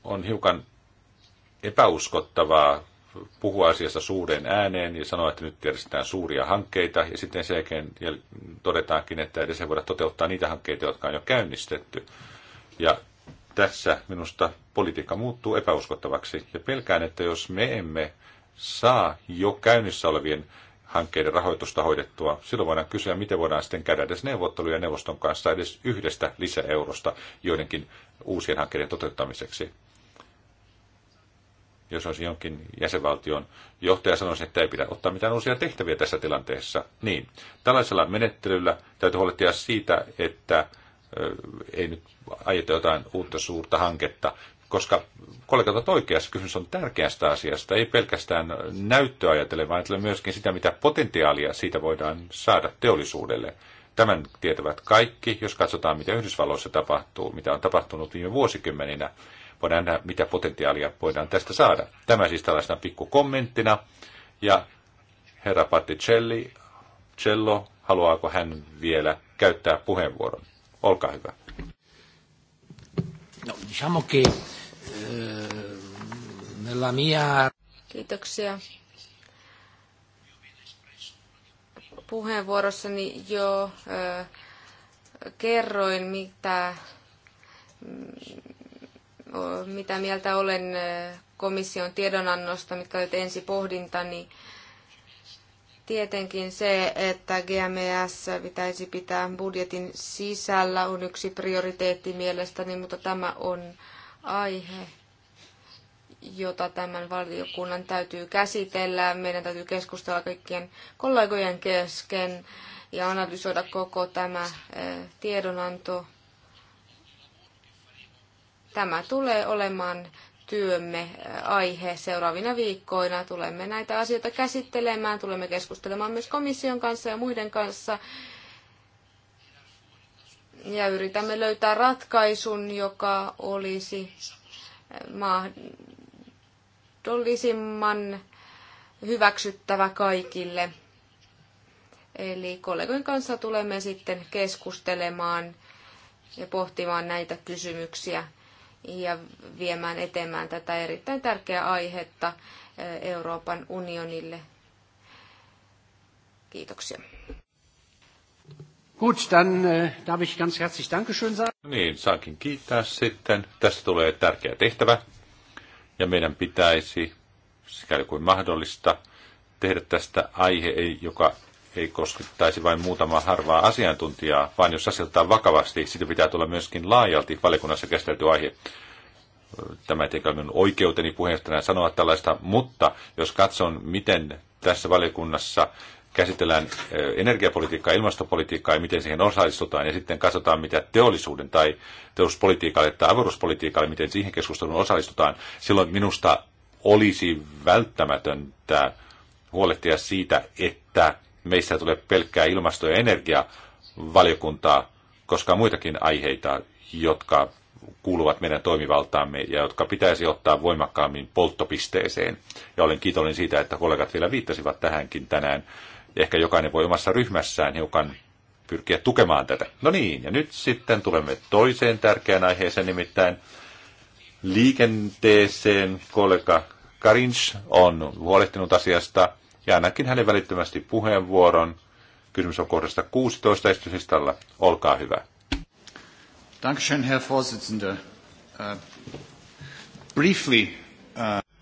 S1: On hiukan epäuskottavaa puhua asiasta suureen ääneen ja sanoa, että nyt järjestetään suuria hankkeita, ja sitten sen jälkeen todetaankin, että edes ei voida toteuttaa niitä hankkeita, jotka on jo käynnistetty. Ja tässä minusta politiikka muuttuu epäuskottavaksi, ja pelkään, että jos me emme saa jo käynnissä olevien hankkeiden rahoitusta hoidettua, silloin voidaan kysyä, miten voidaan sitten käydä edes neuvotteluja neuvoston kanssa edes yhdestä lisäeurosta joidenkin uusien hankkeiden toteuttamiseksi. Jos olisi jonkin jäsenvaltion johtaja sanoisi, että ei pidä ottaa mitään uusia tehtäviä tässä tilanteessa, niin tällaisella menettelyllä täytyy huolehtia siitä, että ei nyt ajeta jotain uutta suurta hanketta koska kollegat ovat oikeassa, kysymys on tärkeästä asiasta, ei pelkästään näyttöä ajatellen, vaan ajatellen myöskin sitä, mitä potentiaalia siitä voidaan saada teollisuudelle. Tämän tietävät kaikki, jos katsotaan, mitä Yhdysvalloissa tapahtuu, mitä on tapahtunut viime vuosikymmeninä, voidaan nähdä, mitä potentiaalia voidaan tästä saada. Tämä siis tällaisena pikkukommenttina. Ja herra Patti Cello, haluaako hän vielä käyttää puheenvuoron? Olkaa hyvä. No, diciamo che eh, nella mia...
S2: Kiitoksia. Puheenvuorossani jo äh, kerroin, mitä, mm, mitä mieltä olen eh, komission tiedonannosta, mitkä olivat ensi pohdintani. Äh, Tietenkin se, että GMS pitäisi pitää budjetin sisällä, on yksi prioriteetti mielestäni, mutta tämä on aihe, jota tämän valiokunnan täytyy käsitellä. Meidän täytyy keskustella kaikkien kollegojen kesken ja analysoida koko tämä eh, tiedonanto. Tämä tulee olemaan työmme aihe seuraavina viikkoina. Tulemme näitä asioita käsittelemään, tulemme keskustelemaan myös komission kanssa ja muiden kanssa. Ja yritämme löytää ratkaisun, joka olisi mahdollisimman hyväksyttävä kaikille. Eli kollegojen kanssa tulemme sitten keskustelemaan ja pohtimaan näitä kysymyksiä ja viemään eteenpäin tätä erittäin tärkeää aihetta eh, Euroopan unionille.
S3: Kiitoksia. Gut, dann äh, darf ich ganz herzlich Dankeschön sagen.
S1: No niin, saankin kiittää sitten. Tästä tulee tärkeä tehtävä. Ja meidän pitäisi, sikäli kuin mahdollista, tehdä tästä aihe, joka ei koskettaisi vain muutama harvaa asiantuntijaa, vaan jos asetetaan vakavasti, siitä pitää tulla myöskin laajalti valiokunnassa käsitelty aihe. Tämä ei ole minun oikeuteni puheenjohtajana sanoa tällaista, mutta jos katson, miten tässä valiokunnassa käsitellään eh, energiapolitiikkaa ilmastopolitiikkaa ja miten siihen osallistutaan, ja sitten katsotaan, mitä teollisuuden tai teollisuuspolitiikalle tai avaruuspolitiikalle, miten siihen keskusteluun osallistutaan, silloin minusta olisi välttämätöntä huolehtia siitä, että meistä tulee pelkkää ilmasto- ja energiavaliokuntaa, koska on muitakin aiheita, jotka kuuluvat meidän toimivaltaamme ja jotka pitäisi ottaa voimakkaammin polttopisteeseen. Ja olen kiitollinen siitä, että kollegat vielä viittasivat tähänkin tänään. Ehkä jokainen voi omassa ryhmässään hiukan pyrkiä tukemaan tätä. No niin, ja nyt sitten tulemme toiseen tärkeään aiheeseen, nimittäin liikenteeseen. Kollega Karins on huolehtinut asiasta ja ainakin hänen välittömästi puheenvuoron. Kysymys on kohdasta 16 esityslistalla. Olkaa hyvä. Dankeschön, Herr Vorsitzender. Uh, briefly, uh...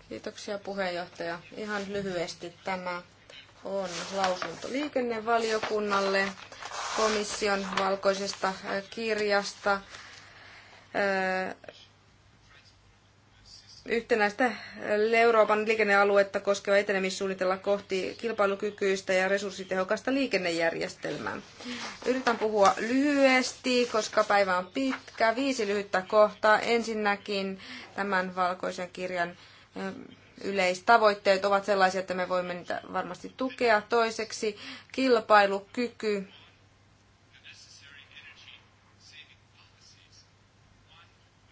S2: Kiitoksia puheenjohtaja. Ihan lyhyesti tämä on lausunto liikennevaliokunnalle komission valkoisesta kirjasta äh, yhtenäistä Euroopan liikennealuetta koskeva etenemissuunnitella kohti kilpailukykyistä ja resurssitehokasta liikennejärjestelmää. Yritän puhua lyhyesti, koska päivä on pitkä. Viisi lyhyttä kohtaa. Ensinnäkin tämän valkoisen kirjan eh, yleistavoitteet ovat sellaisia, että me voimme niitä varmasti tukea. Toiseksi kilpailukyky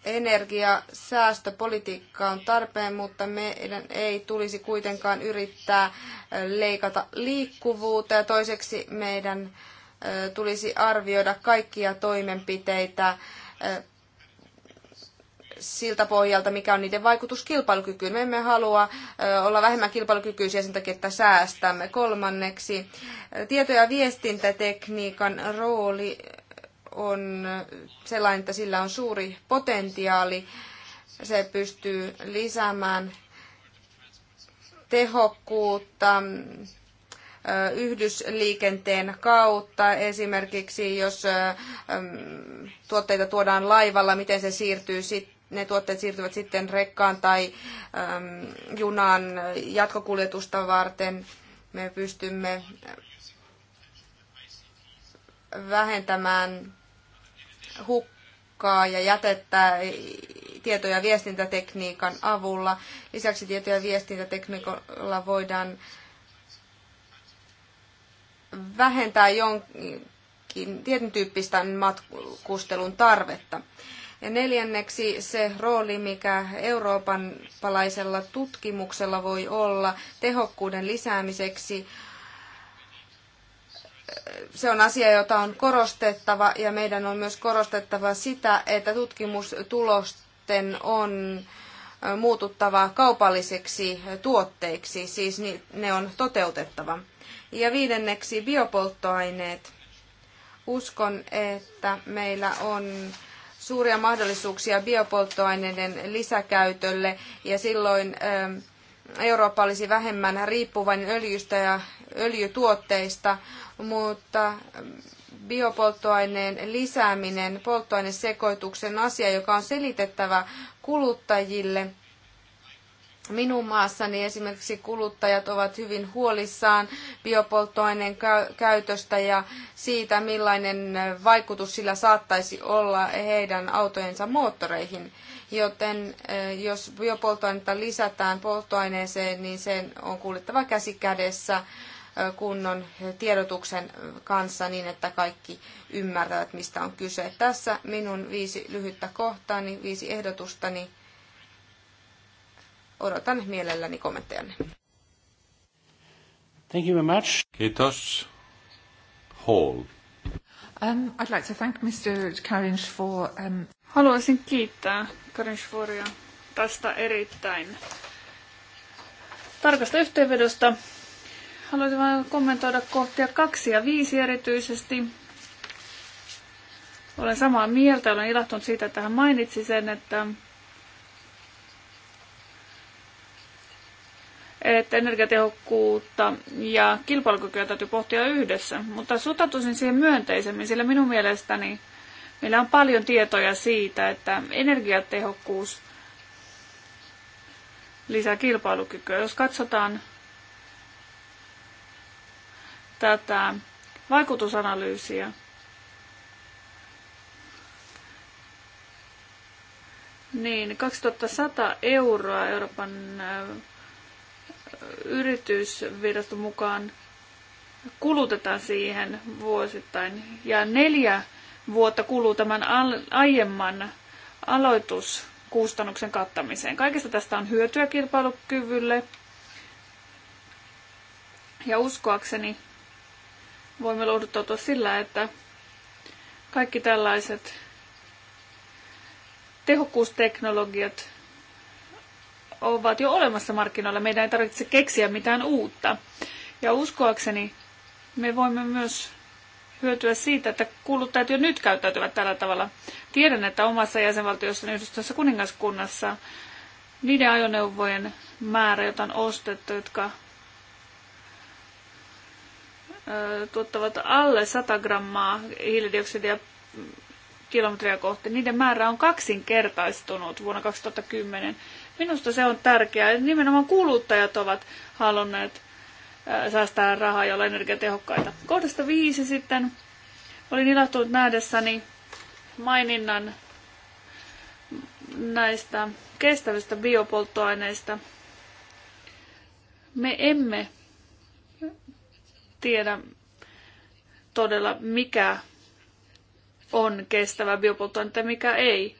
S2: energiasäästöpolitiikka on tarpeen, mutta meidän ei tulisi kuitenkaan yrittää leikata liikkuvuutta ja toiseksi meidän tulisi arvioida kaikkia toimenpiteitä siltä pohjalta, mikä on niiden vaikutus kilpailukykyyn. Me emme halua olla vähemmän kilpailukykyisiä sen takia, että säästämme. Kolmanneksi tieto- ja viestintätekniikan rooli on sellainen, että sillä on suuri potentiaali. Se pystyy lisäämään tehokkuutta yhdysliikenteen kautta. Esimerkiksi jos tuotteita tuodaan laivalla, miten se siirtyy sitten ne tuotteet siirtyvät sitten rekkaan tai äm, junaan jatkokuljetusta varten. Me pystymme vähentämään hukkaa ja jätettä tieto- ja viestintätekniikan avulla. Lisäksi tieto- ja viestintätekniikalla voidaan vähentää jonkin tietyn tyyppistä matkustelun tarvetta. Ja neljänneksi se rooli, mikä Euroopan palaisella tutkimuksella voi olla tehokkuuden lisäämiseksi, se on asia, jota on korostettava ja meidän on myös korostettava sitä, että tutkimustulosten on muututtava kaupallisiksi tuotteiksi, siis ne on toteutettava. Ja viidenneksi biopolttoaineet. Uskon, että meillä on suuria mahdollisuuksia biopolttoaineiden lisäkäytölle ja silloin Eurooppa olisi vähemmän riippuvainen öljystä ja öljytuotteista, mutta biopolttoaineen lisääminen polttoainesekoituksen asia, joka on selitettävä kuluttajille. Minun maassani esimerkiksi kuluttajat ovat hyvin huolissaan biopolttoaineen käytöstä ja siitä, millainen vaikutus sillä saattaisi olla heidän autojensa moottoreihin. Joten jos biopolttoainetta lisätään polttoaineeseen, niin sen on kuljettava käsi kädessä kunnon tiedotuksen kanssa niin, että kaikki ymmärtävät, mistä on kyse. Tässä minun viisi lyhyttä kohtaani, viisi ehdotustani. Odotan mielelläni kommenttejanne.
S1: Thank you very much. Kiitos. Hall.
S3: Um, I'd like to thank Mr. Karinch for... Um... Haluaisin kiittää Karinshvoria tästä erittäin tarkasta yhteenvedosta. Haluaisin vain kommentoida kohtia kaksi ja viisi erityisesti. Olen samaa mieltä, olen ilahtunut siitä, että hän mainitsi sen, että että energiatehokkuutta ja kilpailukykyä täytyy pohtia yhdessä, mutta suhtautuisin siihen myönteisemmin, sillä minun mielestäni Meillä on paljon tietoja siitä, että energiatehokkuus lisää kilpailukykyä. Jos katsotaan tätä vaikutusanalyysiä, niin 2100 euroa Euroopan äh, yritysviraston mukaan kulutetaan siihen vuosittain ja neljä vuotta kuluu tämän aiemman aloituskustannuksen kattamiseen. Kaikesta tästä on hyötyä kilpailukyvylle. Ja uskoakseni voimme lohduttautua sillä, että kaikki tällaiset tehokkuusteknologiat ovat jo olemassa markkinoilla. Meidän ei tarvitse keksiä mitään uutta. Ja uskoakseni me voimme myös hyötyä siitä, että kuluttajat jo nyt käyttäytyvät tällä tavalla. Tiedän, että omassa jäsenvaltiossani yhdistössä kuningaskunnassa niiden ajoneuvojen määrä, joita on ostettu, jotka tuottavat alle 100 grammaa hiilidioksidia kilometriä kohti, niiden määrä on kaksinkertaistunut vuonna 2010. Minusta se on tärkeää. Nimenomaan kuluttajat ovat halunneet säästää rahaa ja olla energiatehokkaita. Kohdasta viisi sitten olin ilahtunut nähdessäni maininnan näistä kestävistä biopolttoaineista. Me emme tiedä todella, mikä on kestävä biopolttoaine tai mikä ei.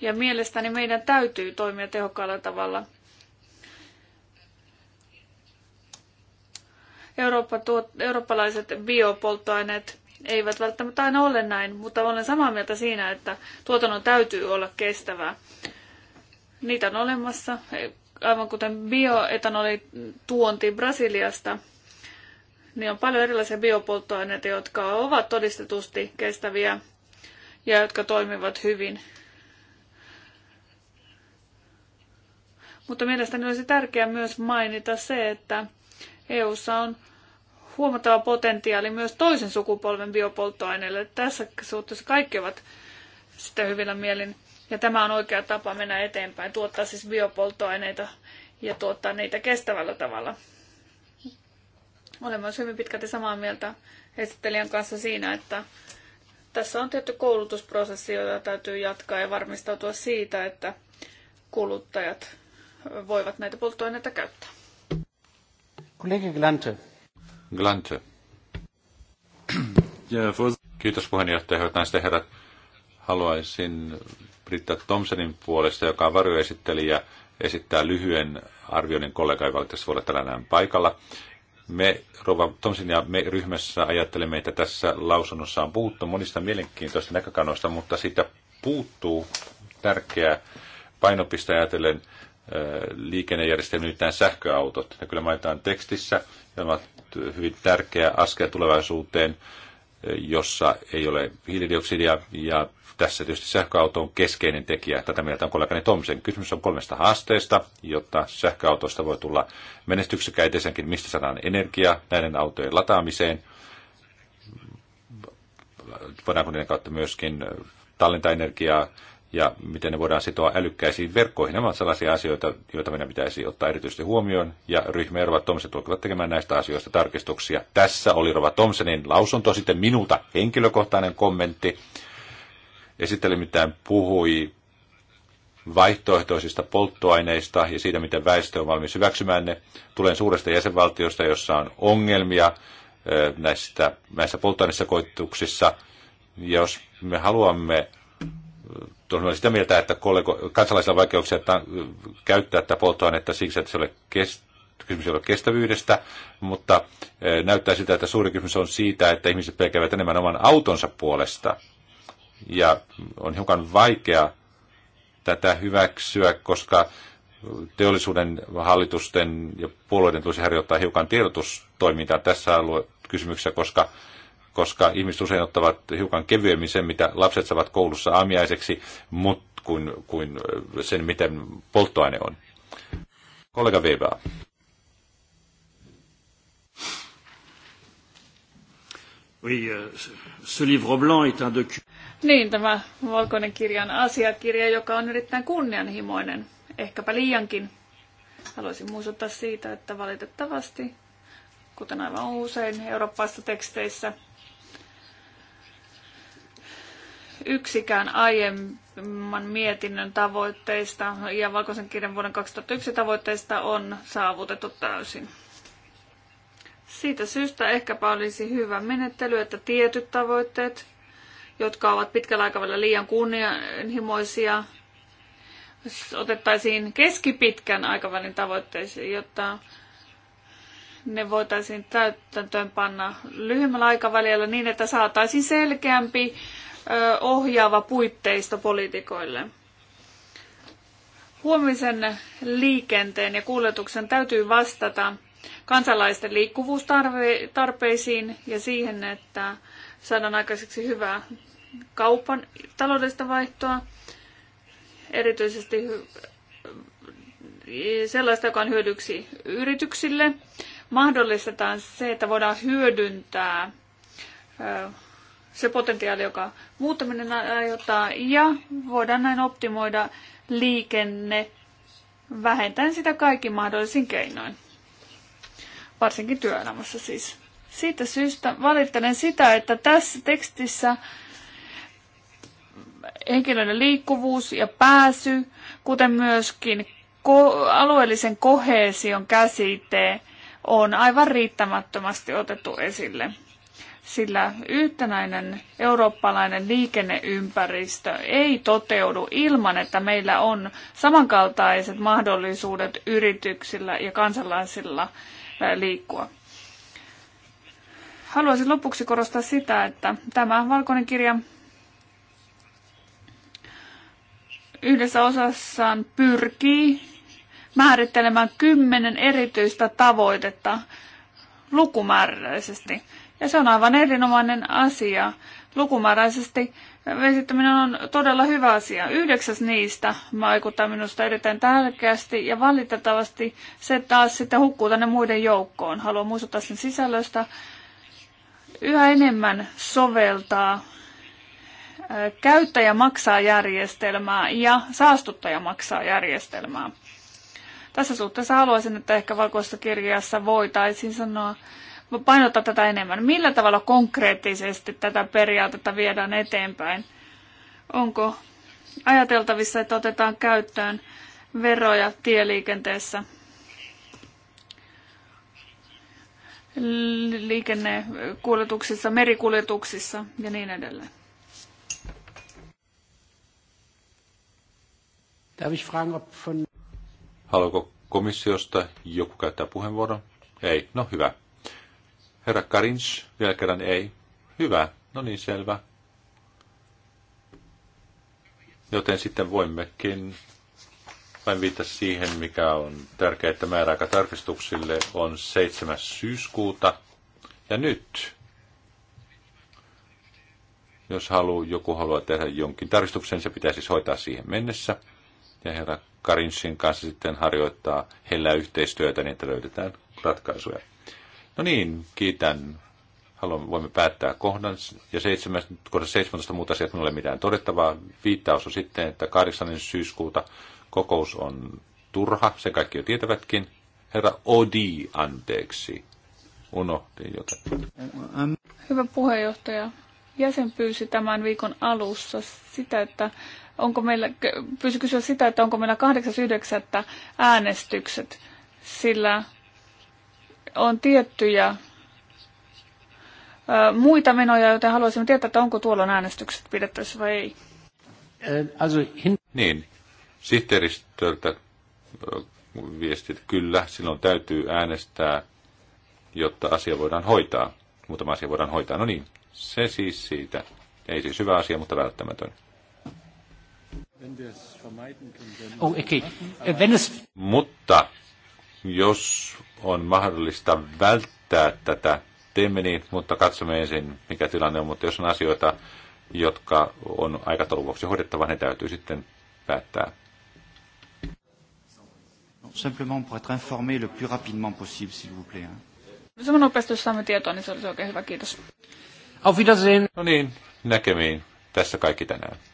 S3: Ja mielestäni meidän täytyy toimia tehokkaalla tavalla. Eurooppa tuot, eurooppalaiset biopolttoaineet eivät välttämättä aina ole näin, mutta olen samaa mieltä siinä, että tuotannon täytyy olla kestävää. Niitä on olemassa, aivan kuten bioetanoli tuonti Brasiliasta, niin on paljon erilaisia biopolttoaineita, jotka ovat todistetusti kestäviä ja jotka toimivat hyvin. Mutta mielestäni olisi tärkeää myös mainita se, että EU:ssa on huomattava potentiaali myös toisen sukupolven biopolttoaineille. Tässä suhteessa kaikki ovat sitä hyvillä mielin. Ja tämä on oikea tapa mennä eteenpäin, tuottaa siis biopolttoaineita ja tuottaa niitä kestävällä tavalla. Olen myös hyvin pitkälti samaa mieltä esittelijän kanssa siinä, että tässä on tietty koulutusprosessi, jota täytyy jatkaa ja varmistautua siitä, että kuluttajat voivat näitä polttoaineita käyttää.
S1: Kollege Glante. Glante. Kiitos puheenjohtaja, hyvät naiset herrat. Haluaisin Britta Thompsonin puolesta, joka on varjoesittelijä, esittää lyhyen arvioinnin kollega, joka tässä voi tänään paikalla. Me, Rova Thompson ja me ryhmässä ajattelemme, että tässä lausunnossa on puhuttu monista mielenkiintoista näkökannoista, mutta siitä puuttuu tärkeä painopiste ajatellen liikennejärjestelmiä, nämä sähköautot. Ne kyllä mainitaan tekstissä, ja ovat hyvin tärkeä askel tulevaisuuteen, jossa ei ole hiilidioksidia, ja tässä tietysti sähköauto on keskeinen tekijä. Tätä mieltä on kollegani Tomsen. Kysymys on kolmesta haasteesta, jotta sähköautosta voi tulla menestyksekä ensinnäkin mistä saadaan energia näiden autojen lataamiseen, voidaanko niiden kautta myöskin tallentaa energiaa ja miten ne voidaan sitoa älykkäisiin verkkoihin. Nämä ovat sellaisia asioita, joita meidän pitäisi ottaa erityisesti huomioon, ja ryhmä ja Rova Tomsen tulkivat tekemään näistä asioista tarkistuksia. Tässä oli Rova Tomsenin lausunto, sitten minulta henkilökohtainen kommentti. Esitteli, mitään puhui vaihtoehtoisista polttoaineista ja siitä, miten väestö on valmis hyväksymään ne. Tulen suuresta jäsenvaltiosta, jossa on ongelmia näistä, näissä polttoaineissa ja Jos me haluamme on sitä mieltä, että kollego, kansalaisilla on vaikeuksia että käyttää tätä polttoainetta siksi, että se ole kest, kysymys ei ole kestävyydestä, mutta e, näyttää siltä, että suuri kysymys on siitä, että ihmiset pelkäävät enemmän oman autonsa puolesta. Ja on hiukan vaikea tätä hyväksyä, koska teollisuuden hallitusten ja puolueiden tulisi harjoittaa hiukan tiedotustoimintaa tässä alue kysymyksessä, koska koska ihmiset usein ottavat hiukan kevyemmin sen, mitä lapset saavat koulussa aamiaiseksi, mut kuin, kuin sen, miten polttoaine on. Kollega Weber. Oui, euh, ce livre blanc est un document.
S3: Niin, tämä valkoinen kirjan asiakirja, joka on erittäin kunnianhimoinen, ehkäpä liiankin. Haluaisin muistuttaa siitä, että valitettavasti, kuten aivan usein eurooppaista teksteissä, yksikään aiemman mietinnön tavoitteista ja valkoisen kirjan vuoden 2001 tavoitteista on saavutettu täysin. Siitä syystä ehkäpä olisi hyvä menettely, että tietyt tavoitteet, jotka ovat pitkällä aikavälillä liian kunnianhimoisia, otettaisiin keskipitkän aikavälin tavoitteisiin, jotta ne voitaisiin täytäntöön panna lyhyemmällä aikavälillä niin, että saataisiin selkeämpi ohjaava puitteisto poliitikoille. Huomisen liikenteen ja kuljetuksen täytyy vastata kansalaisten liikkuvuustarpeisiin ja siihen, että saadaan aikaiseksi hyvää kaupan taloudellista vaihtoa, erityisesti sellaista, joka on hyödyksi yrityksille. Mahdollistetaan se, että voidaan hyödyntää se potentiaali, joka muuttaminen aiheuttaa, ja voidaan näin optimoida liikenne vähentäen sitä kaikki mahdollisin keinoin. Varsinkin työelämässä siis. Siitä syystä valittelen sitä, että tässä tekstissä henkilöiden liikkuvuus ja pääsy, kuten myöskin ko- alueellisen kohesion käsite, on aivan riittämättömästi otettu esille sillä yhtenäinen eurooppalainen liikenneympäristö ei toteudu ilman, että meillä on samankaltaiset mahdollisuudet yrityksillä ja kansalaisilla liikkua. Haluaisin lopuksi korostaa sitä, että tämä valkoinen kirja yhdessä osassaan pyrkii määrittelemään kymmenen erityistä tavoitetta lukumääräisesti ja se on aivan erinomainen asia. Lukumääräisesti vesittäminen on todella hyvä asia. Yhdeksäs niistä vaikuttaa minusta erittäin tärkeästi ja valitettavasti se taas sitten hukkuu tänne muiden joukkoon. Haluan muistuttaa sen sisällöstä. Yhä enemmän soveltaa käyttäjä maksaa järjestelmää ja saastuttaja maksaa järjestelmää. Tässä suhteessa haluaisin, että ehkä valkoisessa kirjassa voitaisiin sanoa, painottaa tätä enemmän. Millä tavalla konkreettisesti tätä periaatetta viedään eteenpäin? Onko ajateltavissa, että otetaan käyttöön veroja tieliikenteessä? liikennekuljetuksissa, merikuljetuksissa ja niin edelleen.
S1: Haluaako komissiosta joku käyttää puheenvuoron? Ei, no hyvä. Herra Karins, vielä kerran ei. Hyvä, no niin selvä. Joten sitten voimmekin vain viittaa siihen, mikä on tärkeää, että määräaika tarkistuksille on 7. syyskuuta. Ja nyt, jos halu, joku haluaa tehdä jonkin tarkistuksen, se pitää siis hoitaa siihen mennessä. Ja herra Karinsin kanssa sitten harjoittaa heillä yhteistyötä, niin että löydetään ratkaisuja. No niin, kiitän. Haluan, voimme päättää kohdan ja 7, 17 muuta asiat minulle mitään todettavaa. Viittaus on sitten, että 8. syyskuuta kokous on turha, se kaikki jo tietävätkin. Herra Odi, anteeksi. Unohdin jotain.
S3: Hyvä puheenjohtaja. Jäsen pyysi tämän viikon alussa sitä, että onko meillä, pyysi kysyä sitä, että onko meillä 8.9. äänestykset, sillä on tiettyjä muita menoja, joten haluaisimme tietää, että onko tuolla äänestykset pidettävissä vai ei.
S1: Niin, sihteeristöltä viestit, kyllä, silloin täytyy äänestää, jotta asia voidaan hoitaa. Muutama asia voidaan hoitaa. No niin, se siis siitä. Ei siis hyvä asia, mutta välttämätön. Oh, okay. Mutta jos on mahdollista välttää tätä, teemme niin, mutta katsomme ensin, mikä tilanne on. Mutta jos on asioita, jotka on aikataulun vuoksi hoidettava, ne täytyy sitten päättää.
S2: Simplement pour être informé le plus rapidement possible, s'il vous plaît.
S3: Semmoinen nopeasti, jos saamme tietoa, niin se olisi oikein hyvä. Kiitos.
S1: Auf Wiedersehen. No niin, näkemiin. Tässä kaikki tänään.